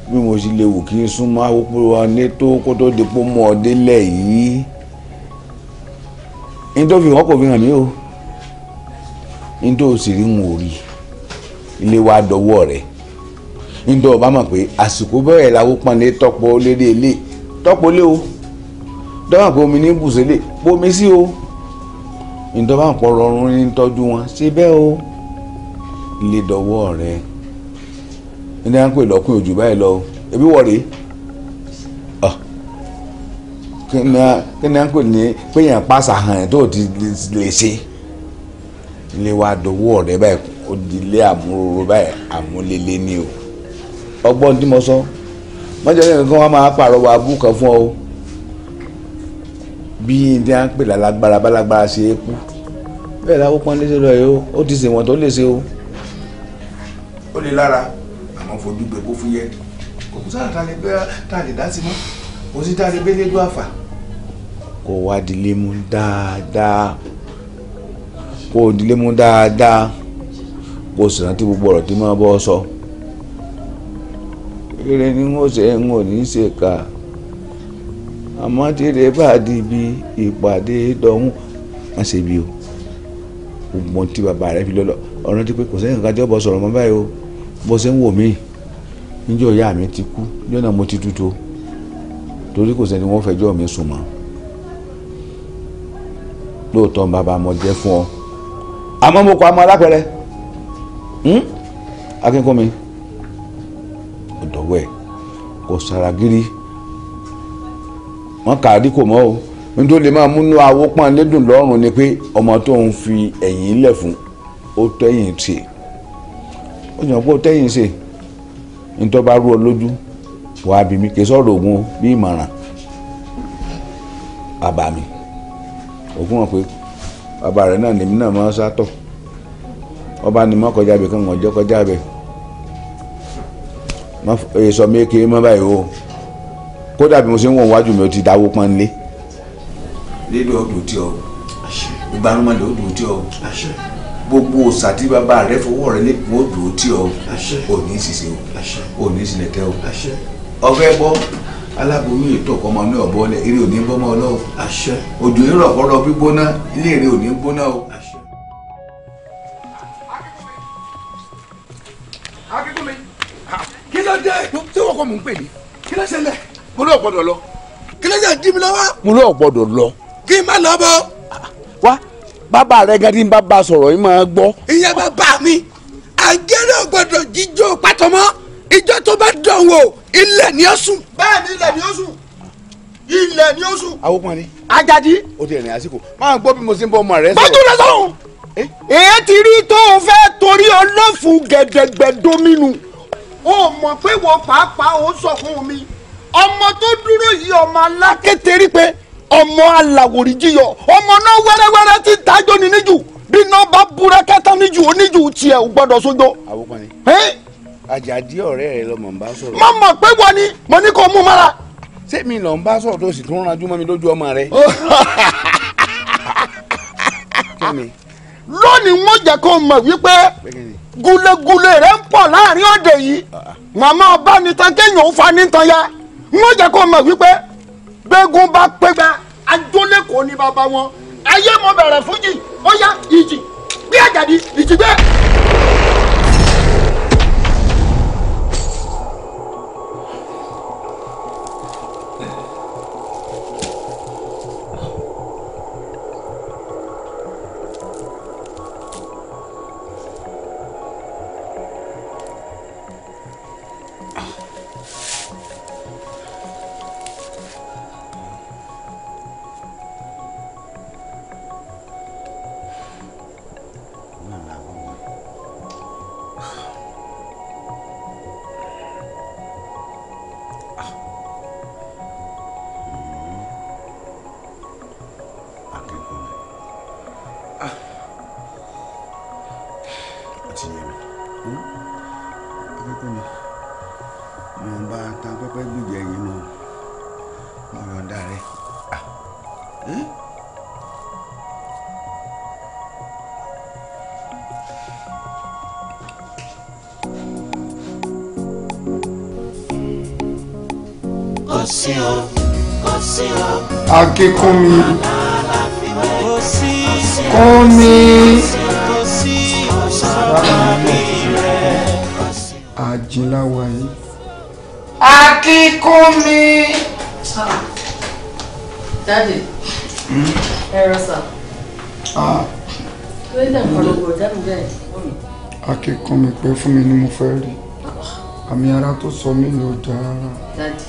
bí mo ṣe lè wù kí n súnmọ́ àwòpọ̀ wa ní tó kó tó di pọ́ mọ́ ọ yìí ní tó fi wọ́n kò fi hàn mí o ndó o sì rí wọn ò rí ilé wa dọ́wọ́ rẹ̀ ndó o bá mọ̀ pé àsìkò bẹ́ẹ̀ làwọn pọ́nlé tọ́pọ̀ lédè ilé tọ́pọ̀ lé o dọ́wọ́ pé omi ní bùsílẹ̀ bomi sí o ndó bá pọ̀ rọrùn ní tọ́jú wọn ṣe bẹ́ẹ̀ o ilé dọ́wọ́ rẹ̀ ndé à ń pè lọ́kùn òjò báyìí lọ ebi wọ̀ rèé kí ni à ń pè ní péyàn pàṣà hàn tó ti lè ṣe ilé wa dowó ọ̀rẹ́ báyìí ó di ilé àmúrorò báyìí àmúlélé ni o ọgbọ́n tí mo sọ mọ́jọ́ yẹn kankan wọ́n máa pàrọwà abú kan fún ọ o bí ndí à ń pè lálágbára bálágbára ṣe é kú bẹ́ẹ̀ láwọ́ pọ́n léṣe lọ yìí o ó ti ṣe tó lè ṣe o. ó lè lára àmọ́ fojú gbé kó fúyẹ́ kò kú sáà tá a lè bẹ́ tá a lè dá sí mọ́ kò sí tá a lè bẹ́ lé dúàfà. kò wá di mú dáadáa kó o dilé mú dáadáa kó o sì rántí gbogbo ọ̀rọ̀ tí máa bọ́ sọ. eré ni n ó ṣe ń ò ní ṣe kà àmọ́ tí bá di ibi ìpàdé dọ̀hún má ṣe bí o gbogbo tí bàbá rẹ fi lọ́lọ́ ọ̀rọ̀ ti pé kò sẹ́yìn kankan tí ó bọ́ sọ̀rọ̀ mọ́ báyìí o bó ṣe ń wò mí níjọ́ ìyá mi ti kú níjọ́ náà mo ti tútó torí kò sẹ́ni wọ́n fẹjọ́ mi sùn mọ́ lóòótọ́ bàbá mo jẹ́ fún ọ àmọ́ mo kọ amọ alápẹ̀rẹ̀ hmm? akínkúnmi ọ̀dọ̀wẹ̀ kò sàràgìrì wọn kà á dí kò mọ́ o nítorí lè máa múnú awó pọ́n lédùn lọ́rùn ni pé ọmọ tó ń fi ẹ̀yìn lẹ̀ fún ó tẹ́yìn tì ó yàn pé ó tẹ́yìn ṣe nítorí bá rú ọ lójú wàá bí mi kì í sọ̀rọ̀ ògùn bí ìmọ̀ràn àbàmì ògùn wọn bàbá rẹ̀ náà lèmi náà máa ń sátọ̀ ọba ni mọ́ kọjá bẹ̀ kí wọ́n jẹ́ kọjá bẹ̀ èso mi kì í mọ́ báyìí o kódà bí mo ṣe ń wọ̀n wájú mi ó ti dáwó pọ́n lé. lílo ọdún tí ọ ìgbanumọ̀ lè ọdún tí ọ gbogbo òòsà tí bàbá rẹ fowó rẹ lẹ́kùn ọdún tí ọ òní ṣiṣẹ́ o òní ṣiṣẹ́ o ọ̀fẹ́ bọ́ aláboyún ètò ọkọ ọmọ ní ọ̀bọ ọlẹ eré òní ń bọ́mọ ọlọ́wọ́ àṣẹ òjò ń rọ̀kọ́rọ́ gbígbóná ilé eré òní ń gbóná o. akíkúnmi kí ló dé tí wọn kọ mò ń pè ní kí ló ṣẹlẹ̀. mo lọ gbọ́dọ̀ lọ. kí ló ṣe dí mi lọ́wọ́. mo lọ gbọ́dọ̀ lọ. kí n má lọ bọ. wá bàbá rẹ gadi ń ba sọ̀rọ̀ yín máa gbọ́. ìyẹn bàbá mi àjẹrẹ ògbọ́dọ̀ jíjó pàtọ́mọ́ ìjọ tó bá dán wò ilẹ̀ ni ó sùn. bẹ́ẹ̀ ni ilẹ̀ ni ó sùn ilẹ̀ ni ó sùn. àwọn kan ni. o ti rìn àsìkò máa gbọ́ bí mo ṣe ń bọ ọmọ rẹ bọ́jú lọ sọ́hùn. Eh? èyí ti rí tó o fẹ́ torí ọlọ́fun gẹ̀dẹ̀gbẹ̀ domínú. o mọ̀ pé wọ́n pàápàá ò sọ fún mi ọmọ tó dúró yìí ọmọ alákéterí pé ọmọ alàwòrì ọmọ náà wẹ́rẹ́wẹ́rẹ́ ti dájọ́ ni níjù bí náà bá búra níjù oníjù tiẹ̀ gbọ́dọ̀ sójó. àwọn kan ni. Eh? àjàdí ọ̀rẹ́ rẹ lọ́mọ ń bá sọ̀rọ̀. mo mọ̀ pé wọ́n ni mo ní kó mú mọ́ra. sẹ́mi lọ ń bá sọ̀rọ̀ tó sì tún ranjú mọ́ mi lójú ọmọ rẹ. Oh. [laughs] lónìí wọ́n jẹ́ kó mọ̀ wípé gulegule rẹ ń pọ̀ láàrin òde yìí ah, ah. màmá ọba nìtan kéèyàn ó fa nìtan ya wọ́n jẹ́ kó mọ̀ wípé gbẹ́gun bá pẹ́gbà ajólẹ́kọ̀ọ́ ni bàbá wọn ayé mo bẹ̀rẹ̀ fújì ó yá ìjì gbé àjàdí ìjì gbé. ké kún mi kún mi àjìnláwa yìí akíkún mi. dáàdì hmm? ẹ̀rọ sà. Ah. akíkún mi pé fún mi ni mo fẹ́ rí àmì ara tó sọ mí lò dára. dáàdì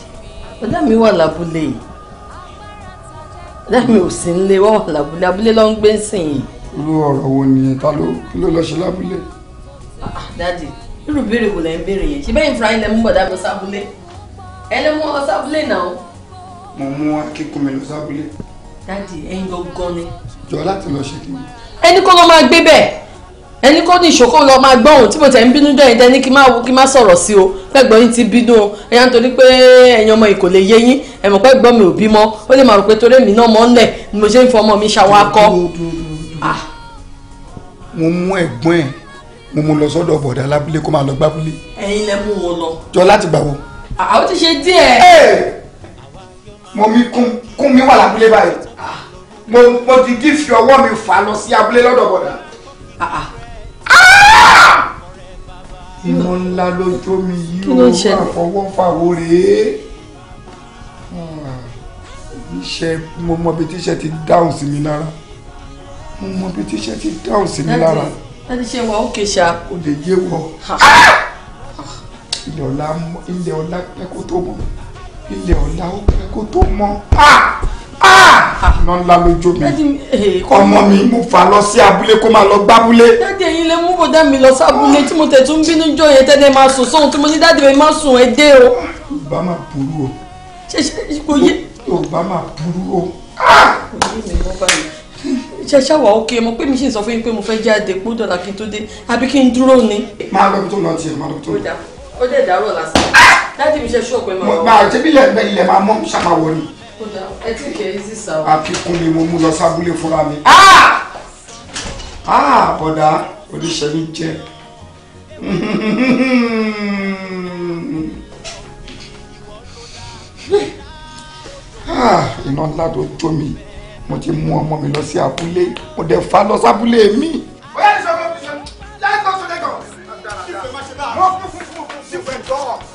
ọ̀dà mi wà lábúlé yìí lẹ́mi ò sí nílé wọ́n wà lábúlé abúlé ló ń gbé sìn yìí. irú ọ̀rọ̀ wo nìyẹn ta ló kí ló lọ ṣe lábúlé. Ah, dáàdì irú béèrè wo lẹ́ ń béèrè yẹn ṣe bẹ́ẹ̀ fúnra ilẹ̀ mú bọ̀dá lọ sábúlé ẹ lè mú ọ sábúlé náà. mo mú akíkún mi lọ sábúlé. dáàdì ẹ̀yin gangan ni. jọ láti lọ ṣe kí ni. ẹni kọ́ ló máa gbé bẹ́ẹ̀ ẹni kó ní ìṣòkò lọ máa gbọ́ òun tí mo tẹ̀ ń bínú dẹ́yìn dẹ́ni kí má kí má sọ̀rọ̀ sí o fẹ́gbọ́n yín ti bínú o ẹ̀yà nítorí pé ẹ̀yin ọmọ yìí kò lè yé yín ẹ̀mọ̀ pé gbọ́ mi ò bímọ ó lè máa rò pé torí èmi náà mọ́ ń lẹ̀ ni mo ṣe ń fi ọmọ mi ṣàwọn akọ. Ah. mo mú ẹ̀gbọ́n ẹ̀ mo mú lọ sọ́dọ̀ bọ̀dà lábúlé kó máa lọ gbábúlé. ẹ̀yin lẹ inú ńlá ló jó mi yí o àfọwọ́fàwọ́ rèé iṣẹ́ mo mọ bí tíṣẹ́ ti dáhùn sí mi lára mo mọ bí tíṣẹ́ ti dáhùn sí mi lára. láti ṣe wà ókè ṣá. o lè yé wọ ilẹ̀ ọ̀la ilẹ̀ ọ̀la pẹ́ kó tó mọ ilẹ̀ ọ̀la ó pẹ́ kó tó mọ iná ah! ńlá lójó mi eh, eh, ọmọ mi mo fà lọ sí abúlé kó máa lọ gbábúlé. dáàdi ẹ̀yin lè mú bọ̀dá mi lọ sábúlé tí mo tẹ̀ tún bínú jọ yẹn tẹ́lẹ̀ máa sùn sóhun tí mo ní dáàdi mi máa sùn ẹ dé o. yorùbá máa burú o. ṣẹṣẹ kò yé. yorùbá máa burú o. ṣẹṣẹ wà ókè mo pé mi ṣì ń sọ fún yín pé mo fẹ́ jáde kó dọ̀là kí n tó dé àbí kí n dúró ni. máa lọ bí tó lọ tiẹ̀ máa lọ bí tó lọ. ó dẹ̀ dàrú ọ̀la sí. dáàdi mi ṣe ṣú ọ̀pẹ máa wọ àfikún ni mo mú lọ sábúlé fúnra mi ọ̀dà oníṣẹ́ ní jẹ́ iná ńlá tó tó mi mo ti mú ọmọ mi lọ sí abúlé mo dẹ̀ fa lọ sábúlé mi. wẹ́ẹ̀ sọ fún mi sọ lẹ́kọ̀ọ́ sọ lẹ́kọ̀ọ́. mo fún fún fún fún fún fún fún.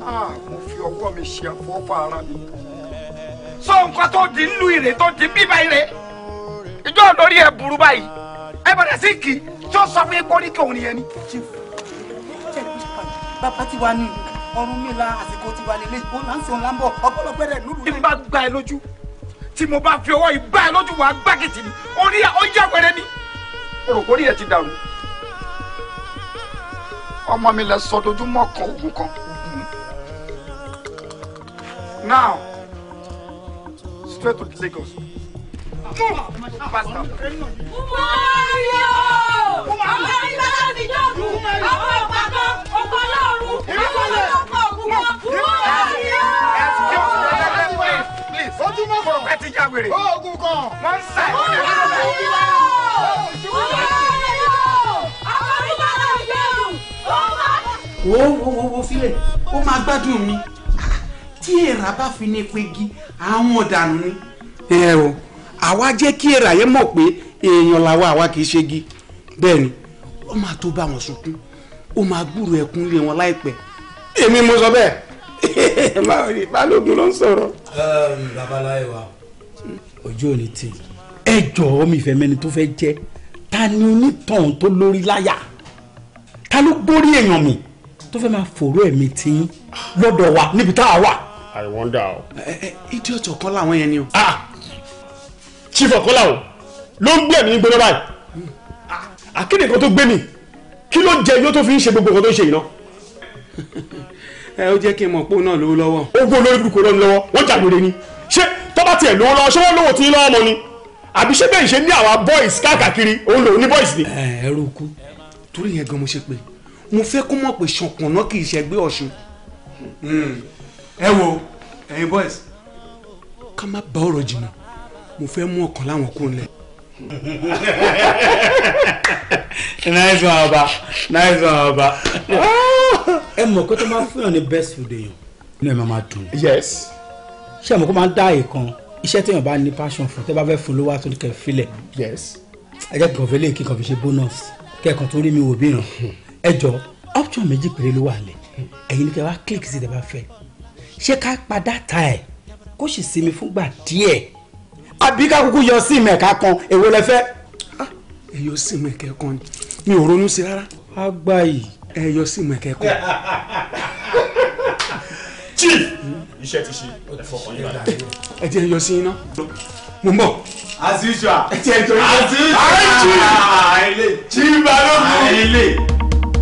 mo fi ọwọ́ mi ṣe àfọwọ́fà ara mi. sọ nǹkan tó di ń ìrè tó di bíbá ìrè ìjọ lórí ẹ burú báyìí ẹ bẹ̀rẹ̀ sí kì í tí sọ fún yín ní kí òun nìyẹn ni. bàbá ti wá ní ọrùn mi la àsìkò ti wà nílé ìbò náà ń sèwọn láńbọ ọ̀pọ̀lọpọ̀ rẹ lùlù. tí mo bá gba ẹ lójú tí mo bá fi ọwọ́ ìgbà ẹ lójú wà gbá kìtì ni orí ẹ ó yá wẹrẹ ni òròkórí ẹ ti dàrú ọmọ mi lẹ sọ dojúmọ kan oògùn kan Now, straight to Lagos. Move! Faster. Umayo! Àwọn ẹgbẹ́ láti jọ́ọ̀dù, àwọn ọ̀pàdán, ọ̀pọ̀ lọ́ọ̀rù, àwọn ọlọ́pàá ògùnmọ̀, Umayo! Excuse me, let me wait, please. Ojúmọ̀ kan. Ẹ ti jáwèrè. Oògùn kan. Wọ́n ń sá ìwé. Umayo! Umayo! Àwọn ẹgbẹ́ láti jọ́ọ̀dù, ó máa. Wo wo wo filẹ̀, ó máa gbádùn mi tí èèrà bá fi ní pegi àwọn ọ̀dànù ni. ẹ o àwa jẹ́ kí èèrà yẹn mọ̀ pé èèyàn làwa àwa kì í ṣegi bẹ́ẹ̀ ni ó máa tó bá wọn sunkún ó máa gbúrò ẹkún lé wọn láìpẹ́. èmi mo sọ bẹ́ẹ̀ [laughs] balógun ló ń sọ̀rọ̀. babaláyé wa ojú ò ní tì ẹ jọ̀ọ́ mi fẹ́ mẹ́ni tó fẹ́ jẹ́ ta ni onítàn tó lórí láyà ta ló gbórí èèyàn mi tó fẹ́ máa fòró ẹ̀mí tí lọ́dọ̀ wa níbi tá a wà. I wonder o. Eh, eh, idiot ọ̀kan làwọn yẹn ni o. Ah! chief ọ̀kọ́lá o ló ń gbẹ̀mí gbóná báyìí akéde kan tó gbé mi kí ló jẹ yóò tó fi ń ṣe gbogbo nǹkan tó ń ṣe yìí náà. ẹ eh, ó jẹ́ kí n mọ̀ pé òun náà lówó lọ́wọ́. ogun olórí kúkú lọ́nu lọ́wọ́ wọ́n jàgbére ni ṣé tọ́ba tiẹ̀ lówó lọ́wọ́ ṣé wọ́n lówó tí ń lọ́wọ́ mọ́ ni àbí ṣé bẹ́ẹ̀ ṣe ní àwa boys káàkiri òun lòun ní boys ni. ẹ ẹ roku torí yẹn gan mo ṣe pé mo fẹ́ kó mọ̀ pé ṣọ̀kànná kì í ṣẹgbẹ́ ọ̀ṣun. Hmm ẹ wo ẹ̀yin boys. ká má bá ọ̀rọ̀ jìnnà mo fẹ́ mú ọkàn láwọn kún un lẹ̀. nice one ọba nice one ọba. ẹ mọ̀ kó tó máa fún yàn ní best food èèyàn inú ẹ̀ máa máa dùn. yes. ṣé ẹ mọ̀ kó máa ń dá èèkan iṣẹ́ téèyàn bá ní passion fún tẹ́ bá fẹ́ fún lówó àtúntò kẹ́ yes. ẹ jẹ́ kí n fẹ́ kí n ṣe bonus kẹ́ẹ̀kan tó rí mi wò bí ràn ẹ jọ option méjì péré ló wà lẹ̀ ẹ̀yin ni kẹ́ wá click sí tẹ́ bá fẹ́ ṣé ká pa dátà ẹ̀ kó sì sinmi fúngbà díẹ̀ àbí ká kúkú yọ sí ìmẹ̀ka kan èwo lẹ fẹ́. Ah, ẹ yọ sí ìmẹ̀kẹ kan mi ò ronú sí rárá. àgbà yìí. ẹ yọ sí ìmẹ̀kẹ kan. [laughs] chief iṣẹ́ ti ṣe ẹ fọkàn yín báyìí. ẹ jẹ́ yọ sí iná. mo ń as usual. ẹ jẹ́ ìjọ yín. as usual. àìlè. chief balógun. àìlè.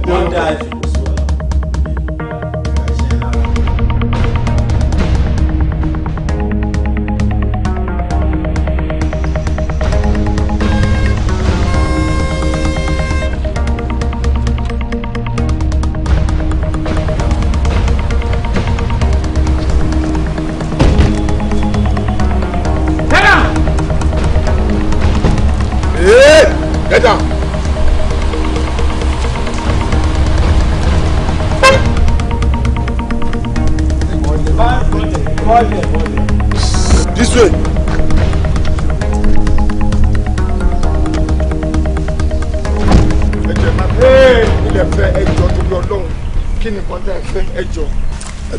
wọ́n dáa jù.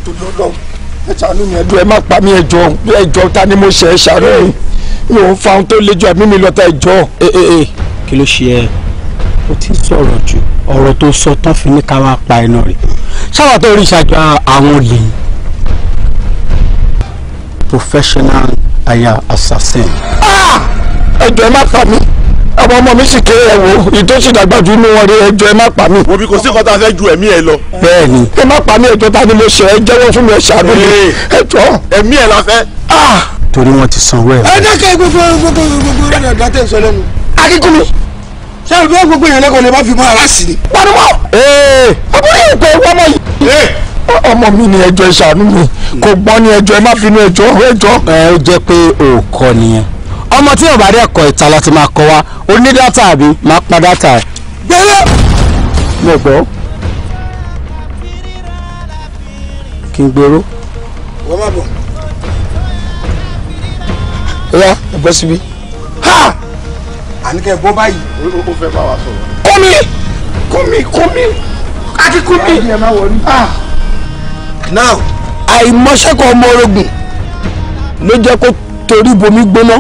torí ọlọ́run ẹ ṣàánú mi ẹjọ́ ẹ má pa mí ẹjọ́ ẹjọ́ ta ni mo ṣe ẹ ṣàárẹ̀ yìí mi fa ohun tó lé jù ẹ̀mí mi lọ́ta ẹjọ́. kí ló ṣe ẹ o ti sọ̀rọ̀ jù ọ̀rọ̀ tó sọ tán fi ní ká wá pa iná rẹ̀ ṣáwá tó rí ìṣàjọ àwọn olè professional aya assassin. Ah! ẹjọ́ ẹ má pa mí ọmọ ọmọ mi sì kéré ẹ wo dàgbà ju inú wọn rí ẹjọ́ ẹ má pa mí. òbí kò sí kọta fẹ́ ju ẹ̀mí ẹ lọ. bẹ́ẹ̀ni ẹ má pa mí ẹjọ́ ta ni mo ṣe ẹ jẹ́wọ́ fún mi ẹ ṣàánú mi ẹ jọ. ẹ̀mí ẹ la fẹ́. torí wọn ti sanwó ẹ. ẹ dákẹ́ gbogbo gbogbo gbogbo rẹ̀ dátẹ́ sọ lẹ́nu. akíkúnmi sẹ́yìn bí wọ́n gbogbo yẹn lẹ́kọ̀ọ́ lè má fi mọ́ ara sí ni. pariwo ọmọ mi ni ẹjọ́ ìṣàánú mi kò gbọ́n ni ẹjọ́ ẹ má bínú ẹjọ́ ẹjọ́ ọmọ tí yorùbá dẹ̀ kọ ìta láti máa kọ wa ó ní dátà àbí máa pa dátà ẹ̀. gbẹ́lẹ́ mo gbọ́ kí n gbèrò. wọ́n má bọ̀. ẹ̀yà ẹ bọ́ ha àníkẹ́ bọ́ báyìí. o fẹ́ bá wa sọ̀rọ̀. kọ́mi kọ́mi kọ́mi àti kọ́mi. now àìmọ̀ṣẹ́kọ̀ ọmọ orogun ló jẹ́ kó torí bomi gbóná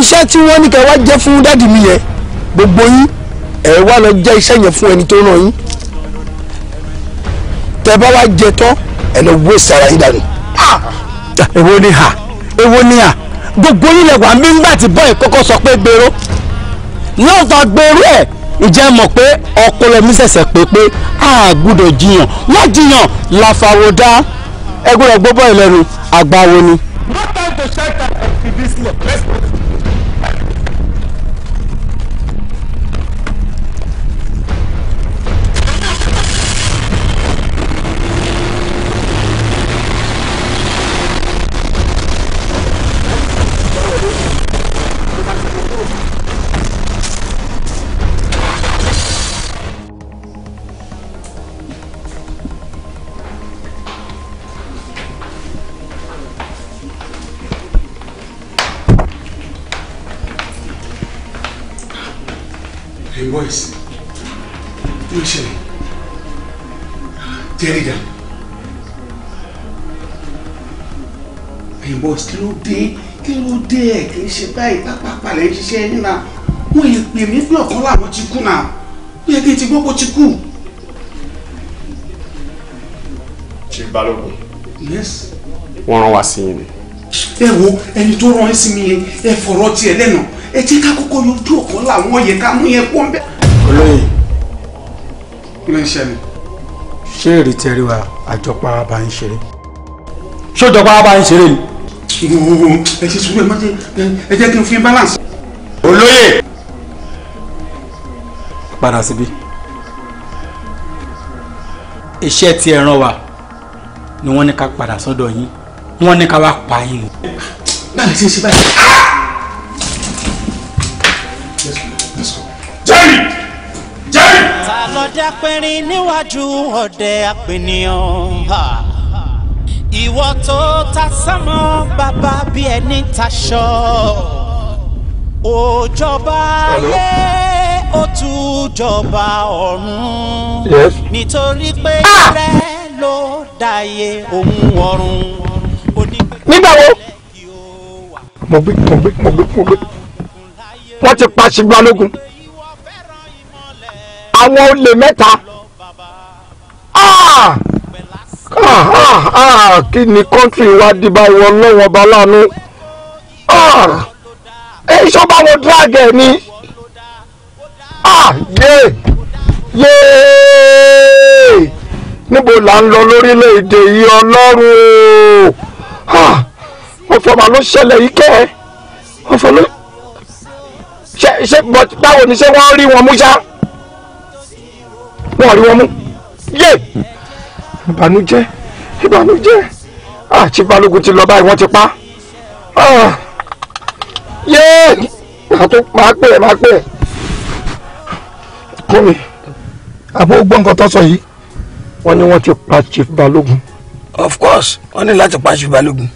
iṣẹ́ tí wọ́n ní kẹ́ wá jẹ́ fún dádì mi yẹn gbogbo yín ẹ wá lọ jẹ́ iṣẹ́ yẹn fún ẹni tó ràn yín tẹ́ bá wá jẹ tán ẹ lọ wé sara yín dànù. èwo ni hà èwo ni hà gbogbo yín lẹ wà mí ńgbà tí bọ́ọ̀ kọ́kọ́ sọ pé gbèrò lọ́ọ̀tọ̀ gbèrò ẹ̀ ǹjẹ́ mọ̀ pé ọpọlọ mi ṣẹ̀ṣẹ̀ pé pé a gbúdọ̀ jiyàn wọ́n jiyàn làfàwọ̀dá ẹgbẹ́ rẹ̀ gbọ́ bọ́ọ̀ àgbáwo ni. iṣẹ́ yín náà wọ́n yìí pè mí pé ọ̀kan làwọn ti kú náà ó yẹ ti gbọ́ ti kú. ṣe balógun. yes. wọ́n rán wá sí yín ni. ẹ wo ẹni tó rán sí mi yẹn ẹ fọ̀rọ̀ tiẹ̀ lẹ́nu ẹ jẹ́ ká kọ́kọ́ yọjú ọ̀kan làwọn yẹ ká mú yẹn pọ́n bẹ́ẹ̀. olóyè kí ló ń ṣẹlẹ̀. ṣé èrè tẹ́rí wa àjọpá bá ń ṣeré ṣé òjọpá bá ń ṣeré ni. ẹ ṣe sùúrù ẹ má jẹ ẹ jẹ́ kí n fi balance olóyè padà síbí iṣẹ́ tí ẹ wa ni wọ́n ní ká padà sọ́dọ̀ yín wọ́n ní ká wá pa yín. báyìí ṣe ṣe báyìí. jerry jerry. ta ló dápẹ́rín níwájú ọ̀dẹ apènìyàn ìwọ tó ta sámọ́ bàbá bí ẹni taṣọ ó jọba ayé ó tún jọba ọ̀run nítorí pé ah! rẹ ló dàyé òun ọ̀run nígbà wo mo gbé mo gbé mo gbé mo gbé wọ́n ti pa ṣìgbà lógun àwọn olè mẹ́ta ah! Ah, kí ni kọ́ńtì wa dìbà ìwọ lọ́wọ́ balánú èyí tó bá wọn drag ẹ̀ ni ah yéé yéé níbo là ń lọ lórílẹ̀‐èdè yìí ọlọ́run o ah, ọ̀fọ̀mà ló ṣẹlẹ̀ yìí kẹ́ ẹ ọ̀fọ̀ ló ṣe ṣe báwo ni ṣé wọ́n rí wọn mú ṣá wọ́n rí wọn mú yé ìbànújẹ́ ìbànújẹ́ àti ah, balógun ti lọ báyìí wọ́n ti pa. Ah yéé màá tún máa pè é máa pè é kún mi. àbó gbọ́ nǹkan tó sọ yìí. wọ́n ní wọ́n ti pa chief balógun. of course wọ́n ní láti pa chief balógun.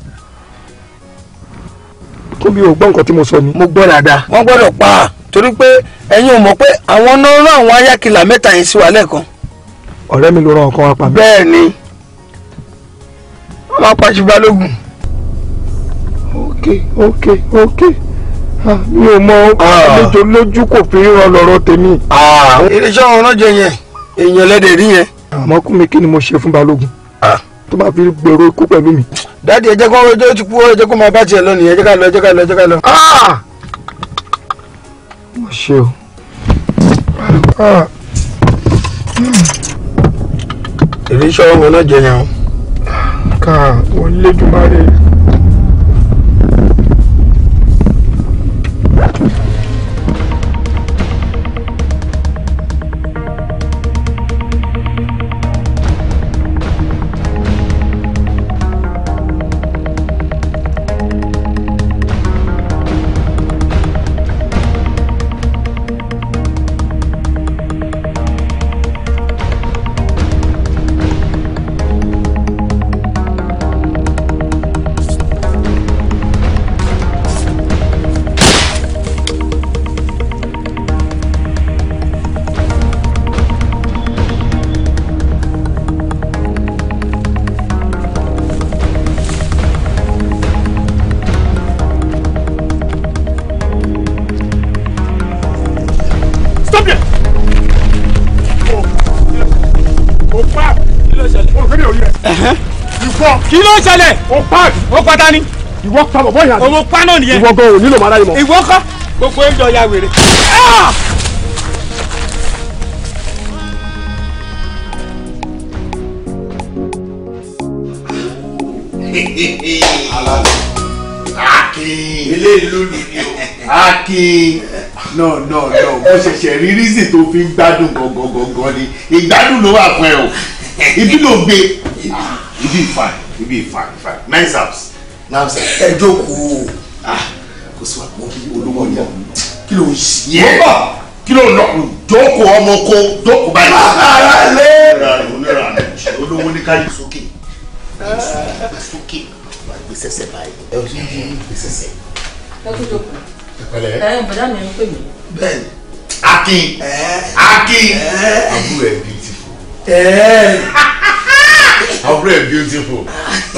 kún mi ò gbọ́ nǹkan tí mo sọ ni. mo gbọ́ dáadáa. wọ́n gbọ́dọ̀ pa á torí pé ẹ̀yin ò mọ̀ pé àwọn náà rán àwọn ayákìlá mẹ́ta yẹn sí wa lẹ́ẹ̀kan. ọ̀rẹ́ mi ló rán ọkàn wa pa mí. bẹ́ẹ̀ ni wọ́n máa pa chief balógun. ok ok ok. Ah, mi ò mọ ah. àlejò lójú kò fi ràn lọ́rọ̀ tèmi. iléeṣẹ́ ọ̀run náà jẹ yẹn èèyàn lẹ́dẹ̀ rí yẹn. àmọ́ kún mi kí ni mo ṣe fún balógun ah. tó máa fi gbèrò ikú pẹ̀lú mi. dáàdi ẹ jẹ́ kó ọjọ́ ti kú ẹ jẹ́ kó máa bá tiẹ̀ lọ nìyẹn ẹ jẹ́ ká lọ ẹ jẹ́ ká lọ mo ṣe o. iléeṣẹ́ ọ̀run náà jẹ yẹn o. ká wọ́n lédùmarè. kí ló ṣẹlẹ̀. o pa o pata ni. ìwọ pa bọ̀bọ̀ yàrá. òun pa náà nìyẹn. ìwọ gan ò nílò màdá yìí mọ. ìwọ kọ́ gbogbo ìjọ ya wèrè. Ah! akin eléyìí ló lù ní o akin no no no mo ṣẹ̀ṣẹ̀ rí reason tó fi ń gbádùn gangan gangan ni ìgbádùn ló wà fún ẹ o ibi ló gbé ibi ìfà ibi ìfàn ìfàn nine saps nine saps. ẹ jókòó ah, kò sí wa mọ bí olówó ni kí ló ń ṣe é kí ló ń lọ jókòó ọmọ kó jókòó báyìí. ara lé. olówó ní káyọ̀ sókè sókè wà gbèsè sẹ báyìí ẹ ò tún yí gbèsè sẹ. ẹ kú jókòó. ẹ pẹ̀lẹ́. ẹ bàdá mi ń pè mí. bẹ́ẹ̀ni. Akin Akin àbúrò ẹ bìtìfù àbúrò ẹ̀ beautiful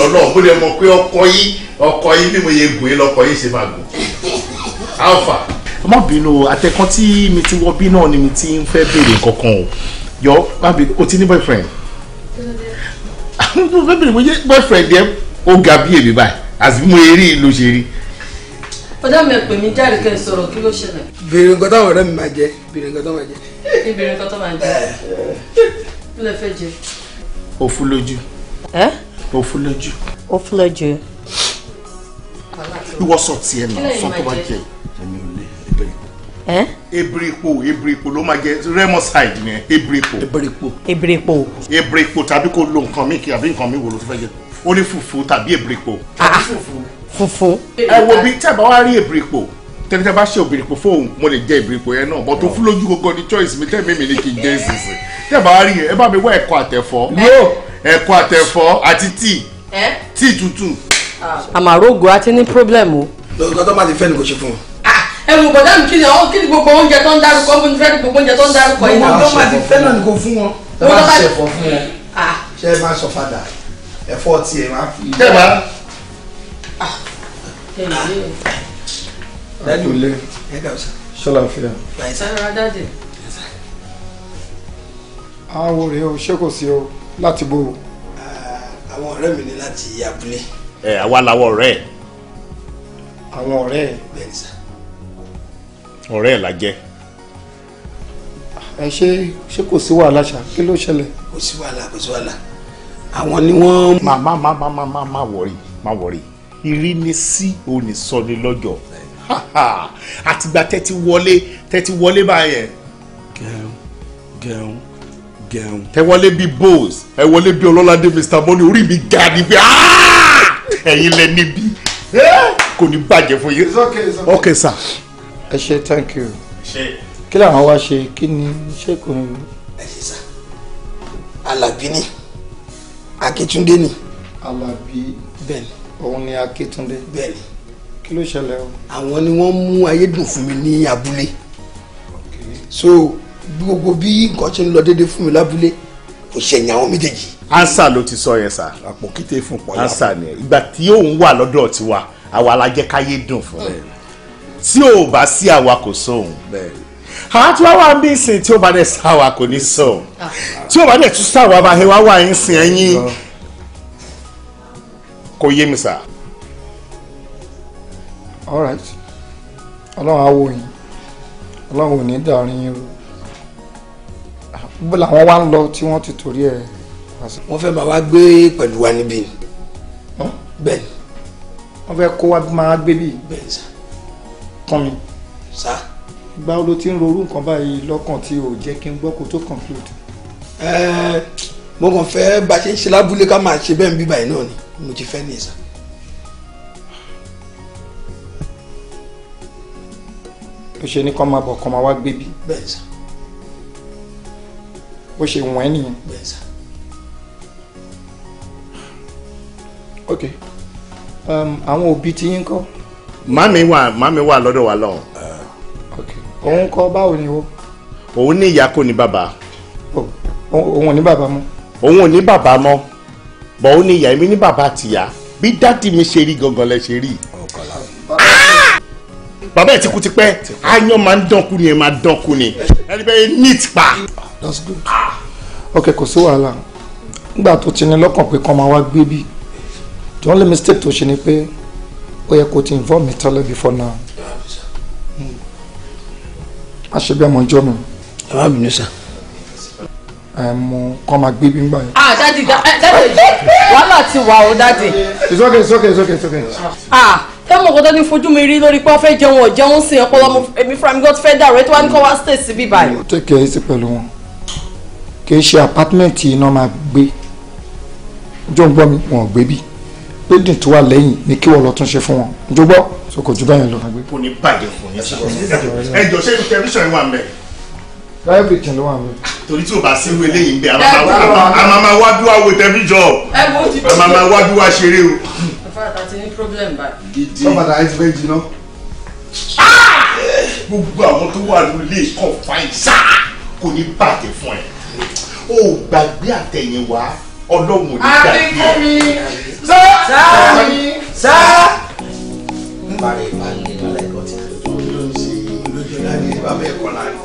ọlọ́run bó lè mọ pé ọkọ yìí ọkọ yìí bí mo yẹ gùn yín lọkọ yìí ṣe máa gùn alpha. ọmọ bínú àtẹ̀kàn tí mi ti wọ bí náà ni mi ti ń fẹ́ béèrè kankan o yọ bábi o ti ní boyfriend mo fẹ́ béèrè mo yẹ boyfriend yẹ ó ga bí èmi báyìí àti bí mo yẹ rí ló ṣe rí ọjọ́ mi pè mí jáde kẹ́ ẹ sọ̀rọ̀ kí ló ṣẹlẹ̀. bèrè nǹkan táwọn ọ̀rẹ́ mi máa jẹ bèrè nǹkan tó máa jẹ. ìbèrè nǹkan tó máa jẹ [laughs] kí lè fẹ́ jẹ. òfu lójú ẹ. Eh? o fún lójú. o fún lójú. ìwọ sọ tiẹ̀ náà sọ tó bá jẹ ẹ̀mí ò lé ẹgbẹ́ eh? yìí ebrepo ebrepo ló máa jẹ remoside ni ebrepo. ebrepo. ebrepo. ebrepo tàbí kò lo nǹkan mi àbí nǹkan mi wò ló fẹ́ jẹ ó ní fùfú tàbí ebrepo. Ah, ah. fùfú. ẹ wo bí tẹ́ bá wá rí ebrepo tẹ́lẹ̀ bá ṣe obìnrin fóun mo lè jẹ́ ìbìrìpò yẹn náà bọ́tò fún lójú gbogbo ni choice mi tẹ́lẹ̀ mi ni kì í jẹ́ ìsinsin tẹ́ bá wá rí ẹ bá mi wá ẹ̀kọ́ àtẹ̀fọ́. yóò ẹ̀kọ àtẹ̀fọ́ àti tíì tíì tútù. Ah. àmàrógo àti ní problem o. lọ́dọ̀ tó bá ti fẹ́ ni kò ṣe fún un. Ah, ẹ mú bọ̀dá mi kí ni àwọn kí ni gbogbo oúnjẹ tó ń dárúkọ mo ní fẹ́ ni gbogbo oúnjẹ tó ń dárúkọ yìí náà. lọ́dọ̀ tó bá ti fẹ́ náà ni kò fún wọn. ẹ máa ṣẹ̀fọ́ fún wọn. Ah. ṣé ẹ máa sọ fàdà ẹ̀fọ́ tí ẹ máa fi. tẹ́ bá. dájú lé ṣọlá àìsàn rárá dájú. àwòrán o ṣé kò sí o láti bo. Ah, àwọn ọ̀rẹ́ mi ní láti abúlé. ẹ àwa làwọn ọ̀rẹ́ ẹ. àwọn ọ̀rẹ́ ẹ. bẹ́ẹ̀ sà. ọ̀rẹ́ ẹ la jẹ́. ẹ ṣe ṣé kò sí wàhálà ṣá kí ló ṣẹlẹ̀. kò sí wàhálà kò sí wàhálà àwọn ni wọ́n. má má má má má má má wọ̀rí má wọ̀rí ìrínisí onísọni lọ́jọ́ àtìgbà tẹ́tí wọlé tẹ́tí wọlé báyẹn. gẹ̀ẹ́n gẹ̀ẹ́n gẹrun. ẹ wọlé bíi bose ẹ wọlé bíi ọlọ́ládé mr money orí mi ga ni ah! ẹ̀yin lẹ níbí eh? kò ní bàjẹ́ fún yín. ok sir. ẹ ṣe thank you. kí làwọn wá ṣe kí ni ṣé kò ní. ẹ ṣe sá alábí ni akíntúndé ni. alábí bẹ́ẹ̀ni. òun ni akíntúndé. bẹ́ẹ̀ni. kí ló ṣẹlẹ̀ o. àwọn ni wọ́n mú ayédùn fún mi ní abúlé. so gbogbo bí nǹkan ṣe ń lọ déédéé fún mi lábúlé kò ṣẹ̀yìn àwọn méjèèjì. ansa ló ti sọ yẹn sà. àpò kété fún pọ́lá. ansa ni ìgbà tí òun wà lọ́dọ̀ tiwa àwa la jẹ́ káyé dùn fún rẹ̀ tí ò bá sí àwa kò sóhun àwọn tí wọ́n wà ń bí ìsìn tí ó bá dẹ̀ sáwà kò ní sọ ah. tí ó bá dẹ̀ tún sáwà bá wá wà ń sin ẹyin kò yé mi sà. all right ọlọ́run á wò yín ọlọ́run ò ní dàrin yín rú bó làwọn wá ń lọ tí wọ́n ti torí ẹ̀ wá sí. wọ́n fẹ́ máa wá gbé pẹ̀lú wa níbí ni wọ́n fẹ́ kó wa máa gbé bí. bẹ́ẹ̀ sá. kàn mí. sá. ìgbà wo ló ti ń rorú nǹkan báyìí lọ́kàn tí ò jẹ́ kí n gbọ́ kó tó conclude. ẹẹ mo kàn fẹ́ bá ṣe ń ṣe lábúlé ká máa ṣe bẹ́ẹ̀ ń bí náà ni mo ti fẹ́ ní ìsà. ó ṣe ní kó máa bọ̀ kó máa wá gbé bí. bẹ́ẹ̀ sá bó ṣe wọ̀n ẹ́ nìyẹn. ok um, àwọn òbí ti yín kọ́. màmí wà màmí wà lọ́dọ̀ wa lọ́hùn. ok òun kọ́ báwo ni o. òun ní ìyá kò ní bàbá. òun ò ní bàbá mọ́. òun ò ní bàbá mọ́ bọ̀ ó ní ìyá èmi ní bàbá àtìyá bí dádì mi ṣe rí gangan lẹ ṣe rí bàbá ẹ ti kú tipẹ́ aáyán máa ń dánkù ni ẹ máa dánkù ni ẹni bẹ́ẹ̀ ní tipa that's good ok kò sí wàhálà nígbà tó ti ní lọ́kàn pé kàn máa wá gbé bí the only mistake tó ṣe ni pé ó yẹ kó ti involve mi tẹ́lẹ̀ before now a hmm. ṣe bí ọmọ ìjọ mi. ẹ má bínú sá. ẹ mú kàn máa gbé bí ń gbà yẹn. ah dadi eh, dadi wàhálà ti wà ó dadi. it's okay it's okay it's okay it's okay. ah ẹ mọ̀ kọ́tọ́ ní fojú mi rí lórí pé wọ́n fẹ́ jẹun ọ̀jẹun sí ọpọlọ èmi fúnra mi gbọ́dọ̀ fẹ́ dàrú ẹ tí wàá ní kọ́ wá stay síbí báyìí. take care easy pẹ̀lú wọn kì í ṣe apartment iná máa gbé jọ ń gbọ́ mi wọn ò gbé bí building tó wà lẹ́yìn ni kí wọ́n lọ tún ṣe fún wọn jọ gbọ́ so kò ju báyẹn lọ. kò ní bàjẹ́ fún yẹn sọ ẹ jọ ṣé tẹlifíṣàn wà mẹ. everything ló wà mẹ. torí tí o bá sí wele yìí ń bẹ a máa máa wájú wa wo tẹlifíṣàn a máa máa wájú wa ṣeré o. ìfarata ti ní problem báyìí. sọ́padà ẹ ti fẹ́ jiná. Ah! gbogbo àwọn tó wà lórí ilé ìkọ̀ fáìn sáà kò ní bàjẹ́ fún ẹ o gbàgbé àtẹ̀yìnwá ọlọ́run ò ní gbàgbé ẹ̀. sá sá sá. bàrẹ̀ ìbàlẹ̀ ìbàlẹ̀ ẹ̀kọ́ ti kàn tó ń ṣe lójú láti bàbá ẹ̀kọ́ láti.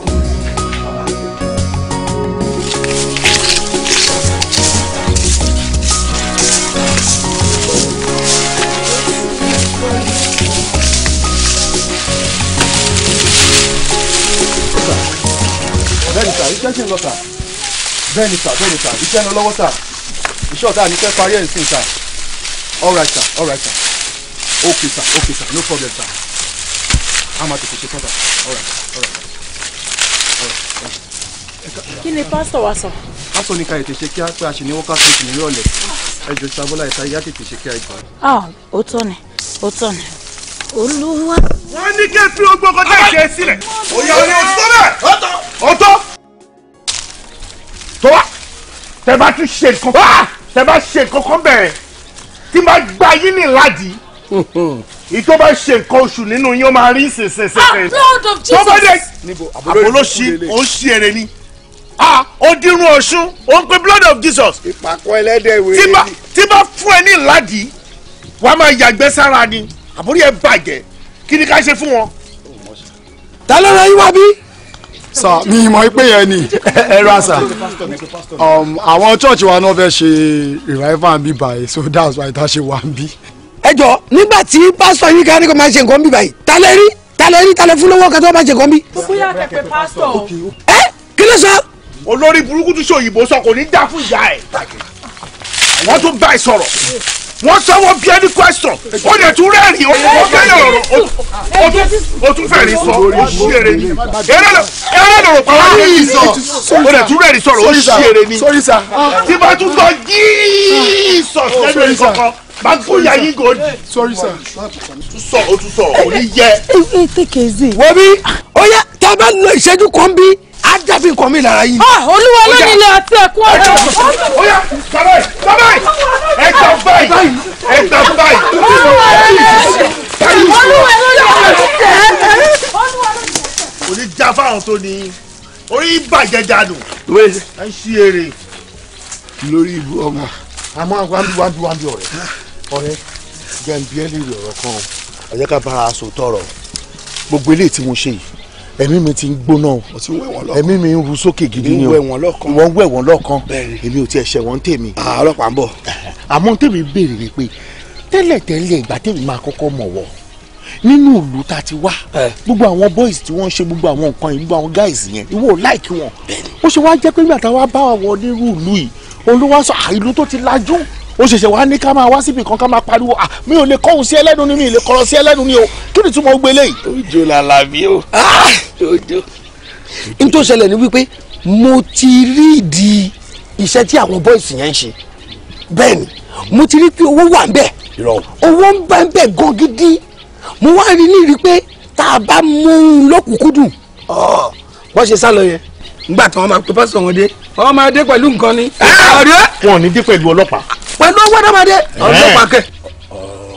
Very sorry, just in the car bẹ́ẹ̀ni sà bẹ́ẹ̀ni sà iṣẹ́ ń lọ lọ́wọ́ sà iṣẹ́ ọ̀tá mi fẹ́ parí ẹ̀ sìn sà all right sà all right sà okay sà okay sà no problem sà a máa tètè ṣe tọ́ta all right all right. kí ni pásítọ̀ wa sọ. pásítọ̀ ní ká ètè ṣe kí á pé a ṣe ní wákàtí ìṣìn nírọ̀lẹ́ ẹjọ́ sábọ́lá ìta yá tètè ṣe kí a jù. ah òótọ́ ni òótọ́ ni olúwa. wọ́n ní kí ẹ fi ogbó kọjá ìṣe sílẹ̀. òyà ni òtítọ́ bẹ́ẹ̀. ọ̀tọ̀. ọ̀tọ̀ tó wá tẹ bá tún ṣe kankan tẹ bá ṣe kankan bẹ̀rẹ̀ tí bá gba yín ní ìlàdí ìtọ́ bá ṣe nǹkan oṣù nínú yín ó máa rí ṣèṣèṣèṣè tó bá dé àbólóṣì ó ń ṣe èrè ni ó ọ̀ṣun ó ń pe blood of jesus tí bá fún ẹ ní ìlàdí wàá máa yàgbẹ́ sára ni àbórí ẹ bàjẹ́ kí ni ká ṣe fún wọn. ta ló rán yín wá bí. Sir, mi mọ̀ pé yẹn ni [laughs] ẹ ra sà um, àwọn church wa náà fẹ́ ṣe revival bí báyìí so that's why tá a ṣe wà bí. ẹ jọ nígbà tí pásítọ̀ yín kárí kò máa ṣe nǹkan bí báyìí ta lè rí ta lè rí ta lè fún lọ́wọ́ kẹtọ́ máa ṣe nǹkan bí. ó bóyá kẹfẹ pásítọ̀. ẹ kí ló sọ. olórí burúkú tún ṣe òyìnbó sọ kò ní dáa fún ìyá ẹ wọn tún bá ẹ sọ̀rọ̀ wọ́n sọ́wọ́ bí ẹni question ó lè tún rẹ́rìn ó tún fẹ́rẹ̀ ọ̀rọ̀ ó tún fẹ́rẹ̀ sọ ó ṣeré ni eré lòrò pa wọ́n yìí sọ ó lè tún rẹ́rìn sọ̀rọ̀ ó ṣeré ni tí bá tún sọ yìí sọ oh, lẹ́nu ìkọ̀kọ̀ bá fún yà yín gò ní. sorry sir. tún sọ o tún sọ o ní yẹ. ẹ ẹ tẹkẹ̀ ẹ́ zè. wọ́n bí ó ah, yẹ tá a bá lọ ìṣẹ́jú kan bí á jáfi nǹkan mi lára yín. Ah, olúwa ló nílé ọtí ẹkún ọjọ́. oya bàbá yìí bàbá yìí ẹ gbà báyìí ẹ gbà báyìí. olúwa ló ní ọtí olúwa ló ní ọtí. kò ní já fáwọn tó ní orí bàjẹ́ jádùn. ẹ ń ṣí eré. lórí ìbú ọmọ. àmọ́ wàndí wàndí wàndí ọ̀rẹ́ ọ̀rẹ́ jẹ́ ń bí ẹ́ lè rí ọ̀rọ̀ kan ọ̀yẹ́ká bára aṣọ tọrọ gbogbo eléyìí tí mo ṣe yìí ẹ̀mí mi ti ń gbóná o ẹ̀mí mi ń ru sókè gidi ni o wọ́n wẹ̀ wọ́n lọ́kàn èmi ò tiẹ̀ ṣẹ̀ wọ́n tèmi. ọlọ́pàá ń bọ̀. [laughs] àmọ́ tèmi béèrè ni pé tẹ́lẹ̀tẹ́lẹ̀ ìgbà tèmi máa kọ́kọ́ mọ̀ wọ̀ nínú ìlú ta ti wá gbogbo àwọn boys tí wọ́n ń ṣe gbogbo àwọn nǹkan yìí gbogbo àwọn guys yẹn ìwọ ò láìkí wọn ó ṣe wá jẹ́ pé nígbà táwa bá wọ ti lajú ó ṣẹ̀ṣẹ̀ wá ní ká máa wá síbi kan ká máa pariwo à mi ò lè kọ́hùn sí ẹlẹ́nu ni mi ò lè kọ́rọ̀ sí ẹlẹ́nu ni o kí ni túmọ̀ gbé léyìí. ojo làlà mi o. Ah! ojo. n tó ṣẹlẹ̀ ni wípé mo ti rí ìdí iṣẹ́ tí àwọn bọ́ìsì yẹn ń ṣe bẹ́ẹ̀ ni mo ti rí pé owó wà ń bẹ̀ owó ń bẹ̀ ń bẹ̀ gan gidi mo wá rí ní rí pé tá a bá mú un lọ́kùnkúndùn bọ́ ah! ṣe sá lọ yẹn nígbà tí wọ́n máa pe pásítọ̀ wọn dé wọ́n máa dé pẹ̀lú nǹkan ni. Ah! wọn ò ní dé pẹ̀lú ọlọ́pàá pẹ̀lú owó ọ̀dọ́mọdé ọlọ́pàá kẹ.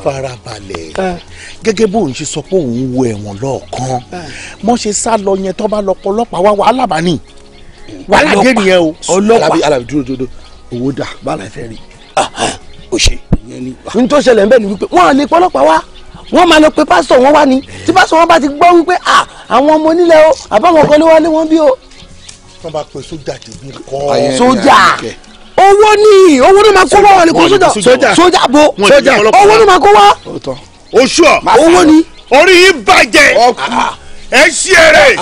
farabalẹ̀ gẹ́gẹ́ bó ń ṣe sọ pé òun wo ẹ̀wọ̀n lọ́ọ̀kan mọ́ ṣe sá lọ yẹn tó bá lọ pọlọ́pàá wá wàhálà bá ní wàhálà dé nìyẹn o. ọlọ́pàá alábi dúró dúró owó dà bàálà fẹ́ rí o ṣe. n tó ṣẹlẹ̀ nbẹ́ ni wípé wọ́n á lè pọlọ́pàá wá wọ́n máa lọ pe pásítọ̀ wọn wá ni tí pásítọ̀ wọn bá ti gbọ́ wípé àwọn ọmọ onílẹ̀ o àbáwọn kan ló wá lé wọn bí o. wọ́n bá pe sójà tèmi kọ́ owó ni owó ni máa kó wá wà ní kó sójà sójà bo sójà owó ni máa kó wá. oṣù ọ owó ni. orí yìí bàjẹ́ ẹ ṣí ẹrẹ.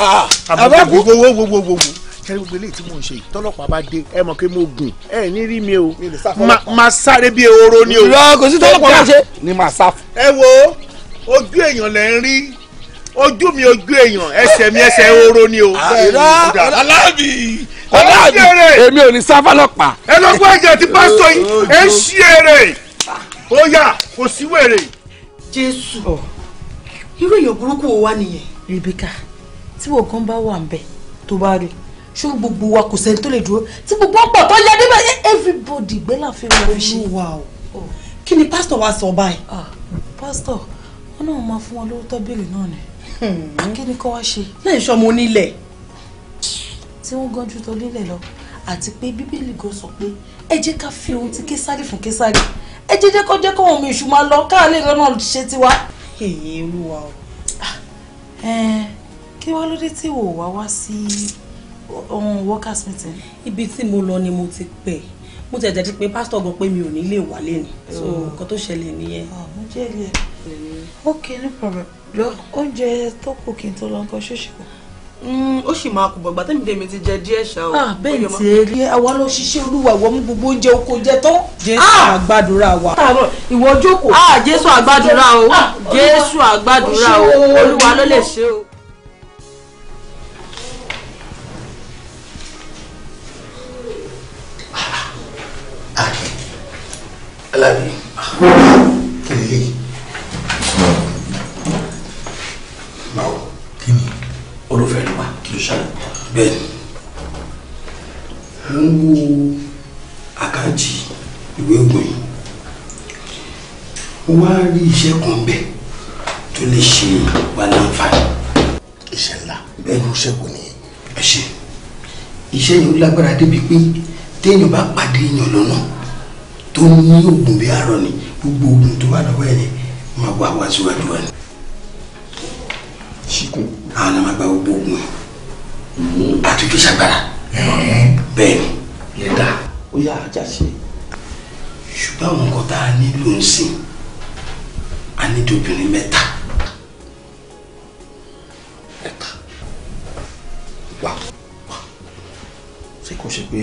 àbá kú wo wo wo wo kẹrin gbogbo eléyìí tí mò ń ṣe yìí tọ́lọ́pàá bá dé ẹ mọ̀ pé mo gùn ẹ ní rí mi o máa sáré bíi ehoro ni o. kò sí tọ́lọ́pàá ṣe ni màá sá ẹ wo ojú èèyàn lẹ ń rí ojú mi ojú èèyàn ẹsẹ̀ mi ẹsẹ̀ ehoro ni o. àìrá ah, alábì ọlọ́ọ̀dì èmi ò ní sáfàlọ́pàá. ẹ lọ gbọ́ ẹ̀jẹ̀ tí pásítọ̀ yìí ẹ ń ṣí èrè ó yà kò sí wèrè. jésù irú èèyàn burúkú wo wá nìyẹn. rebecca tí wọn gan bá wà ń bẹ tó bá rí ṣé gbogbo wa kò sẹ́ni tó lè dúró tí gbogbo ọ̀pọ̀ tó yẹ níbẹ̀ everybody gbé láàfin wọn fi ṣe. olúwa o kí ni pásítọ̀ wa sọ báyìí. pásítọ̀ wọn náà máa fún wọn lówó tó béèrè náà ni hmm. kí ni kó wá ṣe. lẹ́yìn sọ́mọ onílẹ̀ tí wọ́n gán ju tolílẹ̀ lọ àti pé bíbélì gan sọ pé ẹ jẹ́ ká fi ohun ti késàrì fún késàrì ẹ jẹ́ jẹ́ kó jẹ́ kó ìṣù máa lọ káà lè rán náà ṣe tiwa. èyí olúwa o. Ah, eh, kí wàá ló tí wò wá wá sí workers meeting. ibi tí mo lọ ni mo ti pẹ́ mo ti ẹ̀jẹ̀ ti pé pásítọ̀ gan pé mi ò ní lè wà lẹ́nu so oh. nǹkan tó ṣẹlẹ̀ nìyẹn. Ah, mo jẹ́ ilé ẹ̀ ok no problem oúnjẹ tó kù kí n tó lọ nǹkan ṣóṣì Mm, ó sì máa kú bọ̀gbà tẹ́mi tẹ́mi ti jẹ díẹ̀ ṣá o. Ah, bẹ́ẹ̀ tí ẹ rí àwa lọ ṣiṣẹ́ olúwa ìwọ mú gbogbo oúnjẹ oko jẹ tó. jésù àgbàdúrà ah! wa. Ah, ìwọ jókòó. jésù àgbàdúrà o jésù àgbàdúrà o olúwa ló lè ṣe o. alábi. social bẹ́ẹ̀ ni mo ń wo àkáǹtì ìwé ìgbòyìn mo wá rí iṣẹ́ kan bẹ́ẹ̀ tó lè ṣe wà láǹfààní. iṣẹ́ ńlá bẹ́ẹ̀ ni iṣẹ́ kò ní ẹ ṣe iṣẹ́ yìí ó lágbára débi pé téèyàn bá pàdé èèyàn lọ́nà tó ní oògùn bí àárọ̀ ni gbogbo oògùn tó wà lọ́wọ́ ẹ̀ máa wá wá síwájú wa ni. ṣíkùn. àwọn àmàgbà gbogbo oògùn yìí àti tó ṣàgbára bẹ́ẹ̀ ni yẹn dá ó yà ajá ṣe ṣùgbọ́n àwọn nǹkan tá a nílò ń sìn a nídìí obìnrin mẹ́ta mẹ́ta wà wà ṣé kò ṣe pé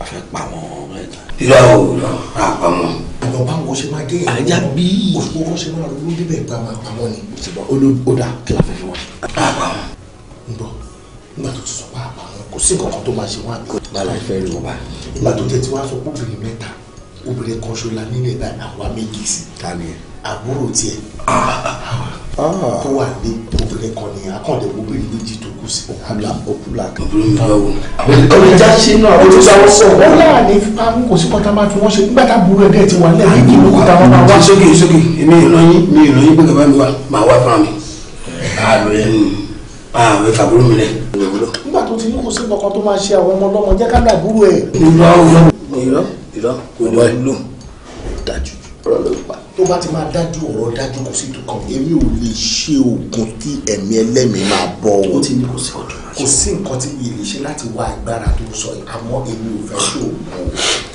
a fẹ́ pa wọn mẹ́ta. irọ́ o irọ́ a pa wọn. ọ̀rọ̀ báwo ṣe máa dé ìlú ajá bíi òṣùwọ́n ṣe máa ronú bíbẹ̀ pa àwọn ni. ó dà kí la fẹ́ fi wọn. a pa wọn ń gbọ́ nígbà tó ti sọ pé àbá wọn kò sí nǹkan tó máa ṣe wọn àbí. bala ìfẹ́ rí wọn bá. ìgbà tó tẹ̀ tí wọ́n á sọ obìnrin mẹ́ta obìnrin kan ṣola nínú ìgbà àwa méjì sí. tani àbúrò tiẹ̀ tó ah. wà ní obìnrin kan ní akọ̀dẹ̀ obìnrin méjì tó kù sí. abúlé òkúlà kan. obìnrin bá wò. àwọn ìjà ṣe náà àwọn ìjà wọn sọ. wọn náà ní fáwọn kò sí kọ́tà máa fi wọ́n ṣe nígbà tá burú ẹ̀dẹ́ ti wà lẹ́yìn kí ló kọ́tà wọn máa wá. sókè sókè èmi ìlọyìn mi ìlọyìn gbẹ̀gbẹ̀ bá mi wá máa àwọn ah, ìfàbúrò mi lẹ. nígbà tó ti ní kò sí kankan tó máa ṣe àwọn ọmọ ọlọ́mọ jẹ́ ká dàbúrò ẹ̀. irọ́ irọ́ irọ́ kò ní lò dájú ọ̀rọ̀ ló pa. tó bá ti máa dájú ọ̀rọ̀ dájú kò sí kankan. èmi ò lè ṣe oògùn tí ẹ̀mí ẹlẹ́mìí máa bọ̀ o. ó ti ní kò sí ọdún kò sí nǹkan tí mi lè ṣe láti wá agbára tó sọ yìí àmọ́ èmi ò fẹ́ ṣòògùn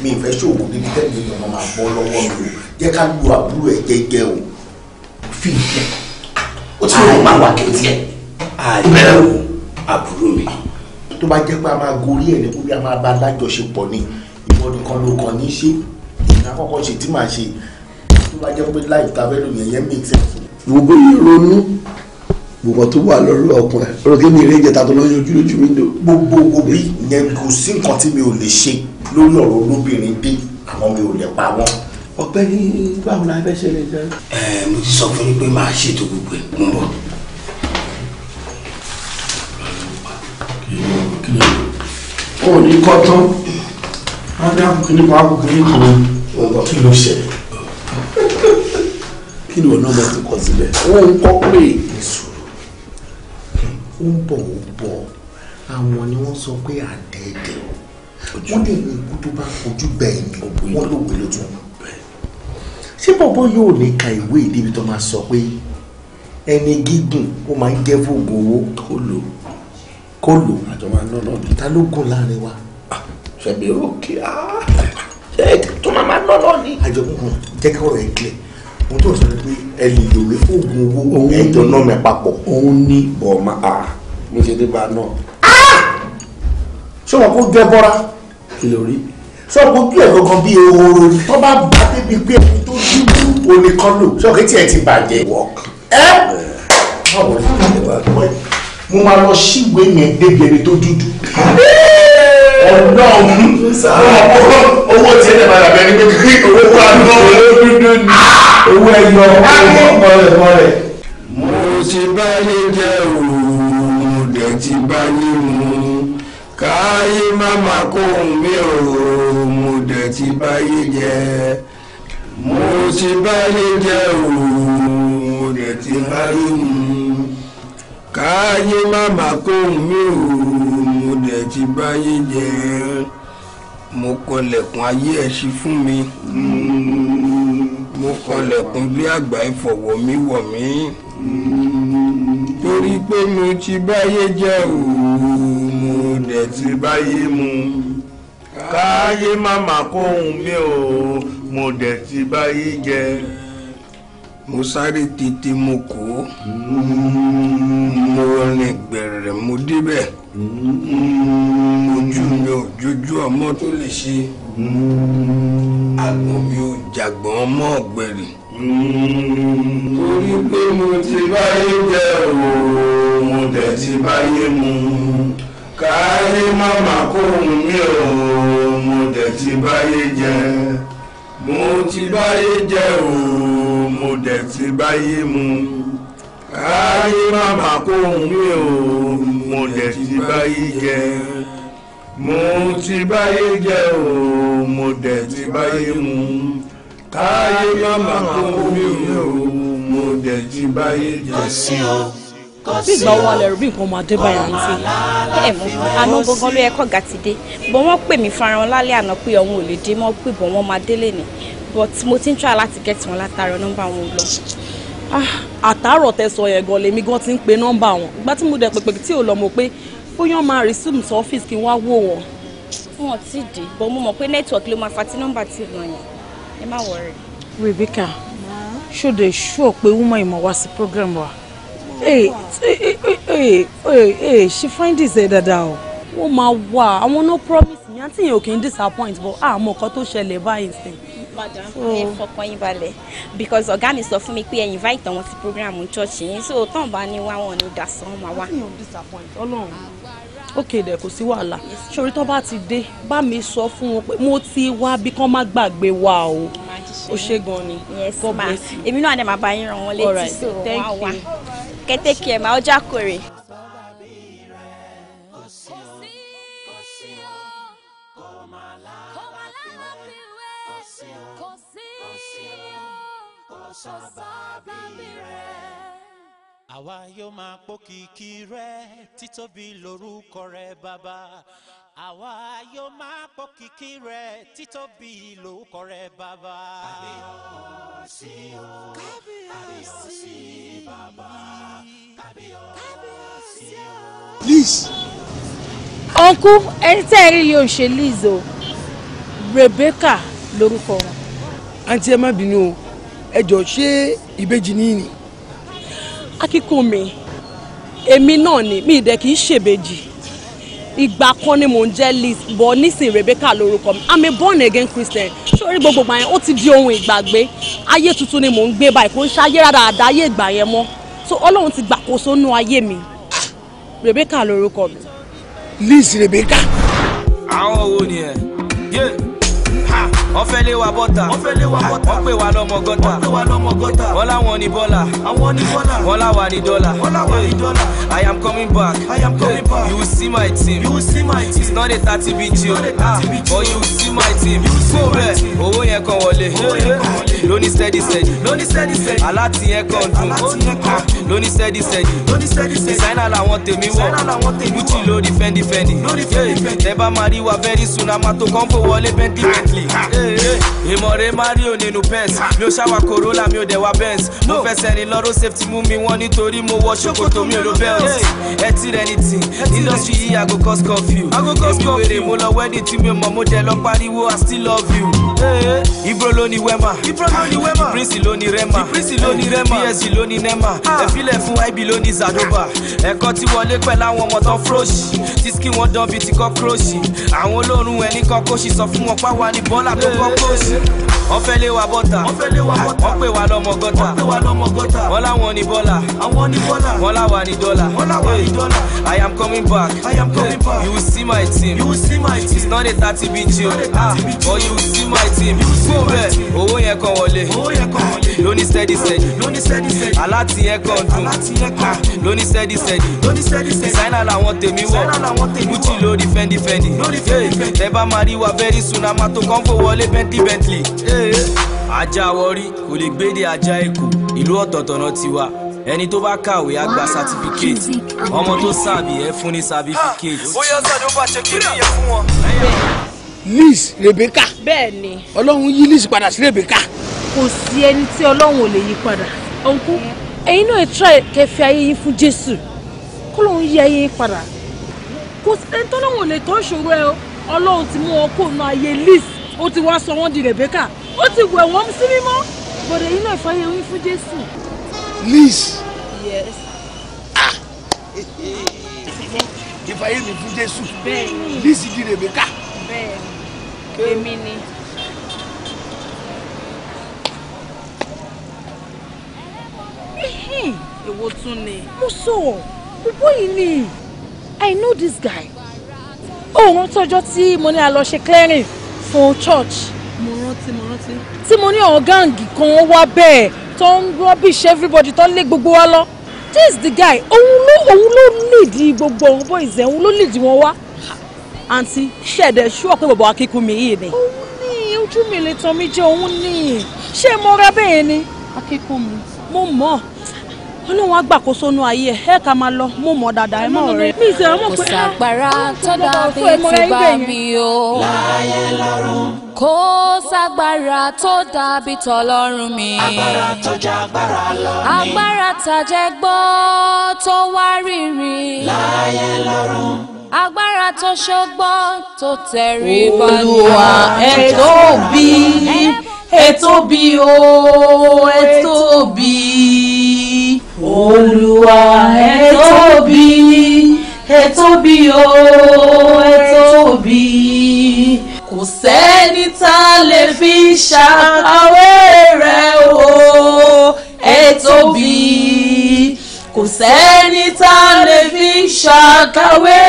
mi ò fẹ́ ṣòògùn níbi tẹ́lẹ̀ mi ọmọ máa bọ́ lọ́wọ́ mi o jẹ́ ká lu àbúrò ẹ̀ jẹ́jẹ́ o fi ìfẹ́ ó ti rò máa wà kẹ́tì àyẹ̀wò àbúrò mi. tó bá jẹ́ pé a máa gorí ẹ̀ ní bí a máa bá alájọṣepọ̀ ni ìwọ nìkan ló kàn ní ṣe ìyá kọ́kọ́ ṣe tí màá ṣe tó bá jẹ́ pé láì tàbẹ́ lónìí ẹ̀yẹ́ make sense. gbogbo yìí ronú gbogbo tó wà lọ́rọ̀ ọkùnrin ọ̀rọ̀ kí ni eré ìjẹta tó lọ́yún ojú lójú mi dò. gbogbo òbí yẹn kò sí nǹkan tí mi ò lè ṣe lórí ọ̀rọ̀ olóbìnrin bí àwọn mi ò lè pa wọ́n. ọ̀gbẹ́ni báwo la fẹ́ ṣe lè jẹ́. ẹ mo ti sọ fún yín pé màá ṣètò gbogbo ẹ̀ kò ní kọ́ tán ádám kìíní pa ápù kìíní kan ọ̀gbọ̀n kí ló ṣe kí ni ọ̀nà ọmọ tó kọ sílẹ̀ wọ́n ń kọ́ pé ìṣòro ó ń bọ̀ ó bọ̀ àwọn ni wọ́n sọ pé àdẹ́ẹ̀dẹ́ wọ́n lè ní ikú tó bá fojú gbẹ̀yìn wọ́n lòwe ló tún ṣé bọ̀bọ̀ yóò ní ka ìwé ìdíbi tó máa sọ pé ẹni gígùn ó máa ń jẹ́ fóògùn owó tó lò ó kó lò àjọmọ nọ́nà ni. ta ló gùn láàrin wa. Ah, ṣẹ̀bi òkè á tó máa máa nọ́nà ni. àjọmọ jẹ́ káwọ́ ẹ̀ kílẹ̀ mo tó sọ pé ẹ lè lòwe fóògùn owó ẹjọ náà mi papọ̀. òun ní bọ̀ọ̀mà á ah, mo ṣe dé bá a náà. Ah! ṣé wọn kó jẹ bọ́ra. kí ló rí. sọ kó bí ẹ̀rọ kan bí ehoro tó bá bá débi pé ẹni tó dúdú oníkan lò sọ kí tiẹ̀ ti bàjẹ́. wọ́ọ̀kì. ẹ báwo ni mo máa lọ síwèé yẹn débi ẹni tó dúdú ọlọ́run owó tí ẹ̀dẹ̀ padà bẹ́ẹ̀ ni pé kí owó wà lọ́wọ́ owó dúdú ni owó ẹ̀yọ owó mọ̀rẹ̀ mọ̀rẹ̀. mo ti bá yé jẹ́ òòrùn dẹ̀ ti bá yé mu káyé má má kó mi òòrùn dẹ̀ ti bá yé jẹ́ mo ti bá yé jẹ́ òòrùn dẹ̀ ti bá yé mu káyé má má kóhùn mi ò mo dẹ̀ ti báyé jẹ mo kọlẹ̀kùn ayé ẹ̀ sí fún mi mo kọlẹ̀kùn bí àgbà ìfọ̀wọ̀ mi wọ̀ mí torí pé mo ti báyé jẹ ò mo dẹ̀ ti báyé mu káyé má má kóhùn mi ò mo dẹ̀ ti báyé jẹ mo sáré tètè mo kó mo rìn gbẹ̀rẹ̀ mo débẹ̀ ojú mi ò jojú ọmọ tó lè ṣe àgbọn mi ò jàgbọ́n ọmọ ọ̀gbẹ̀rì torí pé mo ti báyé jẹ ooo mo dẹ̀ ti báyé mu káyé má má kóhun mi ooo mo dẹ̀ ti báyé jẹ mo ti báyé jẹ́ òòrùn mo dẹ̀ ti báyé mu ayé màmá kó ohun mi ò mo dẹ̀ ti báyé jẹ mo ti báyé jẹ́ òòrùn mo dẹ̀ ti báyé mu káyé màmá kó ohun mi ò mo dẹ̀ ti báyé jẹ bí ìgbà wo alẹ́ rò bí nǹkan máa dé báyà ń sè. ẹ mọ àná gangan ló yẹ kọ́ ga ti dé bọ́ wọ́n pè mí farahan lálẹ́ àná pé ọ̀hún ò lè dé mọ́ pé bọ́ wọ́n máa délé ni but mo ti ń try láti gẹ̀tì wọn látara nọ́mbà wọn lọ. Ah, àtàárọ̀ tẹ sọ yẹn gan lèmi gan ti ń pe nọ́mbà wọn ìgbà tí mo dẹ̀ pèpè tí ò lọ mọ̀ pé bóyá máa resume sí ọ́fíìsì kí n wá wò wọ́n. wọn ti dé bọ́ mo mọ̀ pé network ló máa fa tí nọ́mbà ti lọ yẹn ẹ má wọrẹ. Rebecca ṣó de ṣó pé woman ìmọ̀ wá sí program wa. She find this ṣe dáadáa o wọ́n máa wà àwọn no promise mi àti yẹn ò kì í disappoint but àmọ́ ah, nǹkan tó ṣẹlẹ̀ báyìí sí. madam ẹ fọkàn yín balẹ̀ because ọ̀gá mi sọ fún mi pé ẹ invite àwọn sí program church yín so tán bá ní wá wọn ní dasán máa wá. àti yẹn ò ok dẹ̀ kò sí wàhálà sori tó bá ti dé bá mi sọ fún wọn pé mo ti wá bí kán má gbàgbé wa o ó ṣe gan ni god bless you. èmi náà dẹ̀ máa bá yín ràn wọ́n létí so wọ́n á wá kẹ́tẹ́kẹ́ máa ọjà kórè. Shabbat àwa yóò máa pókìkí rẹ títóbi lórúkọ rẹ bàbá àwa yóò máa pókìkí rẹ títóbi lórúkọ rẹ bàbá. kábíyèsí o kábíyèsí bàbá kábíyèsí o. liz. ọ̀nkú ẹni tẹ́ ẹ rí yóò ṣe liz o rebecca lórúkọ wọn. àǹtí ẹ má bínú o ẹ jọ ṣé ìbejì nìyí ni akíkúnmi èmi náà ni mi ìdẹ kì í ṣèbejì ìgbà kan ni mò ń jẹ́ Liz bọ̀ nísìn Rebecca lórúkọ mi I'm a born again Christian sórí gbogbo gbà yẹn ó ti di ohun ìgbàgbé ayé tuntun ni mò ń gbé báyìí kò ń ṣayé rárá àdá ayé ìgbà yẹn mọ́ so Ọlọ́run ti gbàkóso nú ayé mi Rebecca lórúkọ mi. Liz Rebecca. àwọn wo ni ẹ. Yeah wọ́n fẹ́ lé wa bọ́ta wọ́n pè wá lọ́mọ gọ́ta wọ́n láwọn ní bọ́là wọ́n láwa ní dọ́là I am coming back you will see my team it's not a thirty big deal ah, but oh. you will see my team kó bẹ́ẹ̀ owó yẹn kan wọlé lóní steady steady aláti yẹn kan dùn lóní steady steady designer làwọn tèmi wọ̀ gucci ló di fendi fendi tẹ́ bá máa rí wa very soon a máa tó kàn fò wọlé bentley bentley. Ah, ah, ìmọ̀re mario nínú pens mi ò ṣàwà corolla mi ò dẹ̀ wa benz mo fẹsẹ̀ rìn lọ́rọ́ safety mú mi wọ́n nítorí mo wọ ṣòkòtò mi ò lo belt ẹ ti rẹ ní tì industry yìí ago cause curfew èmi wèrè mo lọ wedding tí mi ò mọ̀ mo dẹ̀ lọ pariwo i still love you. ibro ló ní wema prince ló ní rema psg ló ní nema ẹ̀fílẹ̀ fún ib ló ní zadoba ẹ̀kọ́ tí wọlé pẹ̀lú àwọn ọmọ tán fúròṣì tíṣkì wọn dán bíi ti kọ́ kúròṣì àwọn olórun ẹni kan kó ṣì sọ fún wọn pàwọn ní bọ́lá tó gbọ́ wọ́n fẹ́ lé wa bọ́tà wọ́n pè wá lọ́mọ gọ́tà wọ́n láwọn ní bọ́là wọ́n láwa ní dọ́là I am coming back you will see my team it's not a thirty bit deal ah, but you will see my team bẹ́ẹ̀ owó yẹn kan wọlé lóní steady steady aláti yẹn kan dùn ah, lóní steady steady designer làwọn tèmi wọ̀ Gucci lórí fendi fendi bá máa rí wa very soon a máa tó wọlé wọlé bẹ́ntì bẹ́ntìlì ajá wọrí kò lè gbédè ajá èkó ìlú ọ̀tọ̀ọ̀tọ̀ náà ti wà ẹni tó bá kàwé á gba ọmọ tó sàbí ẹ fún ní sátífíkẹ́ẹ̀tì. Ah, bóyá sọ̀dọ̀ bá ṣe kiri yẹn fún wọn. Liz Rebecca. bẹ́ẹ̀ni. Ọlọ́run yí Liz padà sí Rebecca. kò sí ẹni tí Ọlọ́run ò lè yí padà ọ̀nkú ẹ̀yin náà ẹ̀ tíra kẹfì ayé yín fún Jésù kọ́lọ́run yí ayé yín padà kò sí ẹni tọ́lọ́run lè tó ìṣòro ẹ Ọlọ́run ti mú wọn kó ayé Liz ó ti wá sọ wọ́n di Rebecca ó ti wẹ̀ wọ́n sí mímọ́ bọ̀dẹ̀ yìí náà fàyè wí fún Jésù. Liz. yes. ah ìfàyè mi fún Jésù. bẹ́ẹ̀ni Liz di Rebecca. bẹ́ẹ̀ni èmi ni. èwo tún ni. mo sọ bùbọ́ yìí ni I know this guy. òun tọjọ́ tí mo ní a lọ ṣe clearing fún church. mo rántí mo rántí. tí mo ní àwọn kan wá bẹ́ẹ̀ tó ń rubbish everybody tó ń lé gbogbo wa lọ this the guy òun ló òun ló nídìí gbogbo àwọn boys ẹ̀ òun ló nídìí wọn wá. àǹtí ṣẹ̀dẹ̀ ṣúọ̀ pé bàbá akíkún mi yìí ni. òun ní ojú mi lè tan mi jẹ òun ní ṣé mo ra bẹ́ẹ̀ ni. akíkún mi mo mọ̀ ọlọ́run á gbàkóso nú ayé ẹ ká máa lọ mo mọ̀ dáadáa ẹ mọ̀ rẹ. mi ìṣe ọmọ pé kò sàgbára tọ́dà bí ti bá mi o kò sàgbára tó dàbí tọlọ́run mi agbára tàjẹ́ gbọ́ tó wá rírì agbára tó ṣọgbọ́n tó tẹ̀rí bá lọ. olùwà ẹ̀ tó bí ẹ̀ tó bí o ẹ̀ tó bí olúwa ẹ tóbi ẹ tóbi o ẹ tóbi kò sẹ́ni tá a lè fi ṣàkàwé rẹ̀ o ẹ tóbi kò sẹ́ni tá a lè fi ṣàkàwé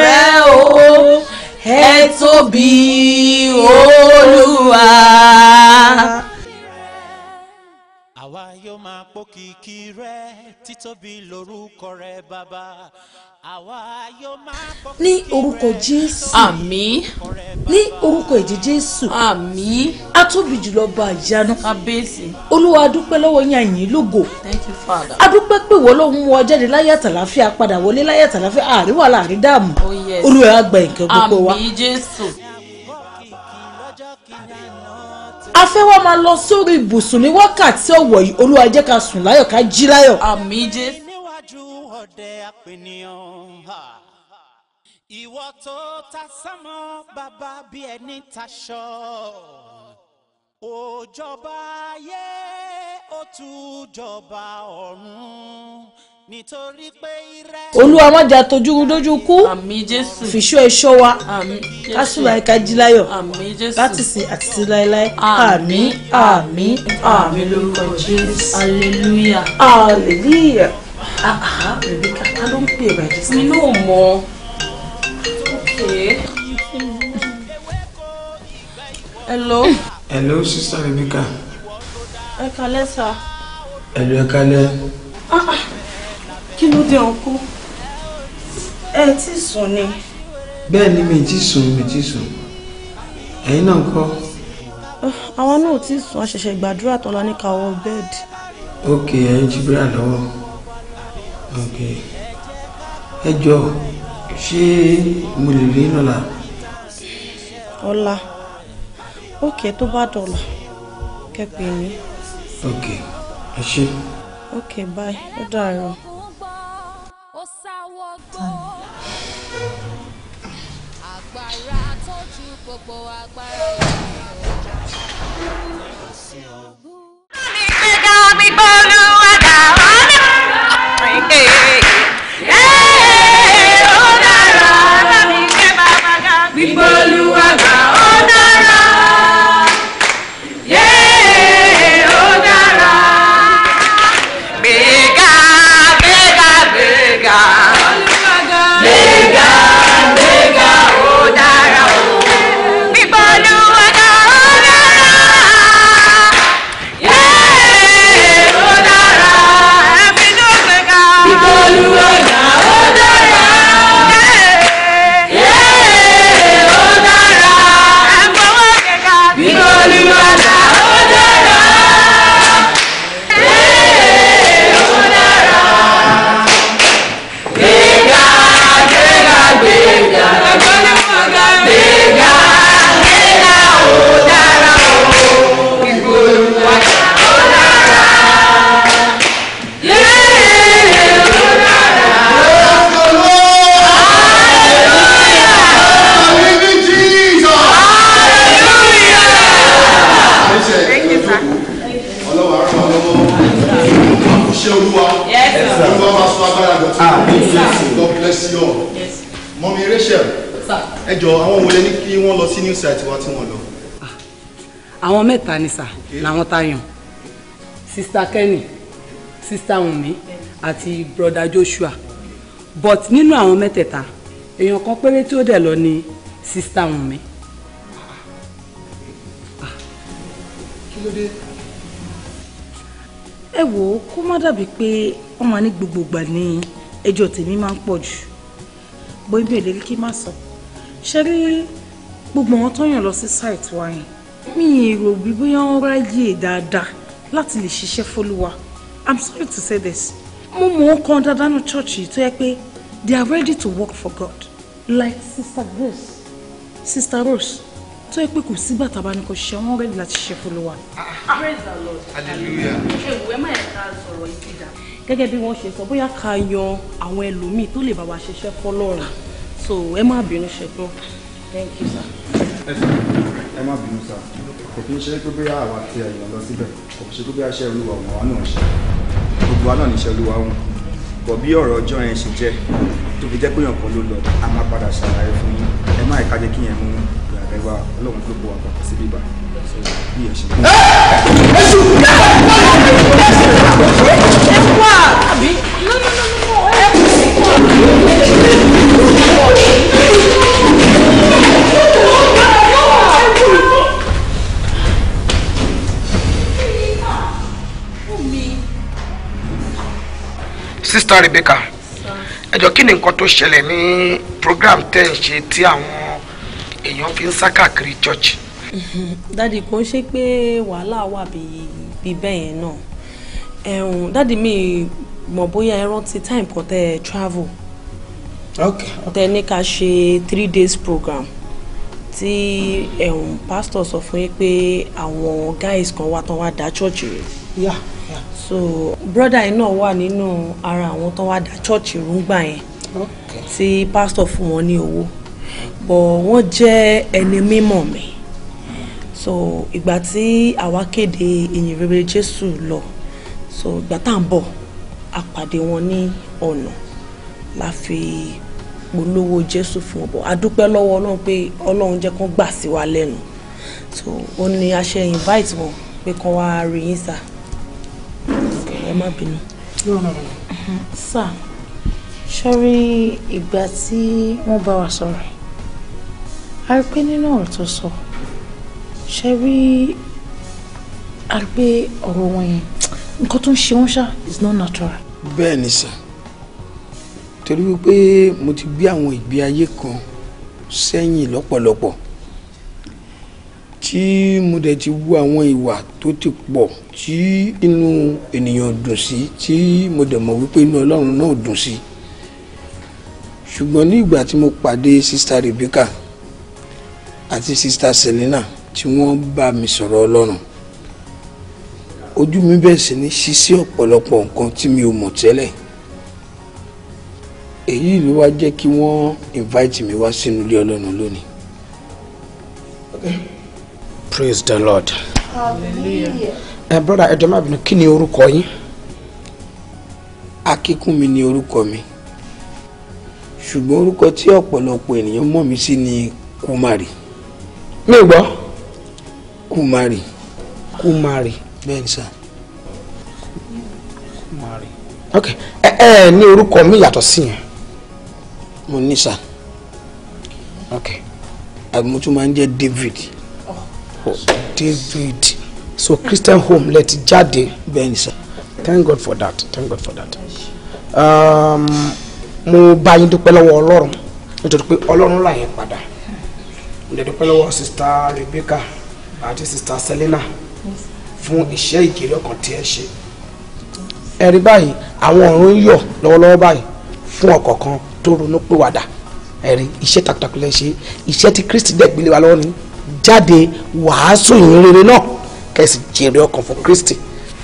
rẹ̀ o ẹ tóbi olúwa. tóbi lórúkọ rẹ bàbá àwa yóò máa pọ̀ ní orúkọ jésù àmín ní orúkọ èjì jésù àmín atóbi jùlọ bá ìyanu abẹ́sì olúwa adúpẹ́ lọ́wọ́ yín àyìn lógo thank you father adúpẹ́ pé wọ́n ló ń mú wa jáde láyé àtàláfíà padà wọlé láyé àtàláfíà àríwá wàhálà àrídààmú oh, olúwa àgbà nǹkan gbogbo wa. àmín jésù a fẹ́ wá máa lọ sórí ibùsùn ní wákàtí ọ̀wọ̀ yìí olúwa jẹ́ ká sùn láyọ̀ ká jí láyọ̀. àmì jẹ́. níwájú ọdẹ apènìyàn ìwọ tó ta sánmọ́ bàbá bí ẹni taṣọ òjọba ayé ó tún jọba ọ̀run olúwa má jà tójú dójú kú fìṣó ẹṣọ wa kásùlà ẹka jíláyọ̀ láti sìn àti sí láéláé àmín àmín àmín lórúkọ jésù aleluya aleluya ah, ah, rebecca ká ló ń pè bá jésù. mi náà mọ hello. hello sister rebecca. ẹ kalẹ́ sir. ẹ lọ ẹ kalẹ́. Ah, kí ló dé ọkọ ẹ ti sùn ni. bẹ́ẹ̀ ni mi ti sùn mi ti sùn ẹ̀yin náà kọ́. Ah, àwọn náà ò tí sùn a ṣẹ̀ṣẹ̀ gbàdúrà tán la ní ká wọ bẹ́ẹ̀dì. ok ẹ̀yin ti bíra lọ́wọ́ ok ẹ jọ ṣé mo lè rí lọ́la. ọ̀la ok tó bá dọ̀la kẹ́pẹ́ mi. ok ẹ ṣe. ok bye ó dàárọ̀. àwọn òun lè ní kí wọ́n lọ sí new site wa tí wọ́n lọ. Ah, àwọn mẹ́ta ni sà làwọn tá yàn sista kenny sista wunmi àti broda joshua but nínú àwọn mẹ́tẹ̀ẹ̀ta èèyàn kan péré tí ó dẹ̀ lọ ni sista wunmi. Ah, ah. kí ló dé. ẹ wo kó má dàbí pé wọ́n máa ní gbogbo ìgbà ní ẹjọ́ tèmi máa ń pọ̀ jù bóyá mi ò lè kí má sọ. So ṣe rí gbogbo àwọn tó yàn lọ sí site wa yẹn mi èrò bí bóyá wọn ráyè dáadáa láti lè ṣiṣẹ́ fólúwa i'm sorry to say this mo mọ̀ ọ́n kan dáadáa ní chọ́ọ̀chì tó yẹ pé they are ready to work for god like sister grace sister rose tó yẹ pé kò sí bàtà bá ní kò ṣe wọn rẹ láti ṣe fọlọwà. praise the lord hallelujah. ewu ẹ má yẹ ká sọ̀rọ̀ ìdídà. gẹ́gẹ́ bí wọ́n ṣe sọ bóyá ká yan àwọn ẹlòmíì tó lè bá wa ṣiṣẹ́ fọlọ́run so Emma, má bínú ṣẹgbọn thank you sir. Emma, má bínú sá kò kí n ṣe pé bóyá àwa ti ẹ̀yàn lọ síbẹ̀ kò kí n ṣe pé bóyá iṣẹ́ olúwa ọ̀nà wa náà ṣe gbogbo wa náà níṣẹ́ olúwa wọn bọ̀ bí ọ̀rọ̀ ọjọ́ yẹn ṣe jẹ́ tó fi jẹ́ pé èèyàn kan ló lọ a máa padà ṣàlàyé fún yín ẹ má ẹ̀ka jẹ́ kí yẹn mú ìrànlẹ́ wa ọlọ́run tó bọ̀ àpapọ̀ sí bíbá bí ẹ ṣe. ẹ ṣùgbọ́n ẹ ṣùgbọ́n ẹ ṣùgbọ́n ẹ ṣùgbọ́n Sister Rebecca ẹ jọ̀ọ́ kí ni nǹkan tó ṣẹlẹ̀ ní program tẹ́ ń ṣe tí àwọn èèyàn fi ń sá káàkiri church. [laughs] dádì kò ń ṣe pé wàhálà wà bíi bẹ́ẹ̀ náà ẹ̀hún mi mọ̀ bóyá ẹ rántí time kan tẹ́ ẹ travel okay, okay. tẹ́ ní ká ṣe three days program tí ẹ̀hún pastor sọ fún yín pé àwọn guys kan wá tán wá dá church rẹ̀. Yeah so brother, yìí náà wà nínú ara àwọn tó wá dá chọ́ọ̀chì rúngbà yẹn tí pásítọ̀ fún wọn ní owó bọ̀ wọ́n jẹ́ ẹni mímọ̀ mi so ìgbà tí àwa kéde ìyìn rere Jésù lọ so ìgbà tá à ń bọ̀ a pàdé wọn ní ọ̀nà la fi polówó Jésù fún wọn bọ̀ a dúpẹ́ lọ́wọ́ Ọlọ́run pé Ọlọ́run jẹ́ kó gbà sí wa lẹ́nu so ó ní a ṣe invite wọn pé kó wá rí yín sáà má bínú. sà sọ́rí ìgbà tí wọ́n bá wa sọ̀rọ̀ a rí pé nínú ọ̀rọ̀ tó sọ ṣe a rí pé ọ̀rọ̀ wọn yẹn nǹkan tó ń ṣe wọ́n ṣá is not natural. bẹ́ẹ̀ ni sà torí wípé mo ti gbé àwọn ìgbé ayé kan sẹ́yìn lọ́pọ̀lọpọ̀ tí mo dẹ̀ ti wo àwọn ìwà tó ti pọ̀ tí inú ènìyàn dùn sí tí mo dẹ̀ mọ̀ wípé inú ọlọ́run náà dùn sí ṣùgbọ́n ní ìgbà tí mo pàdé sista Rebecca àti sista Selina tí wọ́n bá mi sọ̀rọ̀ ọlọ́run ojú mi bẹ̀rẹ̀ sí ní ṣíṣí ọ̀pọ̀lọpọ̀ nǹkan tí mi ò mọ̀ tẹ́lẹ̀ èyí ló wá jẹ́ kí wọ́n invite mi wá sínú ilé ọlọ́run lónìí praise the lord. ẹ broda ẹ jọ̀ọ́ má bínú kí ni orúkọ yín. akínkúnmi ni orúkọ mi ṣùgbọ́n orúkọ tí ọ̀pọ̀lọpọ̀ ènìyàn mọ̀ mí sí ni kumari. mi gbọ́. kumari. kumari. bẹ́ẹ̀ ni sà. kumari. ok ẹ ẹ ní orúkọ mi yàtọ̀ sí yẹn. mo ní sà. ok. àmọ́ tún máa ń jẹ́ David. David so Christian home let ti Benson. thank God for that thank God for that um, mo bá yín dúpẹ́ lọ́wọ́ Ọlọ́run nítorí pé Ọlọ́run là yẹn padà mo lè dúpẹ́ lọ́wọ́ sista Rebecca àti sista Selena Fun iṣẹ́ ìkéré ọkàn tí Everybody, I want báyìí àwọn ọ̀run ń yọ̀ lọ́wọ́lọ́wọ́ báyìí fún ọ̀kọ̀ọ̀kan tó ronú pìwàdà ẹ̀rí iṣẹ́ takuntakun lẹ ṣe iṣẹ́ tí Kristi dẹ̀ wa lọ́wọ́ ni jáde wàásù yìí rere náà kẹsì jèrè ọkàn fún Kristi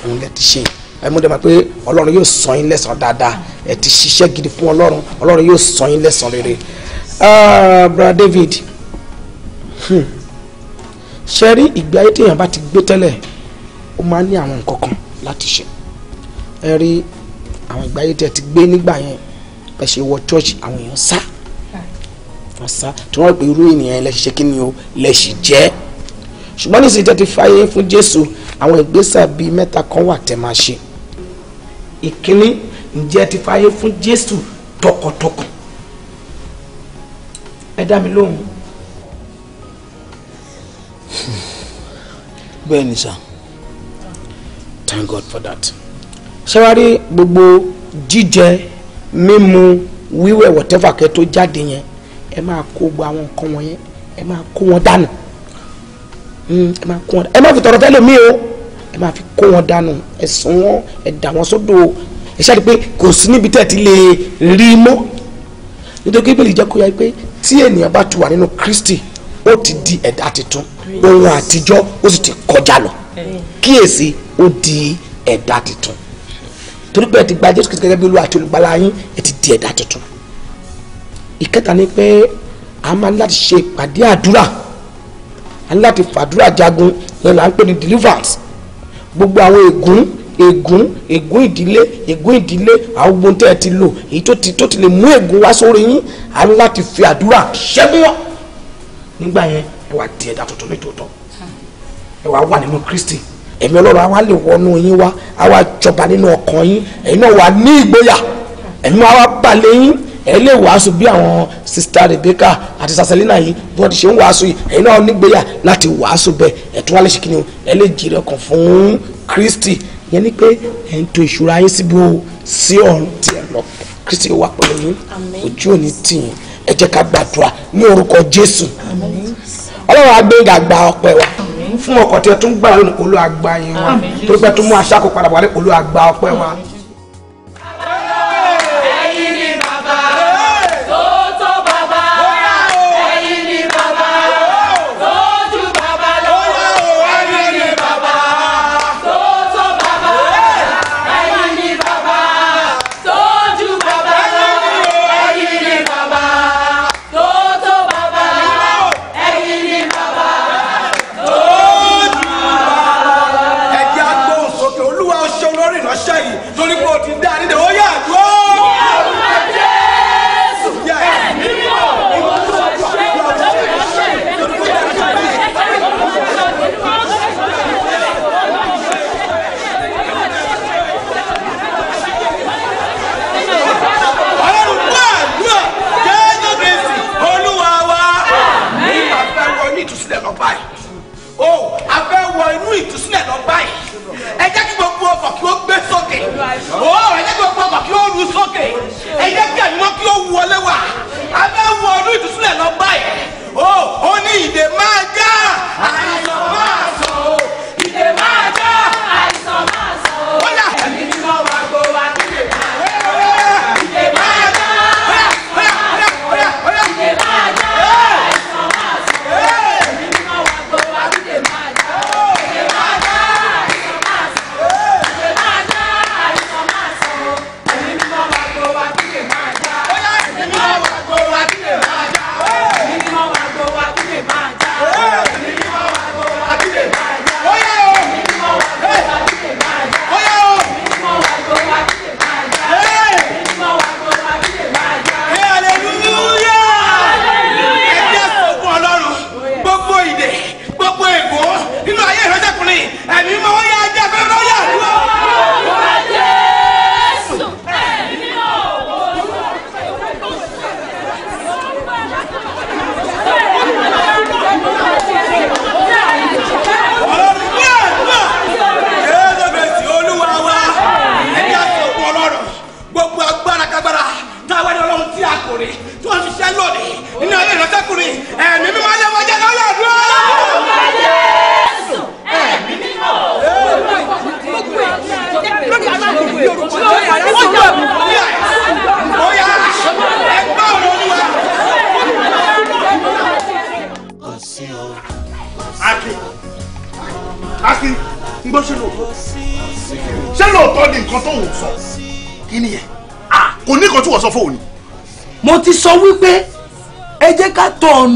òun lè ti ṣe ẹ mú dẹ́mọ̀ pé Ọlọ́run yóò san yín lẹ́san dáadáa ẹ ti ṣiṣẹ́ gidi fún Ọlọ́run Ọlọ́run yóò san yín lẹ́san rere. Ah, Brother David hmm. ṣe rí ìgbé ayé téèyàn bá ti gbé tẹ́lẹ̀ ó máa ń ní àwọn nǹkan kan láti ṣe ẹ rí àwọn ìgbé ayé tẹ́ ti gbé nígbà yẹn ẹ ṣe wọ church àwọn èèyàn sá fàṣà tí wọ́n pè irú ènìyàn yẹn lẹ́sìn ṣe kí ni o lẹ́sìn jẹ́ ṣùgbọ́n nísìnyí tẹ́ ti fàyè fún Jésù àwọn ìgbésẹ̀ bíi mẹ́ta kan wà tẹ́ máa ṣe ìkíní ǹjẹ́ ti fàyè fún Jésù tọkàntọkàn ẹ dá mi lóhùn. [laughs] bẹ́ẹ̀ ni sà thank God for that ṣé wàá rí gbogbo jíjẹ mímu wíwẹ̀ wọ̀tẹ́fà kẹ́ tó jáde yẹn ẹ máa kó gbogbo àwọn nǹkan wọ̀nyẹn ẹ máa kó wọn dànù hmm, ẹ máa kó wọn dànù ẹ máa fi tọrọ tẹ́lẹ̀ mi o ẹ máa fi kó wọn dànù ẹ sùn wọn ẹ dà wọn sódò ẹ ṣáà di pé kò sí níbi tẹ́ ẹ ti lè rí mọ́ nítorí bíbélì jẹ́ kó yá pé tí ènìyàn bá ti wà nínú Kristi ó ti di ẹ̀dá tuntun ohun àtijọ́ ó sì ti kọjá lọ kíyèsí ó di ẹ̀dá tuntun torí pé ẹ ti gba Jésù Kristi gẹ́gẹ́ bí Olúwa àti olùgbàlà yín ẹ ti di ẹ̀dá tuntun ìkẹta ni pé a máa láti ṣe ìpàdé àdúrà a ní láti fàdúrà jagun yẹn là ń pè ní deliverance gbogbo àwọn ègún ègún ègún ìdílé ègún ìdílé àwọn gbogbo tẹ́ ẹ ti lò èyí tó ti tó ti lè mú ègún wá sórí yín a ní láti fi àdúrà ṣẹ́gun wọn nígbà yẹn ẹ wà di ẹ̀dá tuntun ní tòótọ́ ẹ wà wà nínú Kristi ẹ̀mí Ọlọ́run àwa lè wọnú yín wá àwa jọba nínú ọkàn yín ẹ̀yin náà wà ní ìgboyà ẹ̀mí wa balẹ̀ yín ẹ lè wàásù bí àwọn sista Rebecca àti sasalina yìí bí wọ́n ti ṣe ń wàásù yìí ẹ̀yin náà nígbéyà láti wàásù bẹ́ẹ̀ ẹ̀tún wálé ṣìkìnnì o ẹ lè jìrì ọkàn fún Kristi yẹn ni pé ẹ̀ ń to ìṣúra yín síbi o sí ọ̀run tiẹ̀ lọ Kristi wà pẹ̀lú yín ojú òní tì ẹ jẹ́ ká gbàdúrà ní orúkọ Jésù Ọlọ́run agbẹ́ngà gba ọpẹ́ wa fún ọkọ̀ tí ẹ tún gbà lónìí olú àgbà yín wa torí pé tó mú aṣáko padà wálé olú àgbà ọpẹ́ wa.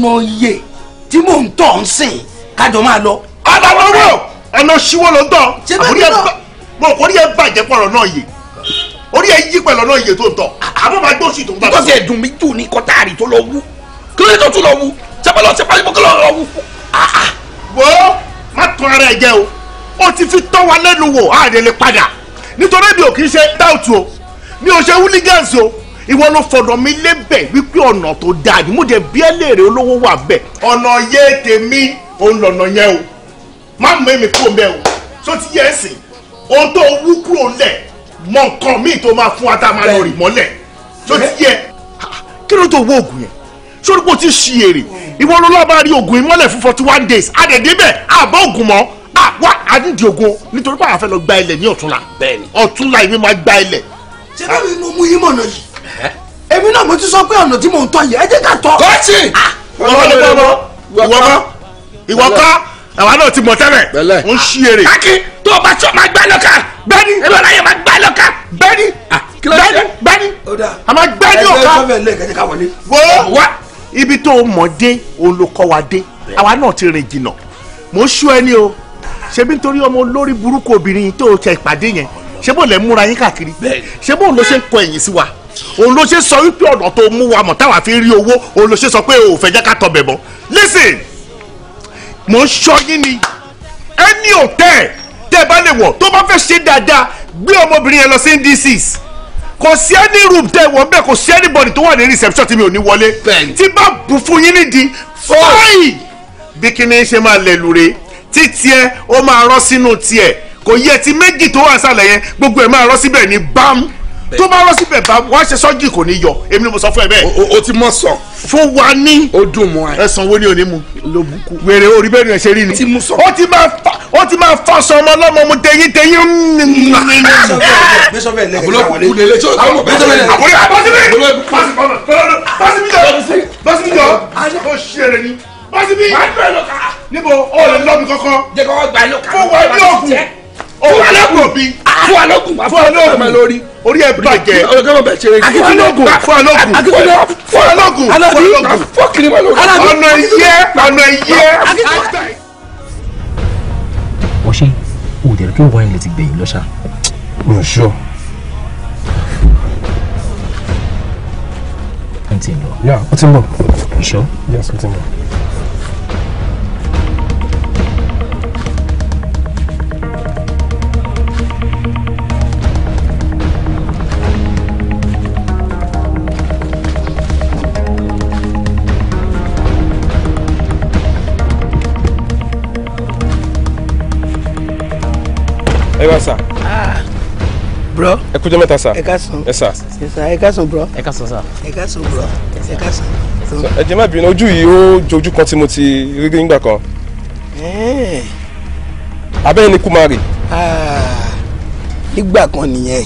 mọ iye tí mò ń tọ̀ ń sìn kájọ máa lọ. aláwọ̀ wọ̀ ọ̀nà ṣíwọ́ ló ń tọ̀ àbúrí ẹ bá orí ẹ bàjẹ́ pọ̀rọ̀ náà yìí orí ẹ yí pẹ̀lú ọ̀nà iye tó ń tọ̀ àbọ̀ máa gbọ́ sí ìtò ń bá. ìtọ́sí ẹ̀dùn mi jù ní kọ́tàrí tó lọ wú kí ló tó tún lọ wú sẹ́pẹ́ lọ sẹ́pẹ́ lọ lọ wú. Ah, ah. wo má tún ara ẹ jẹ o ó ti fi tọ́ wa lẹ́nu wò á padà nítorí mi ò kì í ṣe dáùtù o mi ò ṣe húlígánsì o ìwọ ló fọ̀dọ̀ mi lébẹ̀ wípé ọ̀nà tó dáa ni mo dẹ̀ bí ẹlẹ́rẹ̀ olówó wà bẹ́ẹ̀. ọ̀nà yé tèmi òun lọ̀nà yẹn o má mú èmi kúrò mbẹ́ o tó ti yẹ ẹ sìn ohun tó wú kúrò lẹ̀ mọ nǹkan míì tó máa fún ata máa lọ rì mọ́lẹ̀ tó ti yẹ. kí ló tó wọ oògùn yẹn sórí kò tí ì ṣí èrè ìwọ ló lọ́ọ́ bá rí oògùn ìmọ́lẹ̀ fún forty one days àdẹ̀dẹ́bẹ̀ àbọ̀ oògùn mọ́ àwa àdìdì ogun nítorí pé àwọn afẹ́ lọ gba ilẹ̀ ní ọ̀túnla ọ̀túnla ìwé máa gba ilẹ̀. ṣé báwo ni mo mú yín mọ̀nà yìí mo ti sọ pé ọ̀nà tí mò ń tọ́ yìí ẹ jẹ́ ká tọ́. kọ́ọ̀tì ọmọ ní bọ́ọ̀mọ́ ìwọ kọ́ ìwọ kọ́ àwa náà ti mọ̀ tẹ́lẹ̀ ń ṣí eré. Ah! káàkiri tó o bá tí o máa gbá lọ́ka bẹ́ẹ̀ni èmi ọ̀la yẹn máa gbá lọ́ka ah! bẹ́ẹ̀ni bẹ́ẹ̀ni bẹ́ẹ̀ni a máa gbá ní ọ̀ka. wo wa ibi tó o mọ̀ dé olùkọ́ wa dé àwa náà ti rìn jìnnà mò ń ṣú ẹni o ṣebí nítorí ọmọ olórí burúkú obìnrin tó o ṣe ìpàdé yẹn ṣé bò lè múra yín káàkiri ṣé bò ló ṣe ń kọ ẹ̀yìn sí wa òun ló ṣe sọ wípé ọ̀nà tó mú wa mọ̀ táwa fi rí owó òun ló ṣe sọ pé òun fẹ́ jẹ́ ká tọbẹ̀ bọ̀ listen mò ń sọ yín ni ẹni òtẹ́ tẹ́ bá lè wọ̀ tó bá fẹ́ ṣe dáadáa gbé ọmọbìnrin yẹn lọ sí indices kò sí ẹni room tẹ́ wọ̀ bẹ́ẹ̀ kò sí anybody tó wà ní reception tí mi ò ní wọlé tí bá bù fún yín nídìí fáì bí kíní ṣe máa lẹ̀ lure títí ẹ ó máa rọ́ sínú tiẹ̀ kò yẹ ti méjì tó wà sálẹ̀ yẹn gbogbo ẹ̀ máa rọ́ síbẹ̀ ní bámú tó bá rọ síbẹ̀ bá wá ṣe sọ́jì kò ní yọ èmi ni mo sọ fún ẹ bẹ́ẹ̀. o ti mọ̀ sọ. fún wa ní. ó dùn mọ́ ẹ. ẹ̀sán wo ni òní mu. ló bu wèrè orí bẹ́ẹ̀ ni ẹ ṣe rí ni. ti mú sọ. ó ti máa fa ó ti máa fa sọmọ lọ́mọ mu tẹyin tẹyin. bẹ́sọ̀ bẹ́ẹ̀ lẹ́yìn àwọn ilé. bẹ́sọ̀ bẹ́ẹ̀ lẹ́yìn àwọn ilé. àbọ̀sibí jọ bọ́sibí níbo ọ̀rẹ́ lọ́bi kankan. jẹ́ kọ́kọ́ gbà lọ́kàn. fún wa ní òògùn. fún wa lọ́kùn. fún wa lọ́kùn. fún wa lọ́kùn orí ẹ bàjẹ́ akíkúlógún fọlọ́gùn fọlọ́gùn fọlọ́gùn ọ̀nà iye ọ̀nà iye. wọ́n ṣe òdèrè kí wọ́n lè ti gbẹ̀yìn lọ́ṣà. mi ò ṣọ́. ẹ ti ń lọ. yà ó ti ń bọ̀. ìṣọ́. yà ó ti ń bọ̀. ẹ wá sà. Ah, bro. ẹ kújọ mẹ́ta sà. ẹ ká sùn. ẹ sà. ẹ sà ẹ ká bro. ẹ ká sùn sà. ẹ bro. ẹ ká sùn. ẹ jẹ́ má bínú ojú yìí ó jojú kan tí mo ti rí rí nígbà kan. abẹ́rẹ́ ni Kumari. Ah, nígbà kan nìyẹn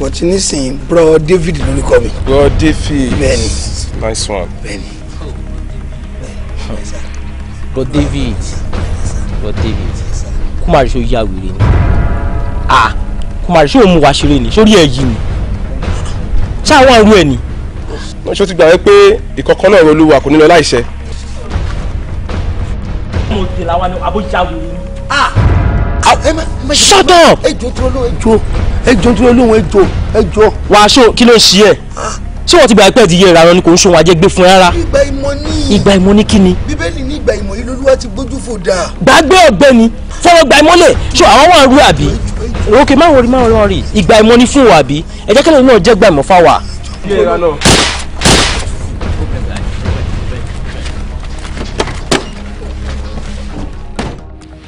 wọ́n ti ní sìn bro David lórúkọ mi. bro David. bẹ́ẹ̀ni. nice one. bẹ́ẹ̀ni. bro David. bro David kúmárì ṣó yá wèrè ni ah kúmárì ṣó mú wa ṣeré ni sórí ẹ̀ ni ṣáà wà ń rú ẹ̀ ni. ti gbà wẹ́ pé ìkọ̀kọ́ náà olúwa kò ní lọ láìṣẹ. mo tè láwa ni abójá wèrè ni. ah shut up. ejò dúró lóhùn ejò ejò dúró lóhùn ejò ejò. wàá ṣó kí ló ń ṣe ẹ ṣé ti gba ẹgbẹ́ ti yé ni kò ń ṣòwò ajé gbé fún ẹ rárá. ìgbà ìmọ̀ ni. ìgbà ìmọ̀ ni kí ni. bíbélì ní ìgbà ìmọ̀ yìí lolúwa ti gbójú fò dáa. gbàgbé ọ̀gbẹ́ni fọwọ́ gba ìmọ́lẹ̀ ṣé àwọn wà ń rú àbí òkè má wọrí má wọrí ìgbà ìmọ̀ ni fún wa àbí ẹ jẹ́ náà jẹ́ gba ìmọ̀ fáwa.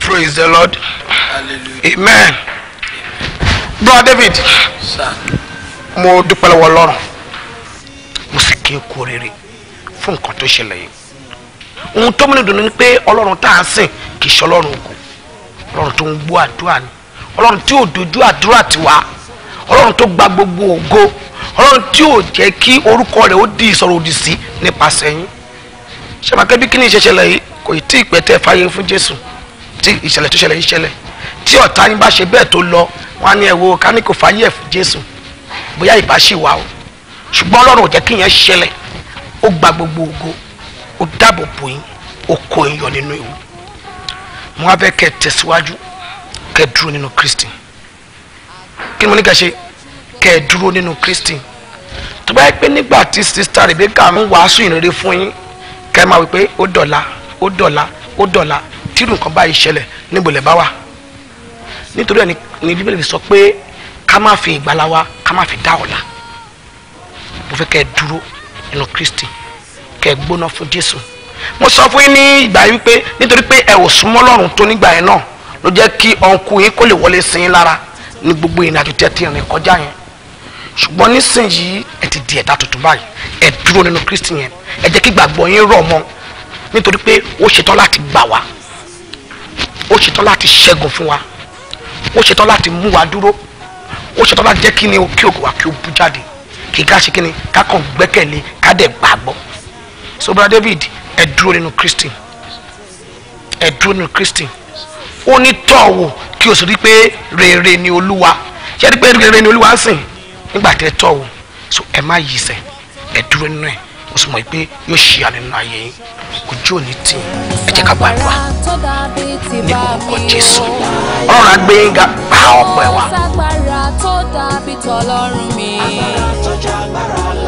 Praise the Lord. Amen. Brother David. Mo dúpẹ́ lọ́wọ́ Ọlọ́run. Mo sì kí kú oríire fún nǹkan tó ṣẹlẹ̀ yìí. Ohun tó múlẹ̀ dùn ni pé Ọlọ́run tá a sìn kì í ṣe Ọlọ́run ògùn ọlọ́run tó ń gbọ́ àdúrà ni ọlọ́run tí ò dojú àdúrà tiwa ọlọ́run tó gba gbogbo ògo ọlọ́run tí ò jẹ́ kí orúkọ rẹ̀ ó di ìsọ̀rọ̀ òdì sí nípasẹ̀ yín ṣàmàkẹ́ bí kíní ìṣẹ̀ṣẹ̀lẹ̀ yìí kò tí ì pẹ́ tẹ́ fàyè fún jésù tí ìṣẹ̀lẹ̀ tó ṣẹlẹ̀ yìí ṣẹlẹ̀ tí ọ̀tá yín bá ṣe bẹ́ẹ̀ tó lọ wọn á ní ẹ̀wọ̀ kání kò fàyè ẹ̀ fún jésù bóyá ìbá ṣì wà o ṣùgbọ́n ọlọ́run ò jẹ́ kí ìyẹn ṣẹlẹ̀ ó gba gbogbo ògo ó dáàbò bò yín ó kó yín yọ nínú ewu mo wá bẹ́ẹ̀ kẹ́ tẹ̀síwájú kẹ́ dúró nínú Kristi kí ni mo ní ká ṣe kẹ́ dúró nínú Kristi tó bá yẹ pé nígbà tí sista Rebecca ń wàásù ìrere fún yín kẹ́ máa wí pé ó dọ̀la ó dọ̀la ó dọ̀la tírù nǹkan báyìí ṣẹlẹ̀ níbo lẹ̀ bá wà nítorí ni bíbélì fi sọ pé ká má fi ìgbàlà wa ká má fi dá ọ̀la mo fẹ́ kẹ́ dúró nínú Kristi kẹ́ gbóná fún Jésù mo sọ fún yín ní ìgbà yìí pé nítorí pé ẹ ò súnmọ́ lọ́rùn tó nígbà yẹn náà ló jẹ́ kí ọ̀nkù yín kó lè wọlé sí yín lára ní gbogbo ìrìn àjò tẹ́tí rìn kọjá yẹn ṣùgbọ́n nísìnyìí ẹ ti di ẹ̀dá tuntun báyìí ẹ dúró nínú Kristi yẹn ẹ jẹ́ kí gbàgbọ́ yín rọ̀ mọ́ nítorí pé ó ṣetán láti gbà wá ó ṣetán láti ṣẹ́gun fún wa ó ṣetán láti mú wa dúró ó ṣetán láti jẹ́ kí ni kí ògùn wa kí ó bú jáde kí ká ṣe kí ni ká kàn gbẹ́kẹ̀lé ká dẹ̀ gbàgbọ́ so brother David ẹ dúró nínú Christian, ẹ dúró nínú Christian. ó ní tọ̀wò kí o sì rí pé rere ni Olúwa ṣé rí pé rere ni Olúwa sìn nígbà tẹ tọ̀wò so ẹ má yìí sẹ ẹ dúró nínú ẹ mo sì mọ̀ pé yóò ṣe àná nínú ayé yín ojú òní tì í ẹ jẹ́ ká gbàdúrà ní orúkọ Jésù ọlọ́run agbẹ́yìnga bá ọ̀pọ̀ ẹ̀ agbára tó dàbí tọ́lọ́run mi. agbára tó jẹ́ agbára lọ.